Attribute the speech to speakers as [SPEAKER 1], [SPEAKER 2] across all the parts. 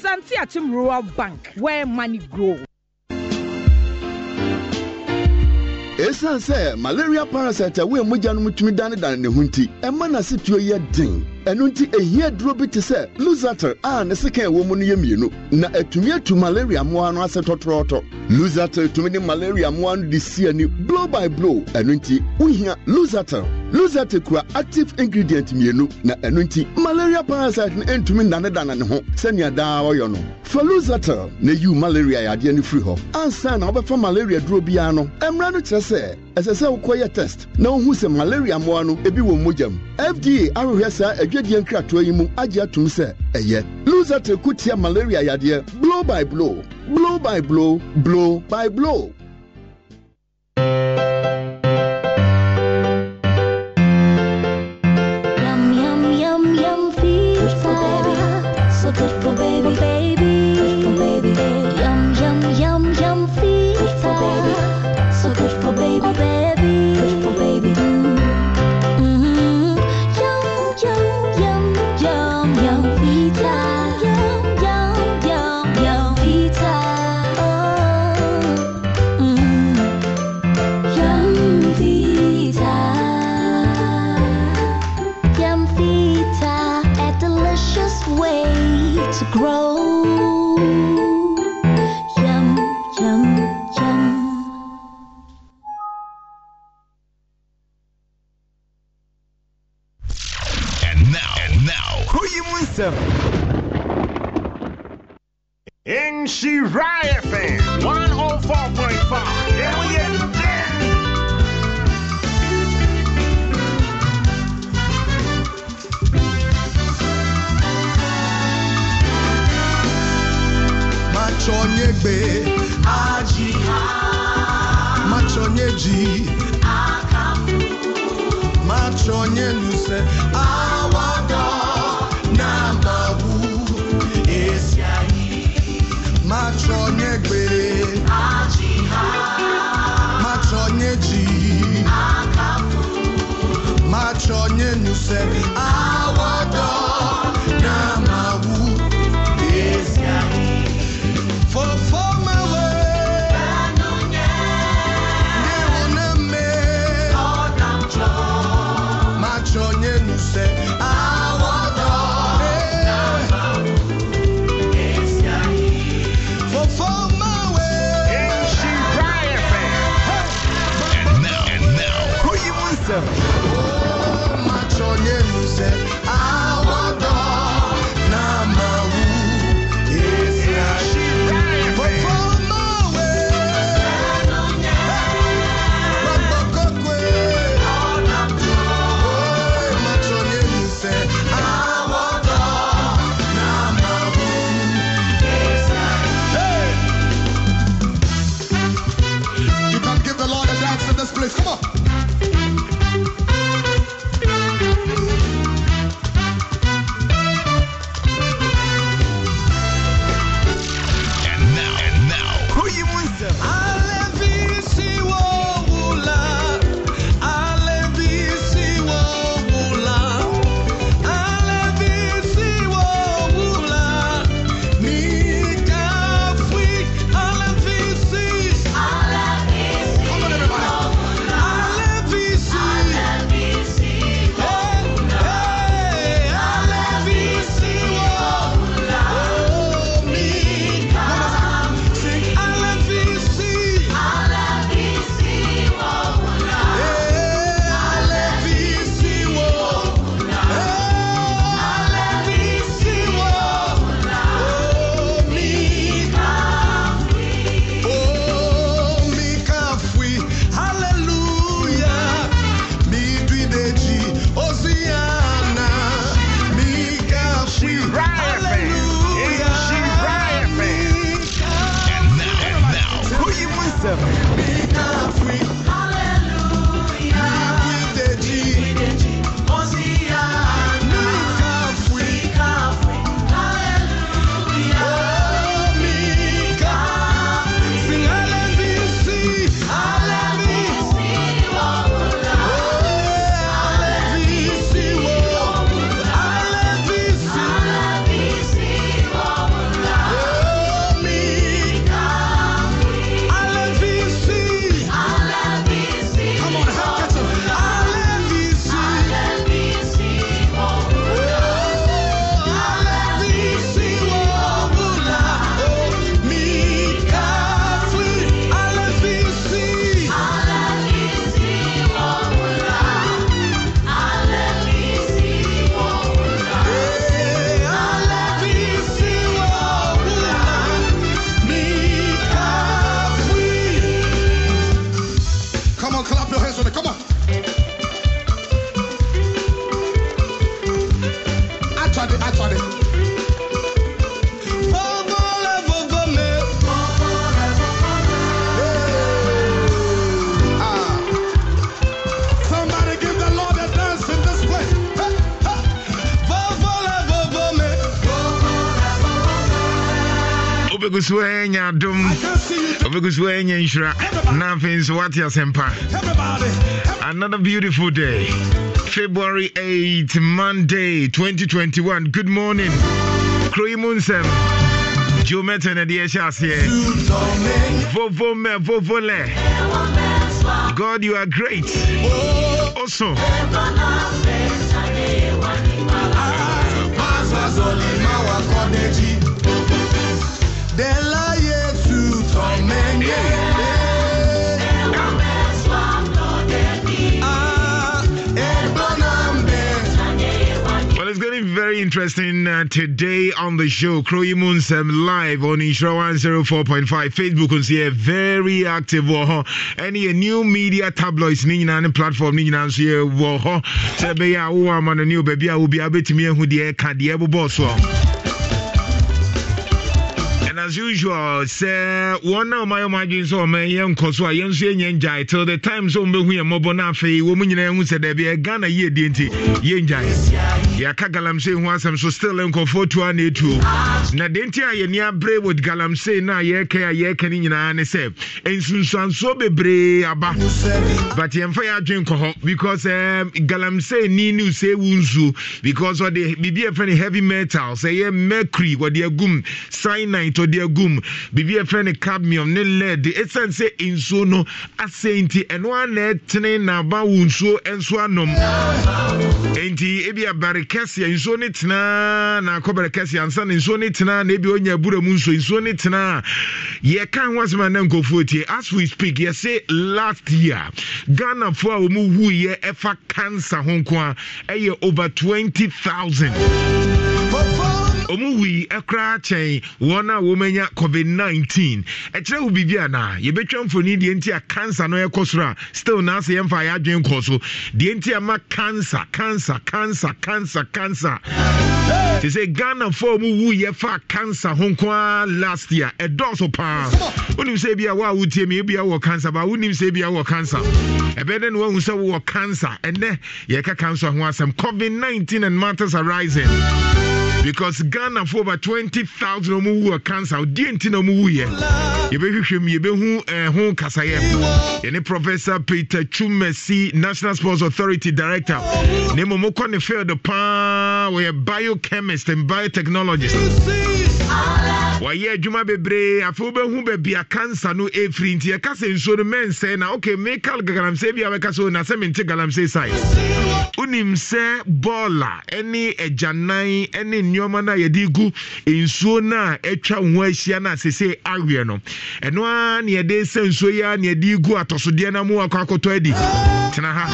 [SPEAKER 1] Asante Atim Rural Bank, where money grows.
[SPEAKER 2] ɛsiane sɛ malaria parasite a woyɛ mogya no mu tumi danedane ne ho nti ɛma n'asetuo yɛ den ɛno nti ehia duro bi te sɛ lusater a ne sekan ɛwɔ mu no yɛ mmienu na atumi atu malaria mmoa no ase tɔtrɔɔtɔ lusater tumi ne malaria mmoa no de si ani blow by blow ɛno nti wohia lusater lusater kura active ingredient mmienu na ɛno nti malaria parasite no ntumi nnanedana ne ho sɛnea daa ɔyɛ no fa lusater na yiw malaria yadeɛ no firi hɔ ansa na wobɛfa malaria duro biara no mmara no kyerɛ sɛ ɛsɛ sɛ wokɔyɛ test na wohu sɛ malaria mmoa no ebi wɔ mogyam fda ahwehwɛ saa adwa dwumadie nkratoɔ yi mu agye atum sɛ ɛyɛ lusatil kutia malaria yadeɛ blow by blow blow by blow blow by blow
[SPEAKER 3] every
[SPEAKER 4] nhyira na afei nso asɛmpa another beautiful day february 8 monday 2021 good morning kuro yi mu nsɛm geometer na ɛhyɛ aseɛ vovo mɛ vovo lɛ god you are great also very interesting uh, today on the show. Chloe Munsem live on Insure 104.5. Facebook is here, very active. uh Any new media tabloids, any platform, Nina, so yeah, uh-huh. Say, be a woman, a new baby, I will be able to me who the air can the boss as usual sɛ wɔn a ɔmayɛ ɔma adwene sɛ ɔma yɛ nkɔ so a yɛn nso yɛnyɛ ngyae till the time sɛ ɔmbɛhu yɛn mmɔbɔ no afei wɔ mu nyinaa hu sɛ daabi ɛghana yie die nti yɛngyae yɛaka galamsey ho asɛm so still nkɔfoɔ tua na ɛtuo na deɛ nti a yɛni abere with galamsey no a a yɛreka no nyinaa ne sɛ nsunsuansoɔ bebree aba but yɛmfa yɛ adwene nkɔ hɔ because um, galamsey ni ne usɛ wu nsuo because ɔde biribi a ɛfɛ no heavy metal sɛ ɛyɛ mercury wɔde agum cyanide de agum biribi ɛfrɛ no cadmium ne led ɛsiane sɛ nsuo no asɛe nti ɛno a na ɛtene naaba wo nsuo nso anom enti ebia barekɛseɛ nsuo no tenaa na akɔ barekɛseɛ ansa na nsuo no tenaa na ebia ɔnya abura mu nsuo nsuo no tenaa yɛka ho asɛm a na nkɔfoɔ tie as we speak yɛse last year ghanafoɔ a wɔmu wuyɛ ɛfa cancer ho nko a ɛyɛ e over 20000 ɔmu wui ɛkora kyɛn wɔn a wɔmanya covid nineteen ɛkyerɛ wo biribi ana yɛbɛtwa mfoni deɛ nti a cancer no ɛkɔ soro a still naasɛ yɛmfa yɛ adwene kɔ so deɛ nti a ma cancer cancer cancer cancer cancer te sɛ ghana fo mu wu yɛfa cancer ho nko ara last year ɛdɔɔso paa wonim sɛ bia awo a wotie me ebia awo cancer ba wonim sɛ bia wɔ cancer ɛbɛyɛ dɛ ne woahu sɛ wowɔ cancer ɛnɛ yɛka cancer ho asɛm covid nineteen and matters are rising because Ghana for over 20,000 omu who are cancer, DNT no mu ye. Yebehwem yebehu eh ho kasaye. Any Professor Peter Chumesi, National Sports Authority Director. Nemo mokɔ ne the pa we biochemist and biotechnologist. wɔyɛ adwuma bebree afei wobɛhu baabi a kansa no ɛfiri nti ɛka sɛ nsuo no mɛnsɛe na ok mekal galamsey bi a wɛka sɛ ona sɛ mente galamsey sae wonim sɛ bɔɔla ne agyanan ne nneɛma no a yɛde gu nsuo no a atwa wo ho ahyia no a sese aweɛ no ɛno ara ne yɛde sɛ nsuo yi a ne yɛde gu atɔsodeɛ no mu akɔ akɔtɔ adi tena ha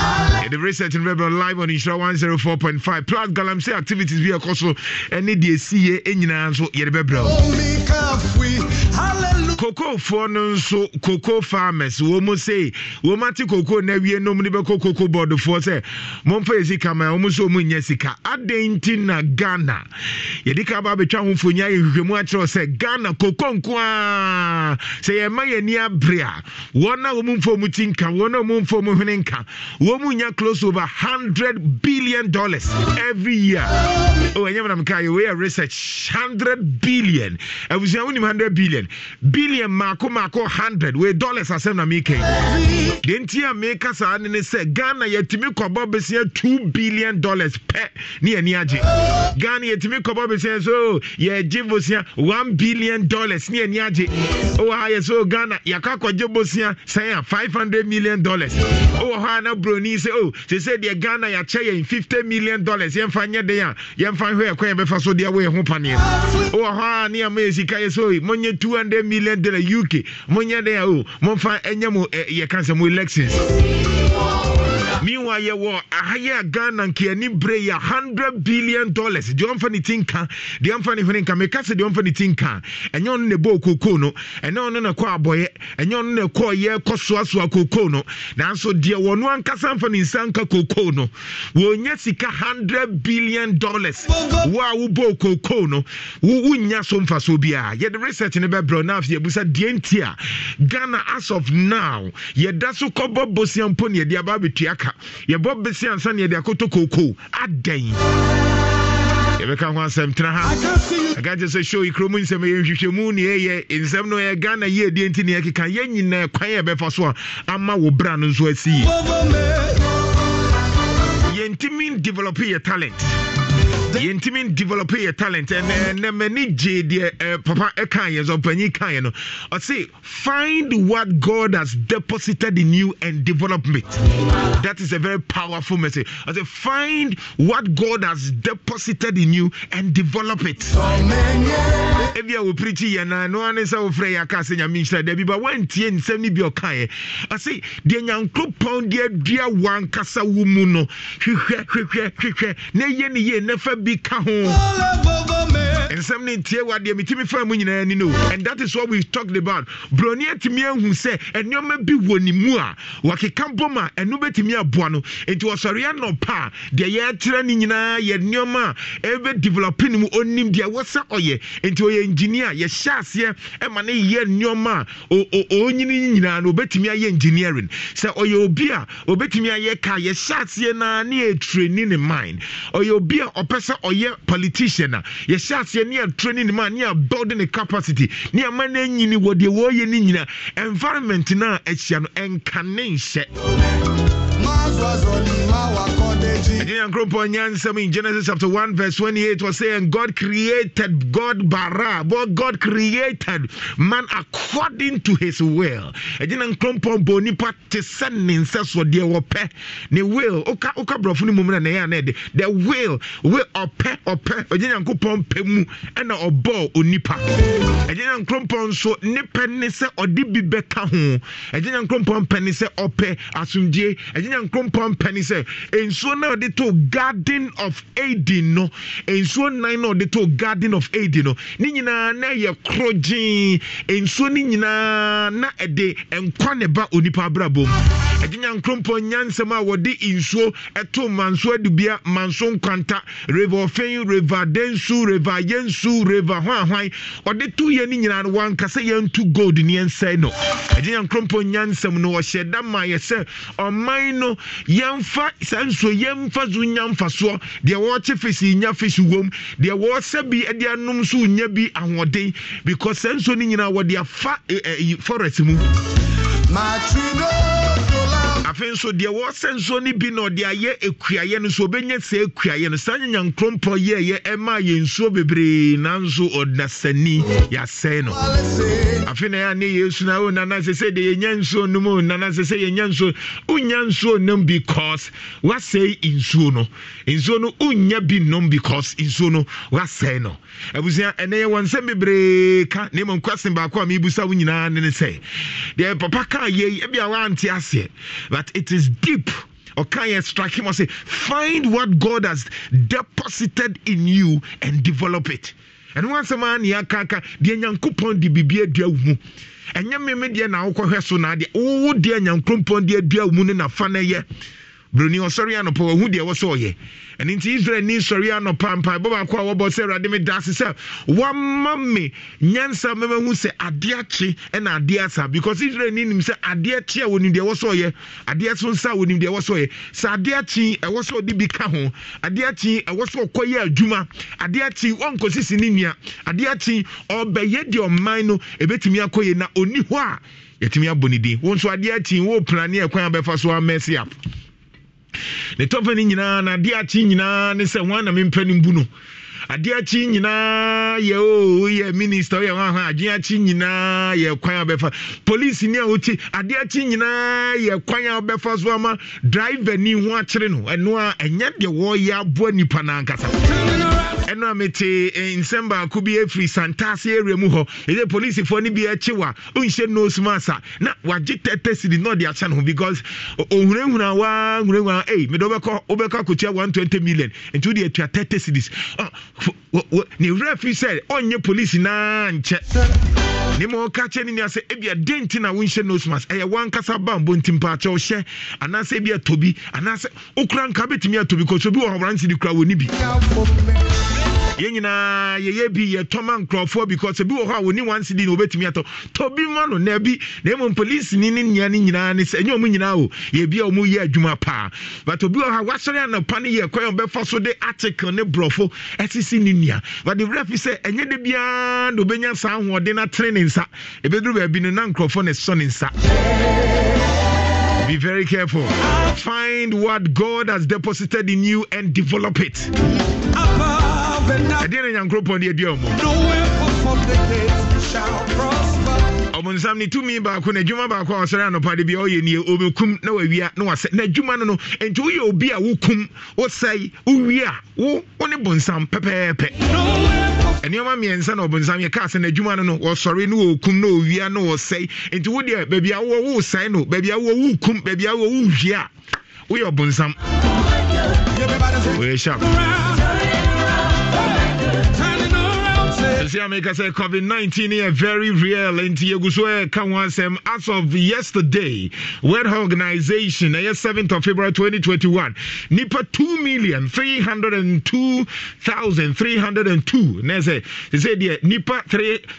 [SPEAKER 4] yɛde research no bɛbɛ live on nhyira 104.5 plus galamsey activities bi ɛkɔ so ɛne deɛ ɛsiiɛ nyinaa nso yɛde bɛbrɛ kokofoɔ no nso koko farmers wɔn mu sei wɔn ate koko na wie nom de bɛkɔ koko bɔɔdofoɔ sɛ mɔmfa yɛ sika ma wɔn nso wɔn nyɛ sika adan ti na ghana yɛde ka aba abɛtwa ho mfoni ayɛ hwehwɛmu akyerɛ sɛ ghana koko nko ara sɛ yɛn mma yɛn ni abere a wɔn a wɔn mfo mu ti nka wɔn a wɔn mfo mu hwene nka wɔn mu nya close over hundred billion dollars every year o oh, ɛnyɛ mu na mu ka yɛ wɔyɛ research hundred billion abusua wɔn nim hundred billion billion. billion mako mako hundred wei dollars asem na meka deɛ nti a meka saa ne ne sɛ ghana yɛtumi kɔbɔ besia two billion dollars pɛ ne yɛni agye ghana yɛtumi kɔbɔ besia so yɛgye bosia one billion dollars ne yɛni agye wɔ ha yɛ so ghana yɛka kɔgye bosia sɛn a 500 million dollars wɔ hɔ a na broni sɛ o oh, sɛ sɛ deɛ ghana yɛakyɛ yɛn fifty million dollars yɛmfa nyɛ den a yɛmfa hwɛ ɛkwan yɛbɛfa so deɛ woyɛ ho paneɛ wɔ hɔ a ne yɛma yɛ sika yɛ so monyɛ 200 million ɛnyɛ uk monyɛ dɛn a o momfa ɛnyɛ mo yɛka sɛ mo elections meanwhile yɛwɔ ahayɛ a ghana nkeani berɛ yɛ 100 billion dollars deɛ ɔmfa ne ti nka deɛ ɔmfa ne hwene nka meka sɛ deɛ ɔmfa ne ti nka ɛnyɛ ɔno na ɛbɔɔ kokoo no ɛnyɛ ɔno na ɛkɔɔ abɔyɛ ɛnyɛ ɔno na ɛkɔɔ yɛ kɔ soasoa no nanso deɛ wɔno ankasa mfa ne nsa nka kokoo no wɔnya sika 100 billion dollars wo a wobɔɔ kokoo no wonya so mfa so biara yɛde research no bɛbrɛ na afei yɛbusa deɛ nti a ghana as of now yɛda so kɔbɔ bosea mpo ne yɛde aba abɛtua ka aka yɛbɔ bɛsi ansa ne yɛde akoto kookoo adɛn yɛbɛka ho asɛm tena ha ɛka kyerɛ sɛ show yi kurom nsɛm ɛyɛ nhwehwɛmu ne ɛyɛ nsɛm no ɛyɛ ghana yɛ ɛdeɛ nti ne yɛkeka kwan yɛ so a ama wo bra no nso asi yɛntimi develope yɛ talent yɛntumi develop yɛ talent ɛnɛ uh, m'ani gye deɛ uh, papa ɛka uh, yɛ so ɔpanyin ka yɛ no ɔse find what god has deposited in you and develop it that is a very powerful message ɔse find what god has deposited in you and develop it ebi a wɔpirikyi yɛ na ɛno ane sɛ wofrɛ yɛ aka sɛ nyame nhyira da bi ba woantie nsɛm no bi ɔkaeɛ ɔse deɛ nyankopɔn de adua wankasa wo mu no hwehwɛ hwehwɛ hwehwɛ na ɛyɛ ne yie na fa bi ka ho nsɛm ne ntie wadeɛ metumi fa mu nyinaa ni no and that is what we talked about broni atumi ahu sɛ nneɛma bi wɔ ne mu a wakeka bom a ɛno bɛtumi aboa no nti wɔsɔre anɔpa a deɛ yɛkyerɛ no nyinaa yɛ nneɛma a ɛbɛ develop no mu ɔnim deɛ ɛwɔ sɛ ɔyɛ nti ɔyɛ engineer yɛhyɛ aseɛ ɛma ne yɛ nneɛma a ɔnyini nyinaa no ɔbɛtumi ayɛ engineering sɛ ɔyɛ obi a ɔbɛtumi ayɛ ka yɛhyɛ aseɛ naa ne yɛ train ne mind ɔyɛ obi a ɔpɛ sɛ ɔyɛ politician a yɛhyɛ aseɛ hyɛ ne a training ma ne a building ne capacity ne a ma no anyini wɔ deɛ wɔyɛ no nyina environment no a ahyia no ɛnka nhyɛ in Genesis chapter 1, verse 28 was saying, God created God bara, but God created man according to his will. Ɛgyina nkrɔmpɔn bonipa nipa te sɛ ne nsa so deɛ ne will oka oka brofuni mumra mu na the will will ope ope ɛgyina nkrɔmpɔn pɛ mu ɛna ɔbɔɔ onipa ɛgyina nkrɔmpɔn nso ne pɛ ne sɛ ɔde bi bɛka ho ɛgyina nkrɔmpɔn pɛ ne sɛ ɔpɛ asomdie ɛgyina na ɔde to garden of aden no nsuo nan na ɔde to garden of aden no ne nyinaa na ɛyɛ korɔ gyee nsuo no nyinaa na ɛde nkwa ne ba onipa abrabɔ mu ɛde nyankrompo nyansɛm a wɔde nsuo ɛto manso adubia manso nkwanta reva ɔfɛn reva densu reva yensu reva hwanhwan ɔde to yɛ no nyinaa no wankasa yɛntu gold ne yɛnsɛe no ɛde nyankrompo nyansɛm no ɔhyɛ da ma yɛ sɛ ɔman no yɛmfa saa nsuo yɛm mfa so nya mfasoɔ deɛ wɔɔkye fesi nya fesi wom deɛ wɔɔsɛ bi de anom so nya bi ahoɔden because saa nsuo no nyinaa wɔde afa eh, eh, forest mu
[SPEAKER 3] matrido
[SPEAKER 4] afei nso deɛ wɔsɛ nsuo no bi na ɔde ayɛ akuayɛ no so obɛnya sɛ akuayɛ no saa nyanya nkrompa yɛɛyɛ ɛma yɛ nsuo bebree nanso ɔdasani yɛasɛe no afei na ɛane yesu na o oh, nana sɛ sɛ deɛ yɛnya nsuo no mu nana sɛ sɛ yɛnya nsuo wonya nsuo nom because woasɛe nsuo no nsuo no wonya bi nom because nsuo no woasɛe no abusua ɛnɛ yɛwɔ nsɛm bebree ka na mmom kwasen baako a mebusa wo nyinaa ne ne sɛ deɛ papa kaa yei ebia woante aseɛ but it is deep okay strike him and say find what god has deposited in you and develop it and once a man ya kaka deɛ nyankopɔn de biribi adua wo mu ɛnyɛ meme deɛ na wokɔhwɛ so na adeɛ wo deɛ broni ɔsɔre anɔpa ɔhu deɛ ɔyɛ nti israel ni sɔre anɔpa mpa ɛbɔ baako a wɔbɔ sɛ awurade me daase sɛ wama me nyansa mɛmahu sɛ akye ɛna asa because israel ni nim sɛ a wɔnim deɛ ɔyɛ so a wɔnim deɛ ɔyɛ sɛ akye ɛwɔ ɔde ka ho akye ɛwɔ ɔkɔ yɛ adwuma akye ne nua akye ɔbɛyɛ deɛ ɔman no ɛbɛtumi na ɔni hɔ a yɛtumi abɔ ne din nso akye ɛkwan abɛfa ne tɔpɛ no nyinaa nadeɛ akye nyinaa ne sɛ wana mempɛ no mbu no Adeakyi nyinaa yɛ o yɛ minista yɛ wɔn ahɔn Adeakyi nyinaa yɛ kwan a polisi ni a wɔte adeɛ nyinaa yɛ kwan a bɛfa so ama driver ni ho akyere no ɛno a ɛnyɛ deɛ wɔreyɛ aboa nipa n'ankasa ɛno a mete eh, nsɛm baako bi efiri santaase area mu hɔ ɛyɛ polisifoɔ no bi akyi wa nhyɛ nose mask a na wagye tɛtɛ siri na ɔde akyɛ no ho because ohunahuna waa ohunahuna ee mede wobɛkɔ wobɛkɔ akotua one twenty million nti wode atua tɛtɛ ne werɛ fi sɛ ɔnyɛ polisi naa nkyɛ ne ma ɔka kyɛ ne nua sɛ ebia den nti na wonhyɛ nose mask ɛyɛ wankasa bambɔ nti mpaakyɛ ɔhyɛ anaasɛ ebi atɔ bi anaasɛ okura nka bɛtumi atɔ bi kɔsɛ obi wɔ abranteɛ kura wɔ ne bi yɛn nyinaa yɛyɛ bi yɛtɔma nkurɔfoɔ because ebi wɔ hɔ a wɔni one cd na wɔbɛtumi atɔ tobi bi ma no na ebi na emu polisini ne nea ne nyinaa ne sɛ ɛnyɛ ɔmo nyinaa o yɛbi a ɔmo yɛ adwuma paa but obi wɔ hɔ a wasɔre anapa ne yɛ kwan ɔbɛfa so de article ne borɔfo ɛsisi ne nua but the ref sɛ ɛnyɛ de biara na obɛnya saa ahoɔden na tene ne nsa ebeduru baabi no na nkurɔfoɔ na ɛsɔ ne nsa. Be very careful. Find what God has deposited in you and develop it. ɛdeɛ ne nyankoropɔn de adua mu ɔbonsam ne tumi baako na adwuma baako a ɔsɔre anɔpa de bia ɔyɛ nie ɔbɛkum na wawia na wasɛ na adwuma no no enti woyɛ obi a wokum wosɛe wowie a wo wo ne bonsam pɛpɛɛpɛ nneɛma mmiɛnsa na ɔbonsam yɛka sɛ n'adwuma no no wɔsɔre ne wɔkum na ɔwia na wɔsɛe enti wodeɛ baabi a wowɔ wosɛe no baabi a wowɔ wokum baabi a wowɔ wowie a woyɛ ɔbonsam wɔyɛ hyɛ ɛsɛ ameka sɛ covid-19 yɛ very real nti yɛgu so ɛka ho asɛm as of yesterday world organization ɛyɛ 7th of february 2021 nipa 2 million 302,302 na ɛsɛ sɛ deɛ nipa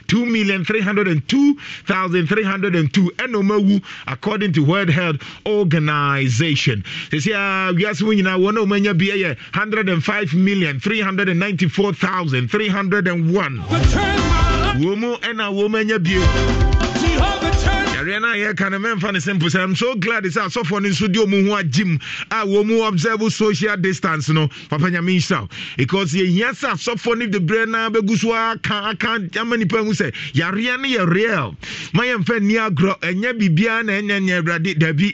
[SPEAKER 4] 2 million 302,302 ɛna ɔmawu according to world health organization sɛsi a wiase mu nyinaa wɔn a ɔmanya bi yɛ 105 million 394,301 Woman and a woman, you adeɛ no yɛka no mɛmfa no sɛ sɛ m so glad sɛ asɔfoɔ no nso de ɔmu ho agyim a wɔ mu observe social distance no papa nyame nhyira because yɛhia sɛ asɔfoɔ no deberɛ no bɛgu so aka aka ama nnipa hu sɛ yareɛ no yɛ real ma yɛmfa nni agorɔ ɛnyɛ biribiaa na ɛnyɛ nyɛ awurade dabi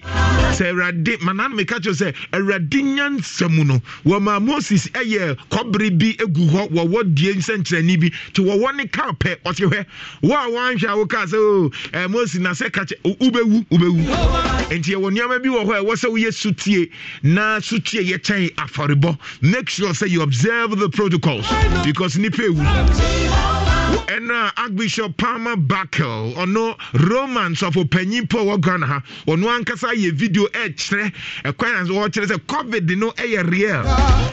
[SPEAKER 4] sɛ awurade manano meka kyerɛ sɛ awurade nyansa mu no ma moses ɛyɛ kɔbere bi gu hɔ wɔwɔ die nsɛnkyerɛnne bi nti wɔwɔ ne kaa pɛ ɔte hwɛ wo a woanhwɛ a wo kaa sɛ oh, eh, moses na sɛ ka kyɛ wobɛwu wobɛwu enti yɛwɔ nneɔma bi wɔ hɔ a ɛwɔ sɛ woyɛ sutie na sutie yɛkyɛn afɔrebɔ make sure sɛ you observe the protocols because nipa ewu ɛna archbishop palmer bakel or no romance of pɔ wɔ ghana ha ɔno ankasa yɛ video ɛkyerɛ e ɛkwan e wɔkyerɛ sɛ covid no ɛyɛ e real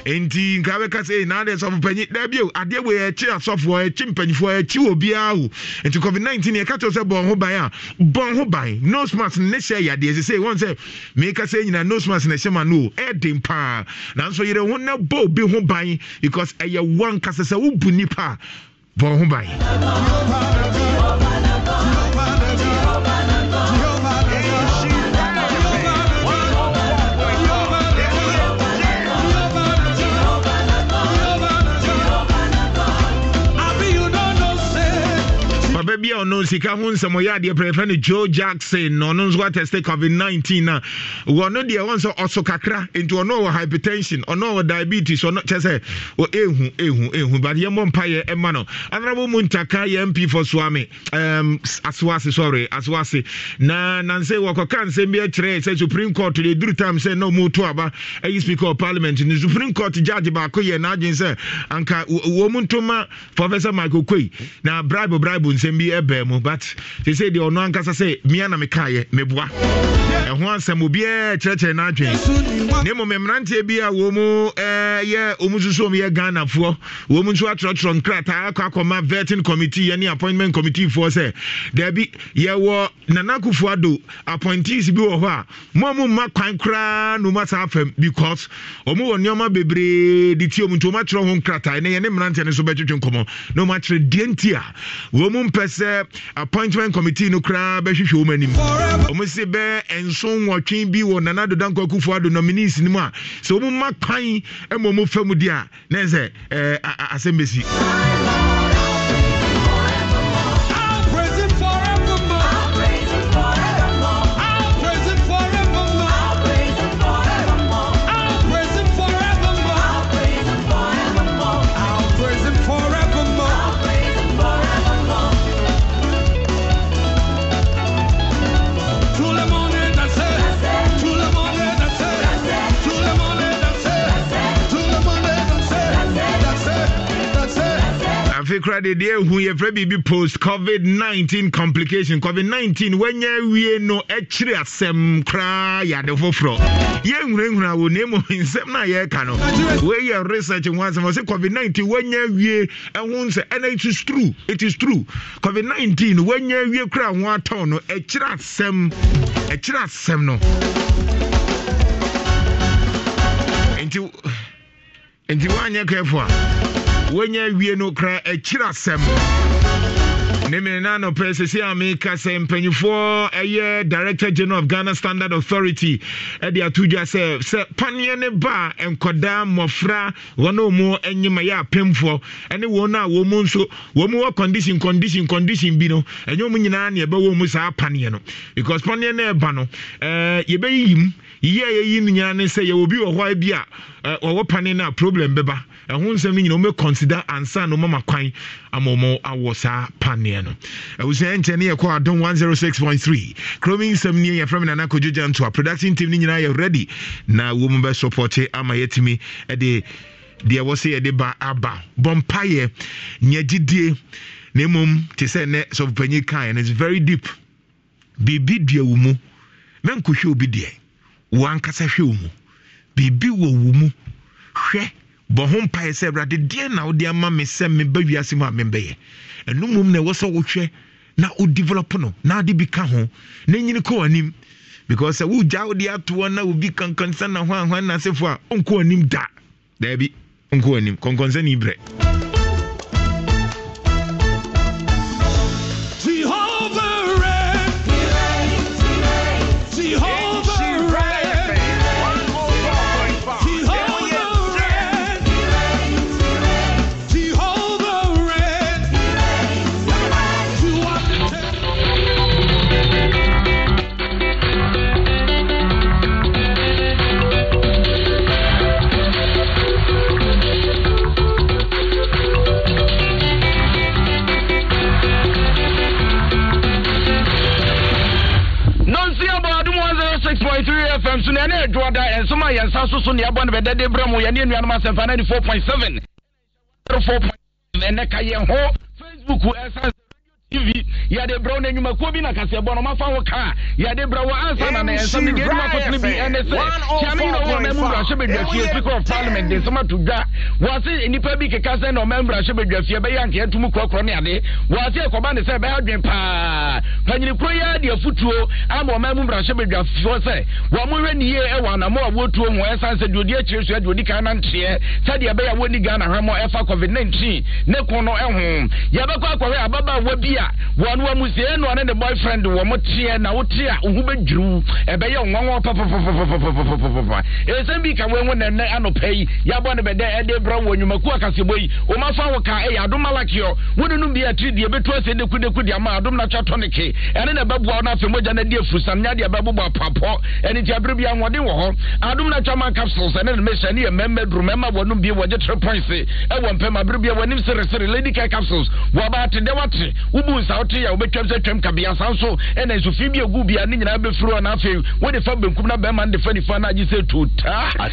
[SPEAKER 4] enti nka bɛka sɛ naa deɛ sɔfo panyin daabio adeɛ wei ɛkyi asɔfoɔ ɛkyi mpanyinfoɔ ɛkyi wɔ biara wo nti covid 19 yɛka kyerɛ sɛ bɔn ho ban a bɔn ho ban nose mask ne hyɛ yadeɛ sɛ wɔn sɛ meka sɛ nyina nose mask ne hyɛ ma no ɛden paa nanso yɛrɛ ho na bɔ obi ho ban because ɛyɛ wɔn kasa sɛ wobu nipa bɔn ho ban bi a ɔno sika ho nsɛm ɔyɛ adeɛ pɛrɛfɛ no joe jackson na ɔno nso atɛsɛ covid nineteen na wɔno deɛ wɔn nso ɔso kakra nti ɔno wɔ hypertension ɔno wɔ diabetes ɔno kyɛ sɛ wɔ ehu ehu ehu but yɛn bɔ mpa yɛ ɛma no anarabo mu ntaka yɛ mp for swami ɛɛm asoase sɔre asoase na nansi wɔkɔka nsɛm bi akyerɛ sɛ supreme court de duru time sɛ na ɔmo to aba ɛyi speaker of parliament ne supreme court judge baako yɛ n'adwene sɛ anka wɔn mu ntoma professor michael koyi na bribe bribe nsɛm bi bi ɛbɛn mu but sese deɛ ɔno ankasa sɛ mia na mekaayɛ meboa ɛho asɛm obiara kyerɛkyerɛ n'adwene ne mmom mmeranteɛ bi a wɔn mu ɛyɛ eh, wɔn nso wɔn yɛ ghanafoɔ wɔn nso atwerɛtwerɛ nkrataa akɔ akɔma vetting committee yɛ appointment committee foɔ sɛ daabi yɛwɔ nana akufo ado appointees bi wɔ hɔ a mo a mo mma kwan koraa na wɔn asa afam because wɔn wɔ nneɛma bebree de tie wɔn nti wɔn ho nkrataa ne yɛn mmeranteɛ no nso bɛtwitwi nkɔmɔ na wɔn deɛ nti a wɔn mu mpɛ sɛ appointment committee no koraa bɛhwehwɛ wɔn anim wɔn si bɛɛ nson nwɔtwe bi wɔ nana dodo nkɔkufo ado nominees no a sɛ wɔn ma kwan ma wɔn fam deɛ a na yɛ ɛɛ asɛm bɛsi. afei kora de deɛ ehu yɛfrɛ biribi post covid nineteen complication covid nineteen wɔnyɛ wie no akyire asɛm koraa yade foforɔ yɛnhunahuna wɔ na emu nsɛm no a yɛreka no wɔyɛ research ho asɛm ɔsɛ covid nineteen wɔnyɛ wie ɛho nsɛ ɛna it is true it is true covid nineteen wɔnyɛ wie kora ho atɔn no akyire asɛm akyire asɛm no nti nti wɔanyɛ kɛfo a wɔnyɛ awie no kra akyiri e asɛm ne mene na anɔpɛ sɛsi a meka sɛ mpanyifoɔ ɛyɛ e director general of ghana standard authority ɛde e ato dwa sɛ sɛ paneɛ ne ba a nkɔdaa mmɔfra wɔne ɔmu anyima yɛ apemfoɔ ɛne wɔn a wɔ nso wɔ wɔ condition condition condition bi no ɛnyɛ ɔmu nyinaa ne ɛbɛwɔ mu saa paneɛ no because paneɛ no ba no ɛɛ yɛbɛyiyi yie a yɛyi no nyinaa ne sɛ yɛwɔ bi wɔ hɔ bi a eh, ɔwɔ pane no a problem bɛba ɛho nsɛm no nyina consider ansa no mama kwan ama ɔmɔ awɔ saa paneɛ no abusua nkyɛ ne yɛkɔ adom 106.3 Kromi nsɛm nie yɛfrɛ me nana kɔgyogya ntoa production team no nyinaa yɛ ready na wɔ mu bɛsupɔte ama yɛatumi de deɛ wɔ sɛ yɛde ba aba bɔmpayɛ nyagyidie na mmom te sɛ nnɛ sɔfopanyi kaeɛ no is very deep biribi dua wo mu na obi deɛ wankasa hwɛ wo mu biribi wɔ wo mu hwɛ bɔ ho mpaeɛ sɛ awurade deɛ na wode ama me sɛ meba wiase mu a membɛyɛ ɛno mmom na ɛwɔ sɛ wohwɛ na wodevelop no na wode bi ka ho na nyini kɔ w'anim because sɛ wogya wode atoɔ na obi kankansa na ho ahoa naasefo a ɔnkɔ w'anim da daabi ɔnkɔ w'anim kɔnkɔnsa brɛ
[SPEAKER 5] nsa soso ne ɛbɔ no bɛdɛde berɛ mu yɛne anuanom asɛmfa 94.7 4.ɛnɛ ka yɛn ho facebook ɛsa tv yɛde brɛ wo na nnwumakuo bi na kaseɛbɔ no mafa wo kaa yɛde brɛ wo ansa na na ɛnsɛm ne deɛ adwuma bi ɛne sɛ oh kyame nyina wɔ ɔma mmurahyɛ badwafie speaker of parliament de nsɛm ato dwa wɔse nnipa bi keka sɛ na ɔma mmurahyɛ badwafie bɛyɛ anka yɛatum korɔkorɔ ne ade wɔse ɛkɔba ne sɛ ɛbɛyɛ adwen paa panyini kuro yi ade afotuo ama ɔma mu mmurahyɛ badwafoɔ sɛ wɔmohwɛ ne yie ɛwɔ anamɔ a wɔtuo ho ɛsiane sɛ deɛ ɔdi akyire so ɛde ɔdi kan nanteɛ sɛdeɛ ɛbɛyɛ a wɔni ghana hwɛ ɛfa covid-19 ne ko no ɛho yɛbɛkɔ akɔhwɛ ababaawa bi a wɔn no amusie no ɔne ne boyfriend wɔ mo teɛ na wo te a wo ho bɛdwiriw ɛbɛyɛ nwanwa papapapapapapapa ɛsɛm bi ka woahu nɛnɛ anɔpa yi yɛabɔ ne bɛdɛ ɛde brɛ wɔ nnwumaku akaseɛbɔ yi ɔma fa wo ka ɛyɛ adom alakiɔ wone no bi atiri deɛ bɛtu asɛ deku deɛ ama adom na twa tɔne ke ɛne na ɛbɛboa wo no afei mogya no adi afurusam nyɛ deɛ ɛbɛbobɔ apapɔ ɛne nti aberɛ ahoɔden wɔ hɔ adom na ma capsules ɛne ne mehyɛ ne yɛ mmɛmma duru mmɛma wɔnom bie wɔgye tere points ɛwɔ mpɛm aberɛ bia wɔanim seresere lady care capsules wɔabaate dɛ wate wobu nsa wote yɛ a wobɛtwam sɛ twam kabeansa nso ɛna nsufii bi agu bia ne nyinaa bɛfiri hɔ na afei wode fa benkum na bɛrima no de fa nifa no agye sɛ totaa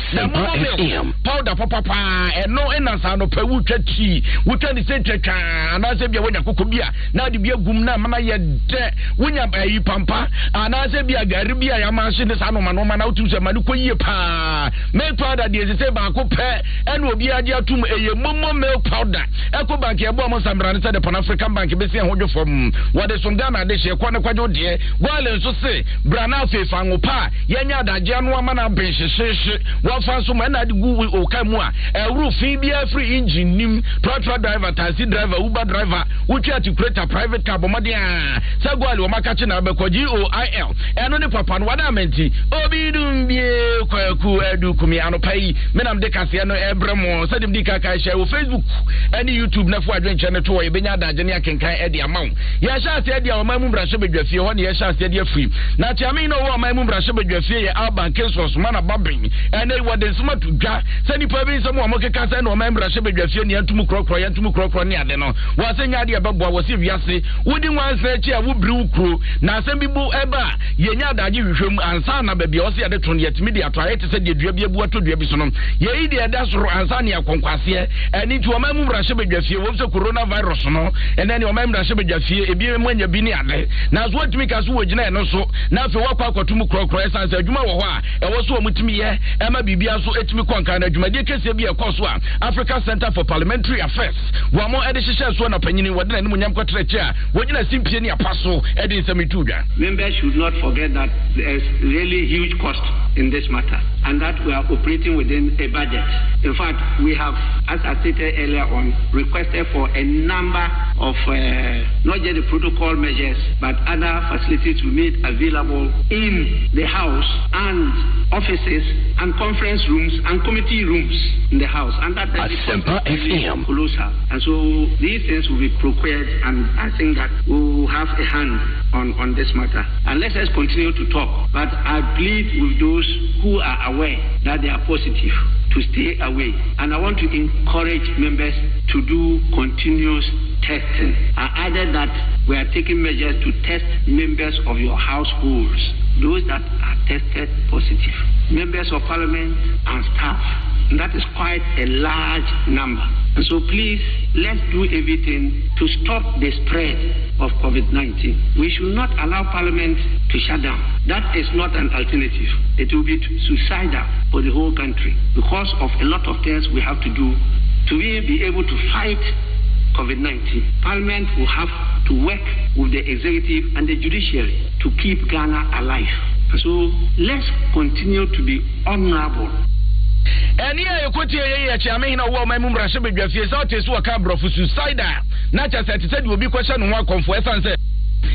[SPEAKER 5] papapaa ɛno ɛna nsa wotwa tii wotwa ne sɛ twatwaa anaasɛ bia wonya kokɔ bi a na ade bi agum no amana yɛ dɛ wonya ayi eh, pampa anaasɛ bia gari bi a yɛama hye ne saa nomanoma na wotum sɛ ma no kɔyie paa milk powder deɛ ɛsɛ sɛ baako pɛ ɛna obi agye atom ɛyɛ momo milk powder ɛkɔ bank yɛboa mɔ sambrane sɛ de pan african bank bɛsi ɛho dwo wɔde som ghana de hyɛ kɔ ne kwadwo deɛ goale nso se bra na afei fa ngo pa a yɛnyɛ adagyeɛ no ama no aben hyehyehye nso ma ɛna de gu oka mu a ɛworo fi biara firi engine nim trɔtrɔ driver taxi driver uber driver wotwa atikurata private car bɔmmɔden a sɛ goale wɔmaka kye na bɛkɔ goil ɛno e ne papa no wada amanti obi dum bie kwaku e kumi anɔpa yi menam de kaseɛ no ɛbrɛ e mo sɛde mdi kaka hyɛ wɔ facebook ɛne youtube na fo adwenkyerɛ no to wɔ yɛbɛnya adagye ne akenkan ɛde ama wo yɛ yɛhyɛ aseɛ deɛ ɔman mu mmarahyɛ badwafie hɔ ne yɛhyɛ aseɛ deɛ na tiame no wɔ ɔman mu sumana babin ɛnɛ wɔde nsɛm ato dwa sɛ nnipa bi nsɛm wɔn keka na ɔman mmarahyɛ badwafie ne yɛntum korɔkorɔ yɛntum korɔkorɔ ne ade no wɔasɛ nya adeɛ ɛbɛboa wɔsi wiase wodi nwansa akyi na asɛm bi bu ɛba a yɛnya adagye hwehwɛ mu ansa na baabi a wɔsi yɛde to no yɛtumi de ato ayɛ te sɛ deɛ dua bi abu ato dua bi so no yɛyi deɛ ɛda soro badwafie obi mu anya bi ne ade nanso watumi ka so wɔgyina ɛno so na afei korɔkorɔ sɛ adwuma wɔ hɔ a ɛwɔ so wɔ yɛ ɛma biribia so kɔ nkan no adwumadeɛ kɛseɛ bi ɛkɔ so a africa center for parliamentary affairs ɛde hyehyɛ wɔde kɔtrɛ a wɔgyina simpie ne apa so ɛde nsɛm dwa
[SPEAKER 6] members should not forget that there is really huge cost in this matter and that we are operating within a budget. In fact, we have, as I stated earlier on, requested for a number of uh, not just the protocol measures, but other facilities be made available in the house and offices and conference rooms and committee rooms in the house. And that Closer. And so these things will be procured, and I think that we will have a hand on, on this matter. And let us continue to talk. But I plead with those who are aware that they are positive to stay away. And I want to encourage members to do continuous testing. I added that we are taking measures to test members of your households, those that are tested positive, members of parliament and staff. And that is quite a large number. And so please, let's do everything to stop the spread of COVID-19. We should not allow parliament to shut down. That is not an alternative. It will be suicidal for the whole country because of a lot of things we have to do to be able to fight COVID-19. Parliament will have to work with the executive and the judiciary to keep Ghana alive. So let's
[SPEAKER 5] continue to be honorable. ɛne a yɛ yɛ mu mmarahyɛ badwafie sɛ wote wɔka aborɔfo na kyɛ sɛ sɛ obi kɔhyɛ ho ɛsiane sɛ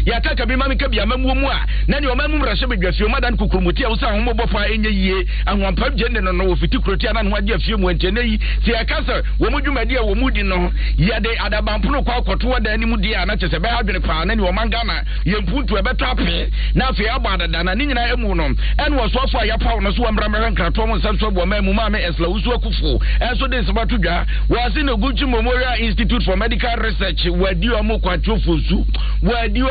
[SPEAKER 5] yɛata ka bi ma me ka bi amamuo mu a na ne ɔma mum rahyɛ badwafie ɔma dan kukurumuti a wo a ɛnyɛ yie ahoampa gye ne no no wɔfiti kuroti a na ne ho agye afie mu ɛntɛnɛ yi sɛ a wɔ mu di no yɛde adabampono kɔ akɔtoɔ dan no mu di a na kyɛ sɛ ɛbɛyɛ adwene paa na ne ɔma ghana yɛmpuntu ɛbɛtɔ apee na afei abɔ adada na ne nyinaa ɛmu no ɛne wɔsoafo a yɛpaw no so wɔmmramɛhwɛ nkratoɔ mu nsɛm so aboa ma mu maa me ɛslawusu akufo ɛnso de nsɛm ato dwa wɔase na guchi memorial institute for medical research wɔadi ɔ mo kwatwofo su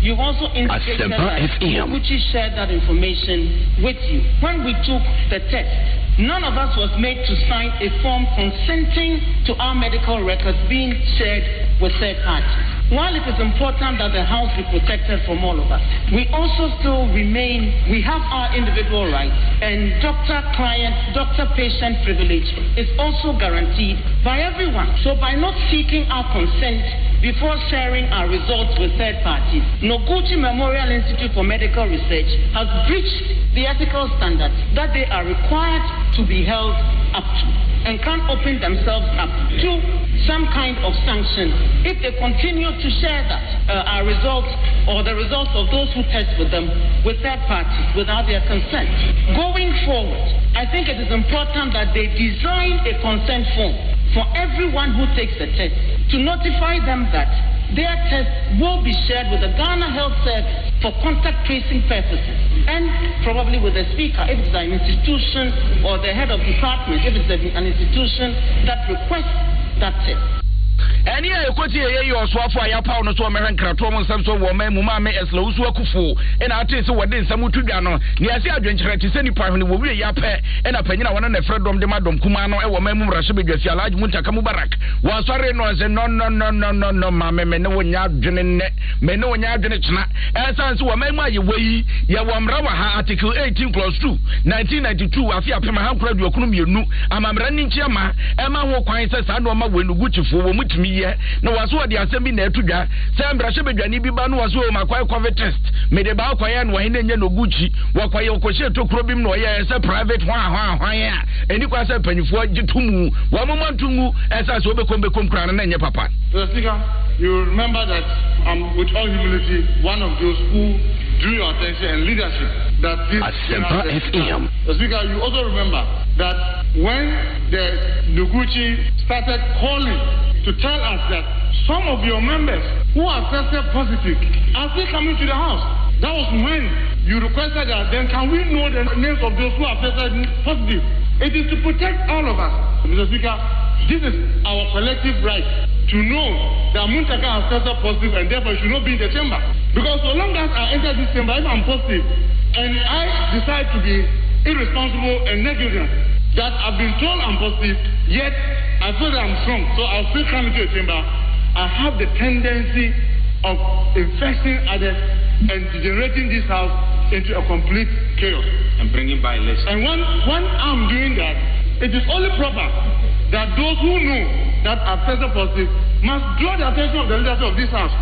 [SPEAKER 7] You've also indicated that Okuchi shared that information with you. When we took the test, none of us was made to sign a form consenting to our medical records being shared with third parties. While it is important that the house be protected from all of us, we also still remain, we have our individual rights, and doctor client, doctor patient privilege is also guaranteed by everyone. So by not seeking our consent before sharing our results with third parties, Noguchi Memorial Institute for Medical Research has breached the ethical standards that they are required to be held up to and can open themselves up to some kind of sanction if they continue to share that, uh, our results or the results of those who test with them with third parties without their consent. Going forward, I think it is important that they design a consent form for everyone who takes the test to notify them that their test will be shared with the Ghana Health Service for contact tracing purposes and probably with the speaker if it's an institution or the head of department if it's an institution that requests that test.
[SPEAKER 5] ɛne a ɛkɔti ɛyɛ yɛ ɔsoafoɔ a yɛapaw no so ɔmɛhwɛ nkratoɔ mu nsɛm so wɔ ma mu ma me ɛslɛwo so akufo ɛna atee sɛ wɔde nsɛm to dwa no nease adwenkyerɛ te sɛ nnipa hwene wɔwie yɛapɛ ɛna panyin wɔno na ɛfrɛ dɔm de ma dɔm kumaa no ɛwɔ ma mu mmara so bɛdwasi alage mu ntaka mu barak wɔasɔre no sɛ nɔnɔnɔnɔnɔ ma me me ne adwene nnɛ me ne wɔnya adwene kyena ɛsiane sɛ wɔma mu a yɛwɔ yi yɛwɔ mmara wɔ ha article 18 clause 2 1992 afe apem ahankora aduɔkono mmienu amammara ne nkyi ama ɛma ho kwan sɛ saa nneɔma wɔ nugu tifoɔ wɔ mu wobɛtumi yɛ na wɔso wɔde asɛm bi na ɛto dwa sɛ mbrahyɛ badwani bi ba no wɔso wɔ makɔyɛ covid test mede baa kɔyɛ no wɔhene nyɛ no wɔkɔyɛ wɔkɔhyɛ tokuro bi na sɛ private ho ahoa a ɛni kwa sɛ mpanyifoɔ gye to mu wɔmoma nto ngu ɛsɛ sɛ wobɛkom bɛkom kora no na ɛnyɛ papa
[SPEAKER 8] uh, You remember that I'm, with all humility, one of those who drew your attention and leadership that this FM. The speaker, you also remember that when the Noguchi started calling to tell us that some of your members who are tested positive are still coming to the house. That was when you requested that then can we know the names of those who are tested positive? It is to protect all of us. Mr. Speaker, This is our collective right to know that Muntaka has tested positive and therefore should not be in the chamber. Because so long as I enter this chamber, if I'm positive and I decide to be irresponsible and negligent, that I've been told I'm positive, yet I feel that I'm strong, so I'll still come into the chamber. I have the tendency of infecting others and degenerating this house into a complete chaos.
[SPEAKER 9] And bringing by less.
[SPEAKER 8] And when, when I'm doing that, it is only proper that those who know that are present for this must draw the attention of the leadership of this house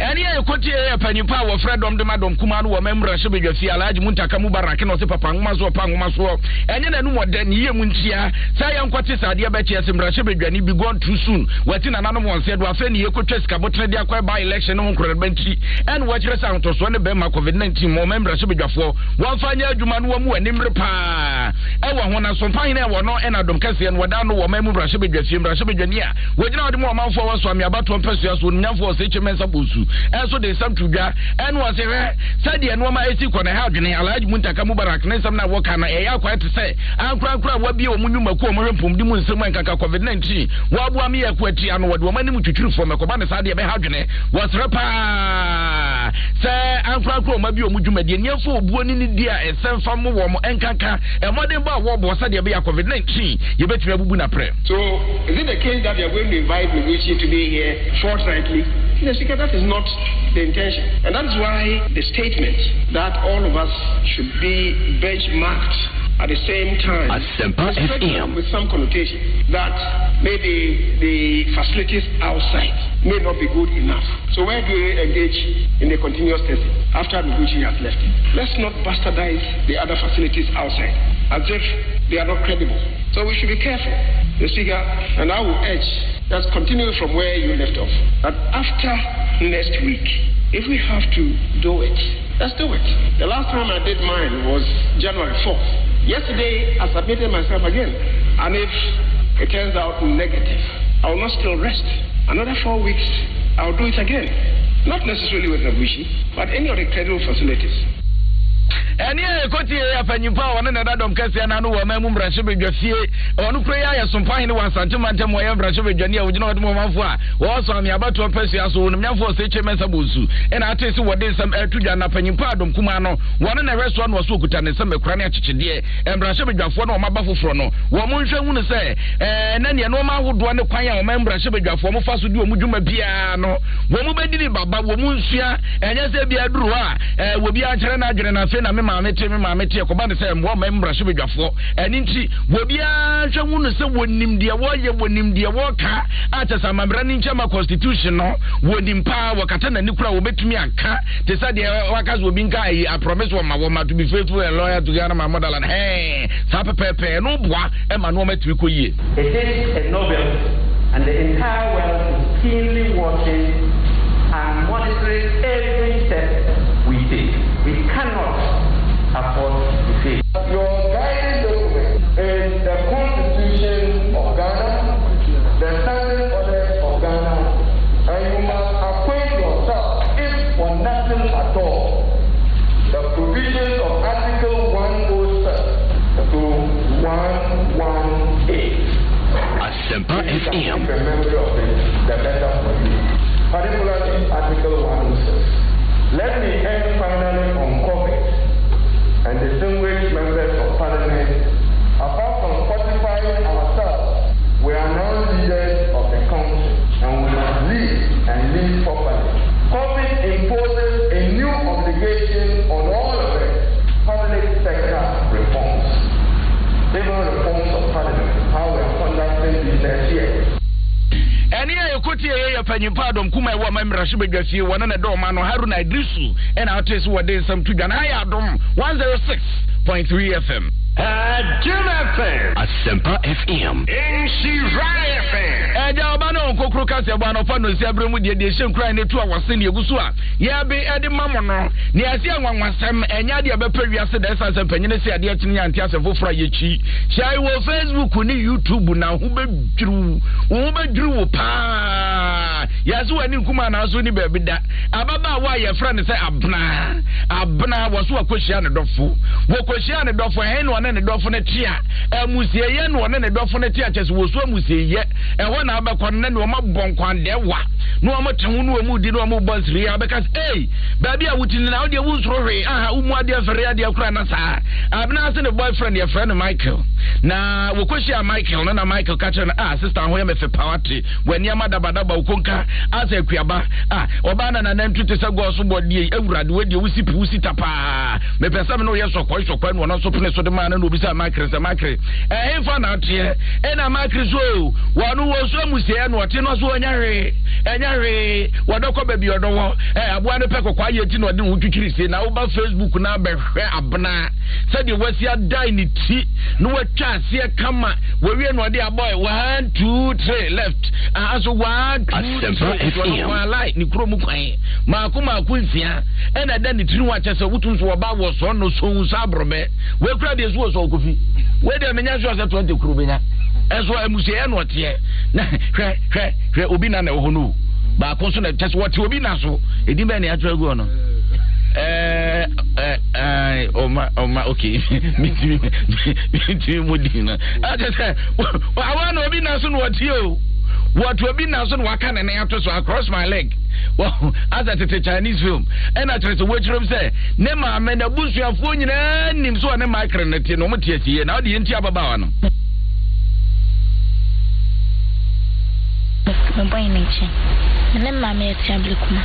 [SPEAKER 5] ɛne yɛ kɔtie yɛ panyimpa a wɔfrɛ dɔm de ma dɔm kuma no wɔ ma mmra hyɛ badwa fie alagye mu ntaka mu barake na ɔse papa nwoma soɔ pa nwoma soɔ ɛnyɛ n'anom ɔdɛ ne yie mu ntia sɛ yɛnkɔte sɛ adeɛ bɛkyeɛ sɛ mmra hyɛ badwa ne bi gone too soon wɔati nananom wɔn sɛ do afɛ ne yɛkɔtwa sikabotene de akɔ ɛba election no ho nkorɔdeba nti ɛne wɔkyerɛ sɛ ahotosoɔ ne bɛrima covid-19 ma ɔma mmra hyɛ badwafoɔ wɔmfa nyɛ adwuma no wɔ mu w'ani mmere paa ɛwɔ ho na sompahene ɛwɔ no ɛna dɔm kɛseɛ no wɔda no wɔ ma mu mmra hyɛ badwa fie mmra hyɛ badwa ni a wɔgyina wɔde ma ɔmanfoɔ wɔ so ameabatoɔ mpɛsoa so onimnyafoɔ ɔsɛ kyɛ mɛnsa bo nsu ɛnso de nsɛm to dwa ɛne wɔ hwɛ sɛdeɛ nnoɔma ɛsi kɔ na ha adwene alhaji muntaka mubarak ne nsɛm no a wɔka no ɛyɛ akwaɛ te sɛ ankorankora a wabie wɔ mu nnwumaku ɔmo hwɛ mpɔmdi mu nsɛm covid-19 wɔaboa me yɛ ko atia no wɔde wɔma anim twitwirifoɔ mɛkɔba ne saa deɛ ɛbɛha adwene wɔserɛ paa sɛ ankorankora ɔma bi wɔ mu dwumadeɛ nneɛmfa obuo ne ne di a ɛsɛm fa mo wɔ mo ɛnkanka ɛmmɔden ba a wɔbɔ sɛdeɛ ɛbɛyɛ covid-19 yɛbɛtumi abubu na prɛ
[SPEAKER 9] So, is it the case that they are going to invite Noguchi to be here fortnightly? Yes, you can That is not the intention. And that is why the statement that all of us should be benchmarked at the same time with some connotation that maybe the facilities outside may not be good enough. So where do we engage in a continuous testing after Noguchi has left? Let's not bastardize the other facilities outside as if they are not credible. So we should be careful. The speaker, and I will urge, let's continue from where you left off. That after next week, if we have to do it, let's do it. The last time I did mine was January 4th. Yesterday, I submitted myself again. And if it turns out negative, I will not still rest. Another four weeks, I'll do it again. Not necessarily with Nabushi, but any of the facilities. ɛne yɛ kɔti yɛ
[SPEAKER 5] afanyimfa a ɔne ne da dɔm kɛseɛ no ano wɔ ma mu mmarahyɛ badwa fie ɔno kora yɛ ayɛ sompahene wɔ asantema ntam wɔyɛ mmarahyɛ badwani a wɔgyina wɔde mɔmanfoɔ a wɔɔsɔ ameabatoɔ pɛsua so nomnyamfoɔ sɛ kye mɛnsa bɔnsu ɛna ate sɛ wɔde nsɛm ɛto dwa na panyimpa a dɔmkuma no wɔne na ɛhwɛ soa na wɔso ɔkuta ne nsɛm akura ne akyekyedeɛ mmarahyɛ badwafoɔ no ɔmaba foforɔ no na neɛ na ne maame tie me maame tie kɔba ne sɛ mmoa ma mmra so badwafoɔ ɛne nti wɔbiaa hwɛ ho sɛ wɔnim deɛ wɔyɛ wɔnim deɛ wɔka akyɛ sɛ amammerɛ no nkyɛma constitution no wɔnim paa wɔkata n'ani kora wɔbɛtumi aka te sɛ deɛ waka sɛ obi nka ayi aprɔmis wɔma wɔma to be faithful and loyal to Ghana my motherland hɛɛ saa pɛpɛɛpɛɛ no boa ɛma no ɔmatumi kɔ yie It is a
[SPEAKER 6] novel, and the entire world is keenly watching
[SPEAKER 10] Your guiding document is the Constitution of Ghana, the Standing Orders of Ghana, and you must acquaint yourself, if for nothing at all, the provisions of Article 107 to 118. simple FM. The memory of it, the better for you. Particularly Article 106. Let me end finally on COVID and the
[SPEAKER 5] ɛne yɛ ɛkɔti ɛyɛ yɛ panyimpa adɔm kuma ɛwɔ ma mmarahyɛ badwasie wɔne ne dɔɔma no haruna idrisu ɛna wote sɛ wɔde nsɛm to dwa na ha yɛ adom 106.3 fm Àjẹ́nà fẹ́. Àsẹ̀mpa FM. Nṣira fẹ́. Ẹja ọba náà ń kókóró kásẹ̀ bọ̀ ànàfà nà òsì abirimu diẹ diẹ ṣe nkura ẹni tú àwọ̀sẹ̀ ní egusu a. Yẹ́ bi ẹdi mamu nọ. Ní ẹsẹ̀ ẹ̀wọ̀nwọ̀sẹ̀m ẹ̀nyá adìẹ bẹ́pẹ̀ wiase dẹ̀ ẹ̀sẹ̀ àṣẹ mpẹ̀nyẹ́nẹ́ sí adìẹ tí ní àǹtí àṣẹ foforọ ayé kyi. Ṣé wo Facebook ní YouTube na òhun bẹ duru òhun bẹ duru wò paa. Yàtú wà ní nkúmọ̀ ànáṣọ ní bẹ̀ẹ̀bi da. Ababaawa yẹ fẹ́ ni sẹ́ abena abena wọ́n so wà kò ṣíà ni dọ̀fo. Wọ́n kò ɔne ne dɔfo no te a amusieyɛ na ɔne ne dɔfo no te a kyɛ sɛ wɔsu amusieyɛ ɛhɔ na wobɛkɔ no ne ɔma bɔ nkwandeɛ wa na ɔma te ho no ɔmu di na ɔma bɔ nsiri a wobɛka baabi a woti nina wodeɛ wonsoro hwee aha womu adeɛ fɛre adeɛ kora na saa abena ase ne boyfriend yɛfrɛ no michael na wɔkɔhyia michael no na michael ka kyerɛ no a ah, sister ho yɛ mɛfɛ pawa te wɔanneɛma dabadaba wokonka asɛ akuaba a ah, ɔbaa na nanantu te sɛ gɔɔ so bɔdeɛ awurade wadeɛ wosi pi wosi ta paa mepɛ sɛ me ne woyɛ sɔkɔe sɔkɔe ne ɔno nso pene so de maa na na obi sɛ makere sɛ makere ɛhefa naateɛ ɛna makere so o wɔno wɔ so amusieɛ no ɔte no so ɔnya hwee ɛnya hwee wɔdɔ kɔ baabi ɔdɔ wɔ ɛ aboa no pɛ kɔkɔ ayɛ ti na ɔde ho twitwiri sie na woba facebook na abɛhwɛ abena sɛdeɛ wasi adae ne ti na watwa aseɛ kama wawie na ɔde abɔ ɛ one two three left ahaso one two three wɔn kwan lai ne kurom kwan maako maako nsia ɛna ɛda ne tiri ho akyɛ sɛ wotum so wɔba wɔ sɔɔ no so nsa aborɔbɛ wɔakura deɛ so fo sɔ kofi wei deɛ menya sure sɛ twenty kuro bɛnya ɛso ɛna ɔteɛ na hwɛ hwɛ hwɛ obi na na ɛwɔ hɔ no baako nso na kyɛ sɛ wɔte obi na so ɛdin bɛɛ na yɛatwerɛ no ọma wɔto obi na so na waka ne nan ato so across my leg well asa tete chinese film ɛna kyerɛ sɛ wɔakyerɛm sɛ ne maame na busuafoɔ nyinaa nim so a ne maakere no te no ɔmo te akyiyɛ na wode yɛnti ababaawa no
[SPEAKER 11] mebɔe ne nkyɛn mene maame yɛte abere kuma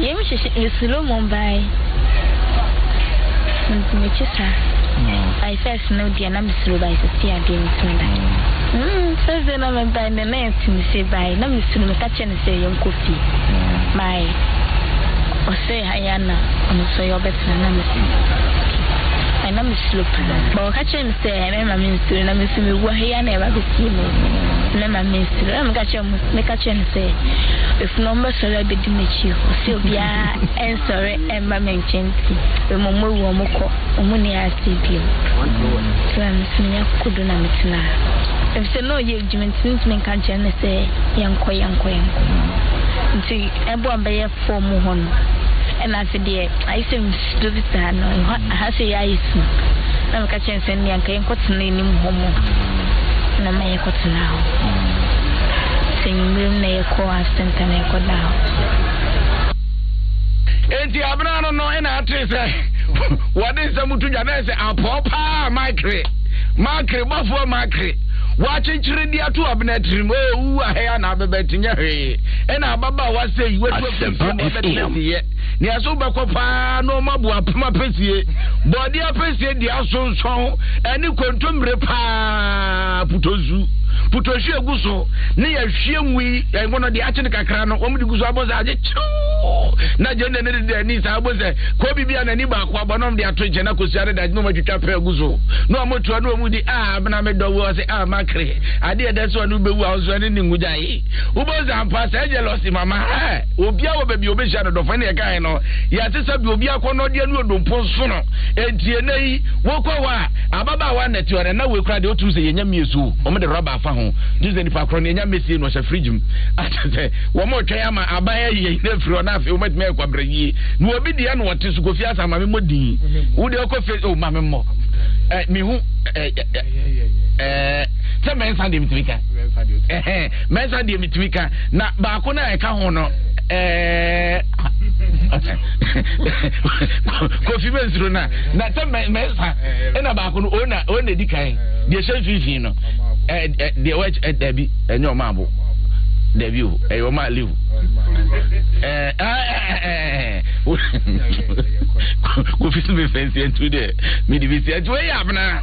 [SPEAKER 11] yɛm hyehyɛ mesilo mɔ bae nti mekyi saa by first mm, no deɛ na mesuro by sisi adeɛ mesuro da sɛsɛ na mebae nɛ na yɛte me sɛ bae na mesuro meka kyɛ no sɛ yɛnkɔ fie bae ɔsɛ ha yɛ na ɔno so yɛ ɔbɛtena na mesuro kan na mesuo paa ba wɔka kyerɛ me sɛ mɛma me nsuro na mesu mewu aheya na ɛba bɛsie mu mɛma me nsuro na meka kyerɛ meka kyerɛ no sɛ ɛfunu ɔmbɛsɔre abɛdi m'akyi ɔsɛ obiaa ɛnsɔre ɛmma me nkyɛn nti ɛmɔmɔ awu ɔmo kɔ ɔmo ne ase bio sɛ mesomenya kodo na metena ɛfisɛ na ɔyɛ adwuma nti mentumi nka nkyerɛ no sɛ yɛnkɔ yɛnkɔ yɛnkɔ nti ɛboa bɛyɛ fɔ hɔ no ɛna afei deɛ ayi sɛ nsuo saa no aha sɛ su na meka kyerɛ nka yɛnkɔtena anim hɔ mu na ma yɛkɔtena hɔ sɛ na yɛkɔ asenta na yɛkɔda hɔ
[SPEAKER 5] enti abena no no ɛna atere sɛ wɔde nsɛm to dwa na apɔɔ paa bɔfoɔ wakyekyere ato abena tirim na abɛbɛti hwee ɛna nea so bɛkɔ paa na ɔma bu apem apɛsie bɔɔde apɛsie deɛ asonsɔn ɛne kontommire paa putozu putohwie egu so ne yɛhwie nwui ɛnkono deɛ akye ne kakra no wɔn de gu so abɔ sɛ agye kyew na gye ne ne de ani saa abɔ sɛ kobi bi a n'ani baako abɔ na wɔn de ato nkyɛn na kosua ne de agye na wɔn atwitwa pɛɛ gu so na wɔn tua na wɔn di a abena mi dɔ wo ɔsɛ a ma kere adeɛ ɛdɛ so a no bɛwu ne ne ngudza yi wobɔ sɛ ampa sɛ ɛgye lɔsi mama ɛ obi a wɔ baabi obi hyia no dɔfɔ ne yɛ kaa yi no yɛate sɛ bi na ɔdeɛ no odompo so no na wekura deɛ otu sɛ yɛnyɛ miesu afa ho gye sɛ nipa korɔ no ɛnya mesie no ɔhyɛ fridge mu akyɛ sɛ wɔma ɔtwɛn ama aban ayɛ na afiri hɔ na afei wɔmatumi ayɛ kwabrɛ yie na obi deɛ na wɔte so kofi asa mame mmɔ din wode ɔkɔ fe o oh, mame mmɔ mihu sɛ mɛnsa deɛ metumi ka mɛnsa deɛ metumi ka na baako no ɛka ho no kofi mɛnsuro no na- na sɛ mɛnsa ɛna baako no ɔna ɛdi kan deɛ hyɛ mfimfini no deɛ wɔ dabi ɛnyɛ ɔmaabo dẹbi o ẹ yọ máa lé o
[SPEAKER 9] ẹ ẹ
[SPEAKER 5] kò fi sí mi fẹ́ sí ẹtú dẹ mi dì bí sí ẹtú ẹ yà abúná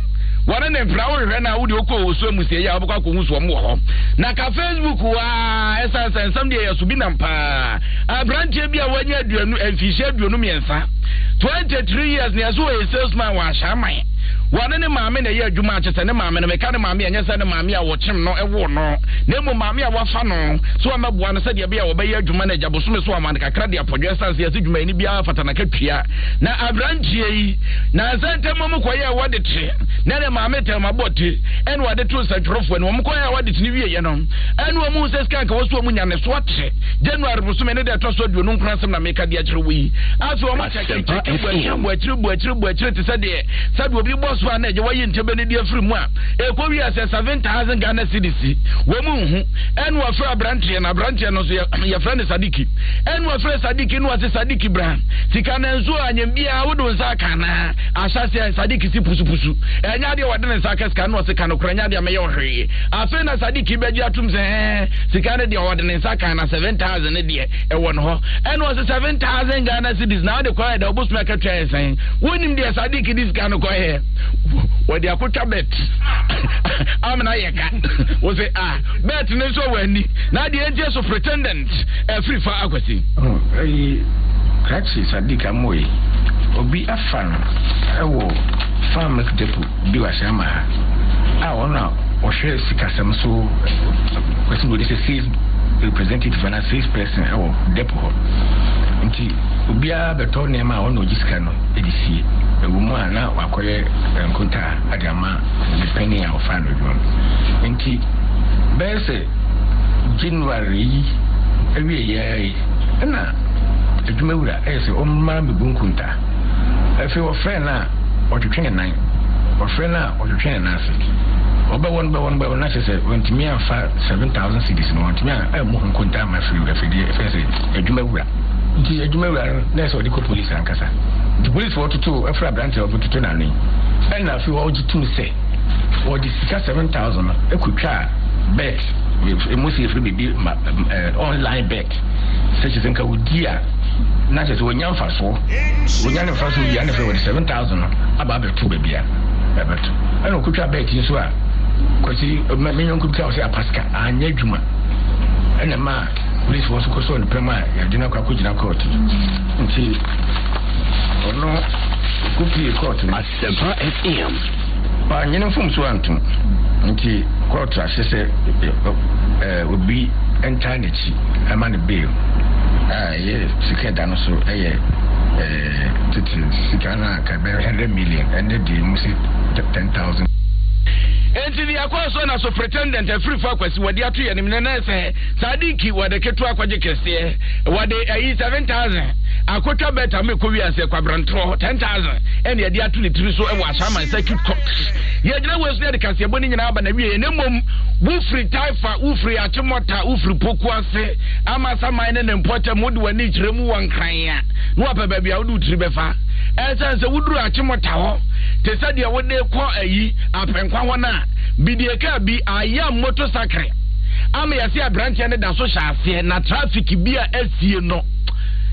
[SPEAKER 5] wọn ní nfura wọn hwehwẹ náà wọn de okò wọ sọmu sí ẹ yà ọbọ kọ nsọ mu wọ họ na ka facebook wa ẹ san san nsọm deɛ yɛ so bi nam paa aberanteɛ bi a wɔnyɛ aduonu mfihyɛ aduonu mmiɛnsa twenty three years ni ɛso wɔ yɛ salesman wɔ ahyɛ aman wɔne ne maame na ɛyɛ adwuma akyɛ sɛ ne maame no meka ne maame ɛnyɛ sɛ ne maame a wɔkyem no ɛwo no na mmom maame a wafa no so wɔmɛboa no sɛdeɛ bɛyɛ a wɔbɛyɛ adwuma no agya so ama no kakra de apɔdwa sane sɛ yɛsɛ dwumayini biara fata na aberantie yi na nsɛ mu kɔyɛ a wɔde te na ne maame tɛm ɛne wɔde to nsɛtwerɛfoɔ no wɔm kɔyɛ a wɔde te ne wieɛ no ɛne wɔ sɛ sika nka wɔso mu nya ne so ɔte january bosome ne deɛ ɛtɔ so aduonu nkora asɛm na meka de akyerɛ wo yi afei wɔm kyɛkyɛkyɛkyɛ te sɛ sɛdeɛ obi bɔ so a na ɛgye wɔyi ntɛbɛ ne deɛ firi mu a ekowi ɛsɛ seven thousand ghana cedis wɔn mu nhu ɛnu wɔfrɛ aberanteɛ na aberanteɛ no nso yɛfrɛ ne sadiki ɛnu wɔfrɛ sadiki no wɔte sadiki bra sika na nsuo anyam bia nsa aka na ahyɛ sɛ sadiki si pusupusu ɛnya adeɛ wɔde ne nsa aka sika no wɔse ka no kora ɛnya adeɛ mɛyɛ ɔhwee afei na sadiki bɛgye atum sɛ sika no deɛ wɔde ne nsa aka na seven thousand ne deɛ ɛwɔ no hɔ ɛnu wɔse seven thousand ghana cedis na wɔde kɔ yɛ dɛ ɔbɛsoma ɛkɛtwa yɛ sɛn wɔnim deɛ sadiki di sika no kɔ wɔde akotwa bet amena yɛ ka wo sɛ a bet ne nso wɔ ani na adeɛ ɛntie so pretendent ɛfiri fa akwasi
[SPEAKER 12] ɛyi oh, krakye sadika moe obi afa no ɛwɔ farmak depo bi wahyɛ ama ha a ɔno a ɔhwɛ sikasɛm so kwasi bode sɛ sales representative ana sales person ɛwɔ depo hɔ nti obiara bɛtɔ nneɛma a ɔna ɔgye sika no de sie ɛwɔ mu a na wakɔyɛ eh, nkontaa ade ama depending a ɔfa no adwuma nti bɛyɛ sɛ january yi awie yɛa yi ɛna adwuma wura ɛyɛ sɛ ɔmma mebu nkontaa afei wɔfrɛ no a ɔtwetwe nan ɔfrɛ no a ɔtwetwe nan ase ɔbɛwɔ no bɛwɔ no bɛwɔ no ahyɛ sɛ ɔntumi amfa seven thousand cities no ɔntumi a ɛmu nkontaa ma afiri afidie ɛfɛ sɛ adwuma wura nti adwumawura no na ɛsɛ ɔde kɔ polisi ankasa nti polisifoɔ toto ɛfra aberante ɔbɛtoto n'ano yi ɛna afei ɔgye tum sɛ wɔde sika seven thousand no ɛkɔtwa bet ɛmu si efiri biribi ma ɛɛ online bet sɛ kyerɛ sɛ nka wodi a na kyerɛ sɛ wɔnya mfasoɔ wɔnya ne mfasoɔ wia ne fɛ wɔde seven thousand aba abɛto baabi a ɛbɛto ɛna ɔkɔtwa bet nso a kɔsi mɛ mɛ nyɔnko bi ka ɔsɛ apasika anyɛ adwuma ɛna maa polisi wɔn nso kɔ sɔɔ ne pɛm a yɛde no akɔ akɔgyina court nti ɔno kɔpie court no asɛmpa fm anyene mfom so antom nti court ahyɛ sɛ obi ntaa n'akyi ama ne bail a ɛyɛ sika da no so ɛyɛ tete sika no a ka bɛyɛ 100 million ɛnɛ deɛ mu sɛ 10000
[SPEAKER 5] nti deɛ akɔ so na so pretendent afirifo akwasi wɔde ato yɛ no mu nana sɛ saa dinki wɔde ketewa akɔgye kɛseɛ wɔde ayi eh, seven akotwa bet a mekɔ wiase kwabrantorɔ hɔ 10000 ɛne yɛde ato ne tiri so ɛwɔ asaman circuit cox yɛgyina wei so yɛde kaseɛbɔ no nyinaa aba na wieɛ na mmom wofiri taifa wofiri atemɔta wofiri poku ase ama saman ne ne mpɔtam wode w'ani kyerɛ mu wɔ nkran a na woapɛ baabi a wode wo tiri bɛfa ɛsɛn sɛ woduru akyemɔta hɔ te sɛ deɛ wode kɔ ayi apɛnkwa hɔ no a bidie kaa bi ayɛ mmoto sakre ama yɛse aberanteɛ no da so hyɛ aseɛ na trafik bi a asie no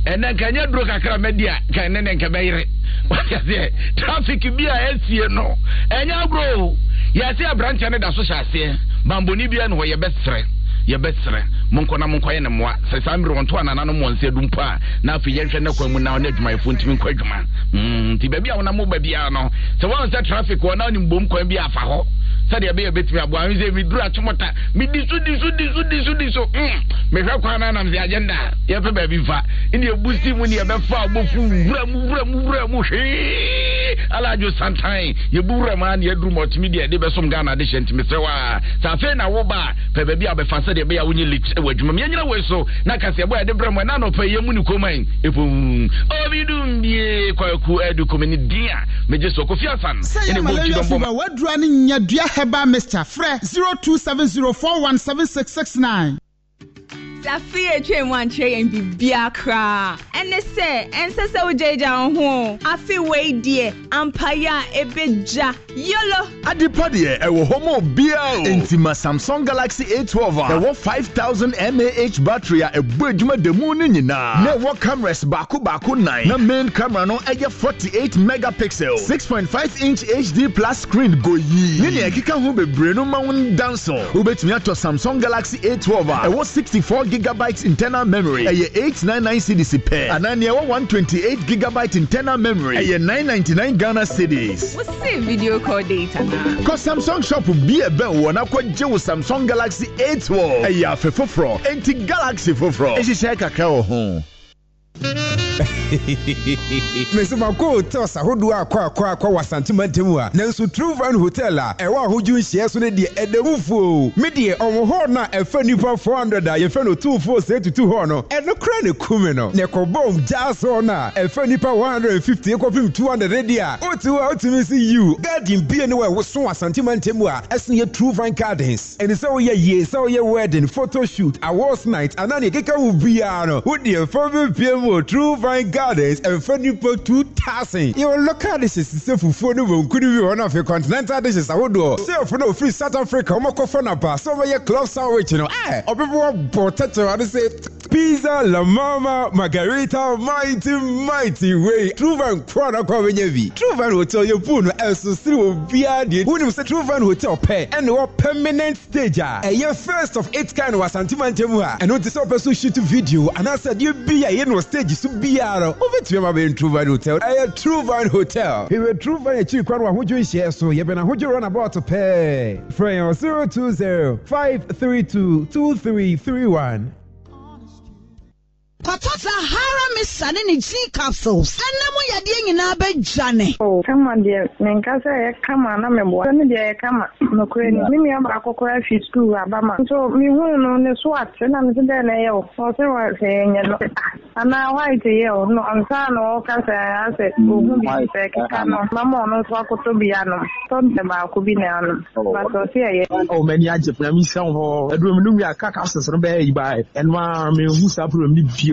[SPEAKER 5] ɛnɛ nka nyɛ duro kakra mɛdi a nka ɛnɛ nɛ nka bɛyere wakyɛseɛ traffic bi a ɛsie no ɛnyɛ agorɔ yɛse aberanteɛ no da so hyɛ aseɛ bamboni bia ne hɔ yɛbɛserɛ yɛbɛserɛ monkɔ na monkɔyɛ ne mmoa sɛ saa mmere wɔnto anananom wɔ nsɛ dum pa a na afei yɛnhwɛ ne kwan mu na ne adwumayɛfo ntumi nkɔ adwuma hmm, nti baabi a wonam woba biara no sɛ woahu sɛ traffic wɔ na wonim bom kwan bi afa hɔ Sadi ɛbɛyɛ bɛtumi aboa mi sɛ meduru akyomɔta medi so di so di so di so di so mm. mehwɛ kwan no anam sɛ agenda yɛpɛ baabi fa ne ɛbu si mu ne yɛbɛfa abɔfu wura mu wura mu wura mu hwee alaadwo santan yɛbu wura mu a ne yɛduru ma ɔtumi deɛ ɛde bɛsom ghana de hyɛ ntimi sɛ waa na woba a pɛ baabi a wobɛfa sɛdeɛ ɛbɛyɛ a wonye lit wɔ adwuma mu yɛnyina wei so na kaseɛbɔ yɛde brɛ mu ɛna nɔpɛ yɛmu ne koman ɛpom obidum bie kwaku adu kɔmani din a megye so kofi asan ɛne
[SPEAKER 13] bɔkyi dɔmbɔ wadura ne nyadua herbal mixture frɛ
[SPEAKER 14] 0270417669
[SPEAKER 15] afe atwa mu ankyerɛ yɛn biribia koraa
[SPEAKER 11] ɛne sɛ ɛnsɛ sɛ wogyagya wo ho afe wei deɛ ampaeɛ a ɛbɛgya yolo
[SPEAKER 2] adepa deɛ ɛwɔ hɔ ma obiaa o enti ma samsung galaxy a12 a ɛwɔ 5000 mah battery a ɛbɔ adwuma da mu no nyinaa na ɛwɔ cameras baako baako nan na main camera no ɛyɛ 48 megapixel 6.5 inch hd plus screen go yii ne nea ɛkeka ho bebree no ma wo ndanso wobɛtumi atɔ samsung galaxy a12 a ɛwɔ 64 gigabytes internal memory ɛyɛ eight 899 nine cedis pɛ anaa nea ɛwɔ one twenty eight gigabyte internal memory ɛyɛ nine ninety nine ghana What's
[SPEAKER 11] the video call data now?
[SPEAKER 2] kɔ samsung shop will bi ɛbɛn wɔ na kɔ gye wo samsung galaxy eight wɔ ɛyɛ afɛ foforɔ anti galaxy foforɔ ehyehyɛ kakra wɔ ho.
[SPEAKER 16] mesi ma kó hotels ahodoɔ akɔ akɔ akɔ wɔ asantuma ntam a nanso true van hotel a ɛwɔ ahodwo nhyia so no deɛ ɛdamu me deɛ ɔmo hɔ no a ɛfa nnipa 400 a yɛfrɛ no tumfoɔ sɛ tutu hɔ no ɛno kora ne kumi no ne kɔbɔm gyaase hɔ no a ɛfa nnipa 150 kɔpem 200 deɛ a wote hɔ a wotumi se yiw garden bie no a ɛwoso asantuma ntam a ɛsen yɛ true van gardens ɛne sɛ woyɛ yie sɛ woyɛ wedding photoshoot awards night anaa ne ɛkeka wo biara no wodeɛ eh, fa bɛpiem wɔ True Vine Gardens ɛmfa nipa two thousand. Yɛwɔ local dishes sɛ fufuo ne wɔnkuru bi wɔ na afei continental dishes ahodoɔ. Sɛfo na ofiri South Africa wɔn akɔfɔ napa sɛ wɔbɛyɛ club sandwich no ɛɛ ɔbɛbɔ bɔ tɛtɛw ade sɛ pizza la mama margarita mighty mighty way. True Vine kura na kɔ bɛnya bi. True Vine hotel yɛ pool no ɛnso siri wɔ biara deɛ. Wunim sɛ True Vine hotel pɛ ɛna wɔ permanent stage a ɛyɛ first of its kind wɔ asantimantam ha ɛno ti sɛ ɔpɛ so shoot video anaasɛ deɛ bi a yɛ no stage so biara wobɛtumi ama bɛyɛ true vine hotel ɛyɛ true vine hotel ɛwɛ true vine akyiri kwa no wahodwo nhyiɛ so yɛbɛn ahodwo runabout pɛɛ frɛ 020 532 2331
[SPEAKER 14] Patata Hara Misa ne ne G capsules. Ɛna mu yadeɛ nyinaa bɛgya ne. kama deɛ ne
[SPEAKER 15] nkasa yɛ kama na mɛ bɔ. Sani deɛ yɛ kama nokura ni. Ne nua baako kora fi sukuu aba ma. Nso mi hun no ne so ate na ne se dɛ na yɛ o. Ɔsɛ wɔ sɛ yɛ nyɛ no. Ana white yɛ o. No nsa na ɔka sɛ asɛ ohun bi sɛ keka no. Mama ɔno nso akoto bi anom. Tɔ bɛ baako bi na anom. Bata ɔsi yɛ yɛ. Oh,
[SPEAKER 17] Ɔ mɛ ni agye funa mi sɛn hɔ. Ɛdurumi numu yɛ aka capsules no bɛyɛ yi ba yɛ. Ɛnua mi hu saa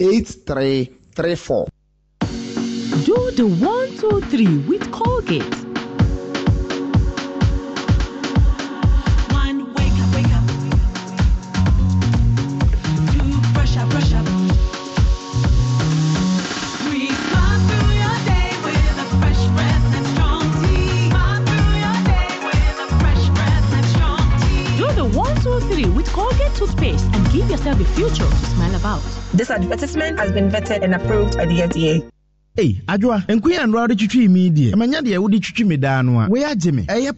[SPEAKER 13] 8334.
[SPEAKER 1] Do the one, two, three with Colgate
[SPEAKER 11] toothpaste and give yourself a future to smile about. This advertisement has been vetted and approved by the FDA.
[SPEAKER 1] Hey, Adwa, nkuyi anra wode twitwi chichi media. Amanya de wode twitwi mi daa no a. Wo ya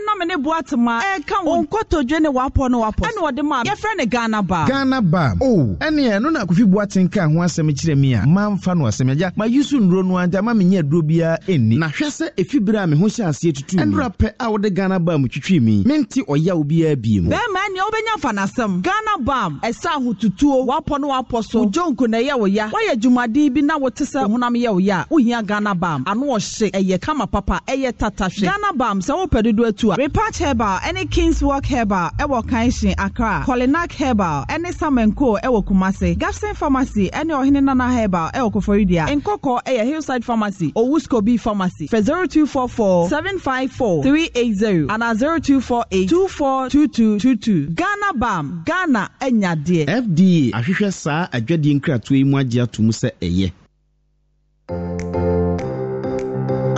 [SPEAKER 1] nam ne boate ma ɛka wɔn nkotodwe ne wapɔ ne wapɔ ɛna ɔde ma yɛfrɛ ne ghana ba ghana
[SPEAKER 18] ba o ɛne ɛno na kofi boate nka ho asɛm kyerɛ me a mamfa no asɛm agya ma yusu nnuro no anta ma menyɛ aduro biara ɛnni na hwɛ sɛ ɛfi berɛ a me ho hyɛ aseɛ tutu ɛnora pɛ a wode ghana ba mu mi. me mente ɔyaw biara bie mu
[SPEAKER 14] bɛrima ɛnea
[SPEAKER 1] wobɛnya fa n'asɛm ghana bam ɛsɛ ahotutuo wapɔ no wapɔ so ojonko na ɛyɛ wo ya woayɛ dwumaden bi na wote sɛ honam yɛ wo ghana bam ano ɔhye ɛyɛ kama papa ɛyɛ tatahwe ghana bam sɛ wopɛ dodo atu Joshua, Repatch Herbal, ɛne Kings Walk Herbal ɛwɔ Kanshin Accra, Kolinak Herbal ɛne Samanko ɛwɔ Kumasi, Gafsen Pharmacy Any Ɔhene Nana Herbal ɛwɔ Koforidua, Nkɔkɔ ɛyɛ Hillside Pharmacy, B Pharmacy, fɛ 0244
[SPEAKER 14] 754
[SPEAKER 1] 380 ana 0248 242222. Ghana Bam, Ghana ɛnyadeɛ. FDA ahwehwɛ saa adwadie nkratoɔ yi mu agye ato mu sɛ
[SPEAKER 18] ɛyɛ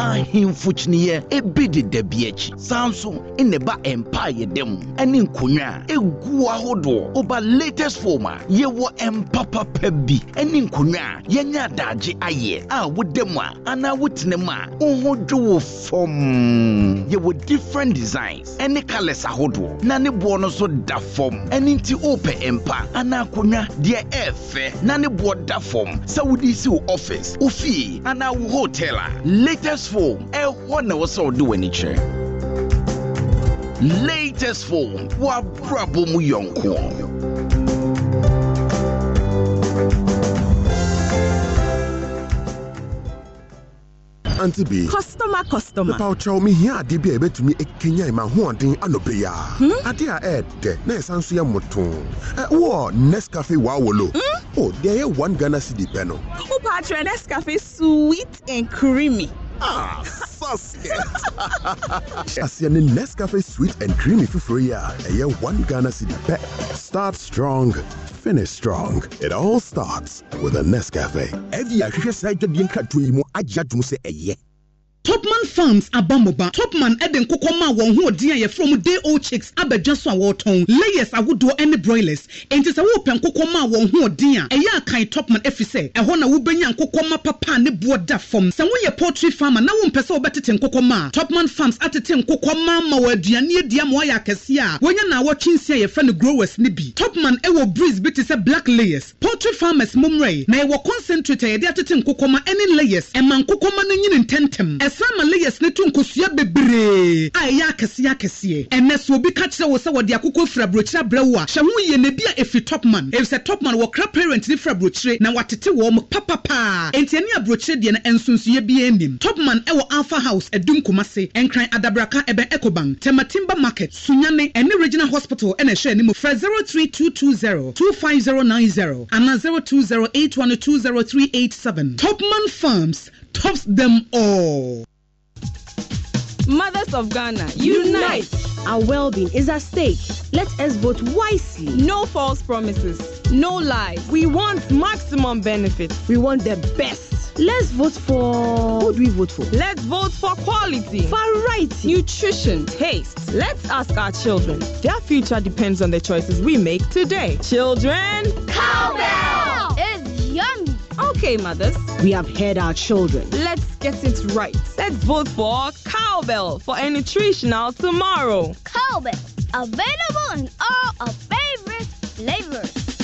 [SPEAKER 18] ahemfo kyiniiɛ ebi deda bi akyi saa nso ɛna ɛba mpaeɛ da mu ɛne nkonnwa a egu ahodoɔ ɔba latest form a yɛwɔ mpapapa bi ɛne nkonnwa a yɛnya adagye ayɛ a woda mu a anaa wotena mu a ɔho dwo wɔ fam yɛwɔ different designs ɛne colours ahodoɔ na ne boɔ no nso da fam ɛne nti ɔɔpɛ mpa anaa akonnwa deɛ ɛɛfɛ na ne boɔ da fam sɛ wode si wo office wo fie anaa wo hotel a latest foam ɛhɔ na ɛwɔ sɛ ɔde w'ani kyerɛ latest foam w'abrabɔ mu
[SPEAKER 19] yɔnko. anti bi.
[SPEAKER 1] customer customer. nipa ɔkyerɛw
[SPEAKER 19] mi hiɛ adeɛ bi a yɛbɛtumi ekenya ma ahoɔden anɔbɛ ya. Hmm? adeɛ a ɛɛdɛ na yɛsan so yɛ motoo ɛ wɔ nescafe waawolo. o hmm? deɛ yɛ one ghana CD pɛ no.
[SPEAKER 14] wopɛ akyerɛ nescafe sweet and creamy. Ah, Sasket.
[SPEAKER 19] As Nescafe sweet and creamy fufuria, a year one Ghana city pet. Start strong, finish strong. It all starts with a Nescafe.
[SPEAKER 1] Every year, I say to the Nkatui, I judge you say, topman farms abamoba topman de nkokɔ ma wɔn ho ɔdin a yɛfrɛ mu day old chicks abɛdwa so a wɔretɔn layers ahodoɔ ne broilers nti sɛ wopɛ nkokɔ ma wɔn ho ɔdin a ɛyɛ akan topman ɛfiri sɛ ɛhɔ na wobɛnya nkokɔ ma papa ne boɔ da fam sɛ woyɛ poultry farmer na wompɛ sɛ wobɛtete nkokɔ ma topman farms atete nkokɔ ma ma wɔ aduane adi ama wɔayɛ akɛseɛ a wɔnya na awɔtwe nsia yɛfrɛ no growers ne bi topman wɔ breeze bi te sɛ black layers poultry farmers mommrɛ na yɛwɔ concentrate a yɛde atete nkokɔma e ne layers ɛma nkokɔma no nyini ntɛntɛm ɛs e Aframa layers ne to nkosua bebree a ɛyɛ akɛseɛ akɛseɛ. Ɛnɛ sɛ obi ka kyerɛ wo sɛ wɔde akokɔ fira burokyerɛ abrɛ wo a hyɛ ho yie na ebi a efi Topman. Efisɛ Topman wɔkra parent ne fira burokyerɛ na watete wɔn papapaa. Nti ɛne aburokyerɛ deɛ no nsonsoyɛ biara nim. Topman ɛwɔ Alpha House ɛdum Kumase ɛnkran Adabraka ɛbɛn Ecobank Tematimba Market Sunyane ɛne Regional Hospital ɛna ɛhwɛ anim. Fra zero three two two zero two five zero nine zero ana zero two zero eight one two zero three eight seven. Topman Farms. tops them all.
[SPEAKER 11] Mothers of Ghana, unite!
[SPEAKER 14] Our well being is at stake. Let us vote wisely. No false promises, no lies. We want maximum benefit. We want the best. Let's vote for. Who do we vote for? Let's vote for quality, variety, nutrition, taste. Let's ask our children. Their future depends on the choices we make today. Children, cowbell! It's yummy! Okay, mothers. We have had our children. Let's get it right. Let's vote for Cowbell for a nutritional tomorrow. Cowbell,
[SPEAKER 3] available
[SPEAKER 14] in all our
[SPEAKER 3] favorite flavors.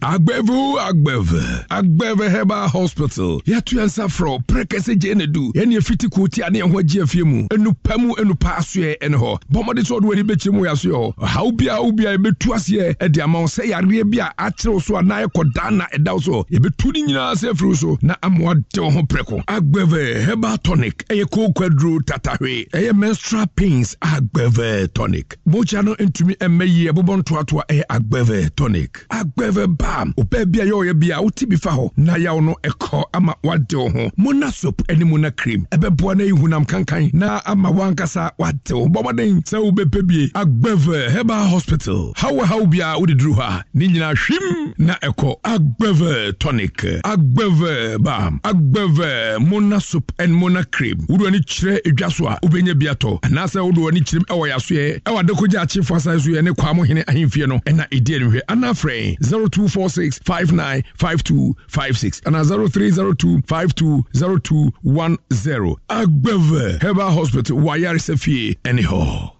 [SPEAKER 20] agbɛvu agbɛvɛ agbɛvɛ herbal hospital yɛto yɛn nsa frɔ pere kɛse gye ne du yɛne ɛfiti koo ti ane ɛho agye afie mu ɛnupa mu ɛnupa asoɛ ɛne hɔ bɔmmɔde sɛ ɔde w'ani bɛkyerɛ mu yɛasoɛ hɔ ɔhaw biaa wo biaa yɛbɛtu aseɛ ɛde ama wo sɛ yareɛ bi a akyerɛw so anaa ɛkɔdaa na ɛda wo so yɛbɛtu no nyinaa sɛ afiri so na amoa de wo ho prɛko agbɛvɛ herbal tonic ɛyɛ kookwaduro tatahwe ɛyɛ menstral pains agbɛvɛ tonic mogya no ntumi ɛmmɛ yie ɛbobɔ ntoatoa ɛyɛ agbɛvɛ tonic agbɛvɛ ba Bam, ɔbaa bi a yɛɔyɛ bi a bi fa hɔ na yaw no ɛkɔ ama wade wo ho mona sop ne mona cream ɛbɛboa na yɛhunam kankan na ama woankasa wate wo bɔmmɔden sɛ wobɛpɛ bie agbɛvɛ heba hospital hawo haw bia wode duru hɔ a ne nyinaa hwim na ɛkɔ agbɛvɛ tonic agbɛvɛ bam agbɛvɛ mona sop and mona cream wode w'ani kyerɛ edwa so a wobɛnya bi atɔ anaasɛ wode w'ani kyerɛm ɛwɔ yɛasoɛ ɛwɔ adakogya akyefo asae so yɛ ne kwaa mo hene ahemfie no ɛna ɛdi anihwɛ anaa frɛ 024 046 59 5256 and a 0302 520210. Agbeve Herbal Hospital, Wayari Sefie, anyhow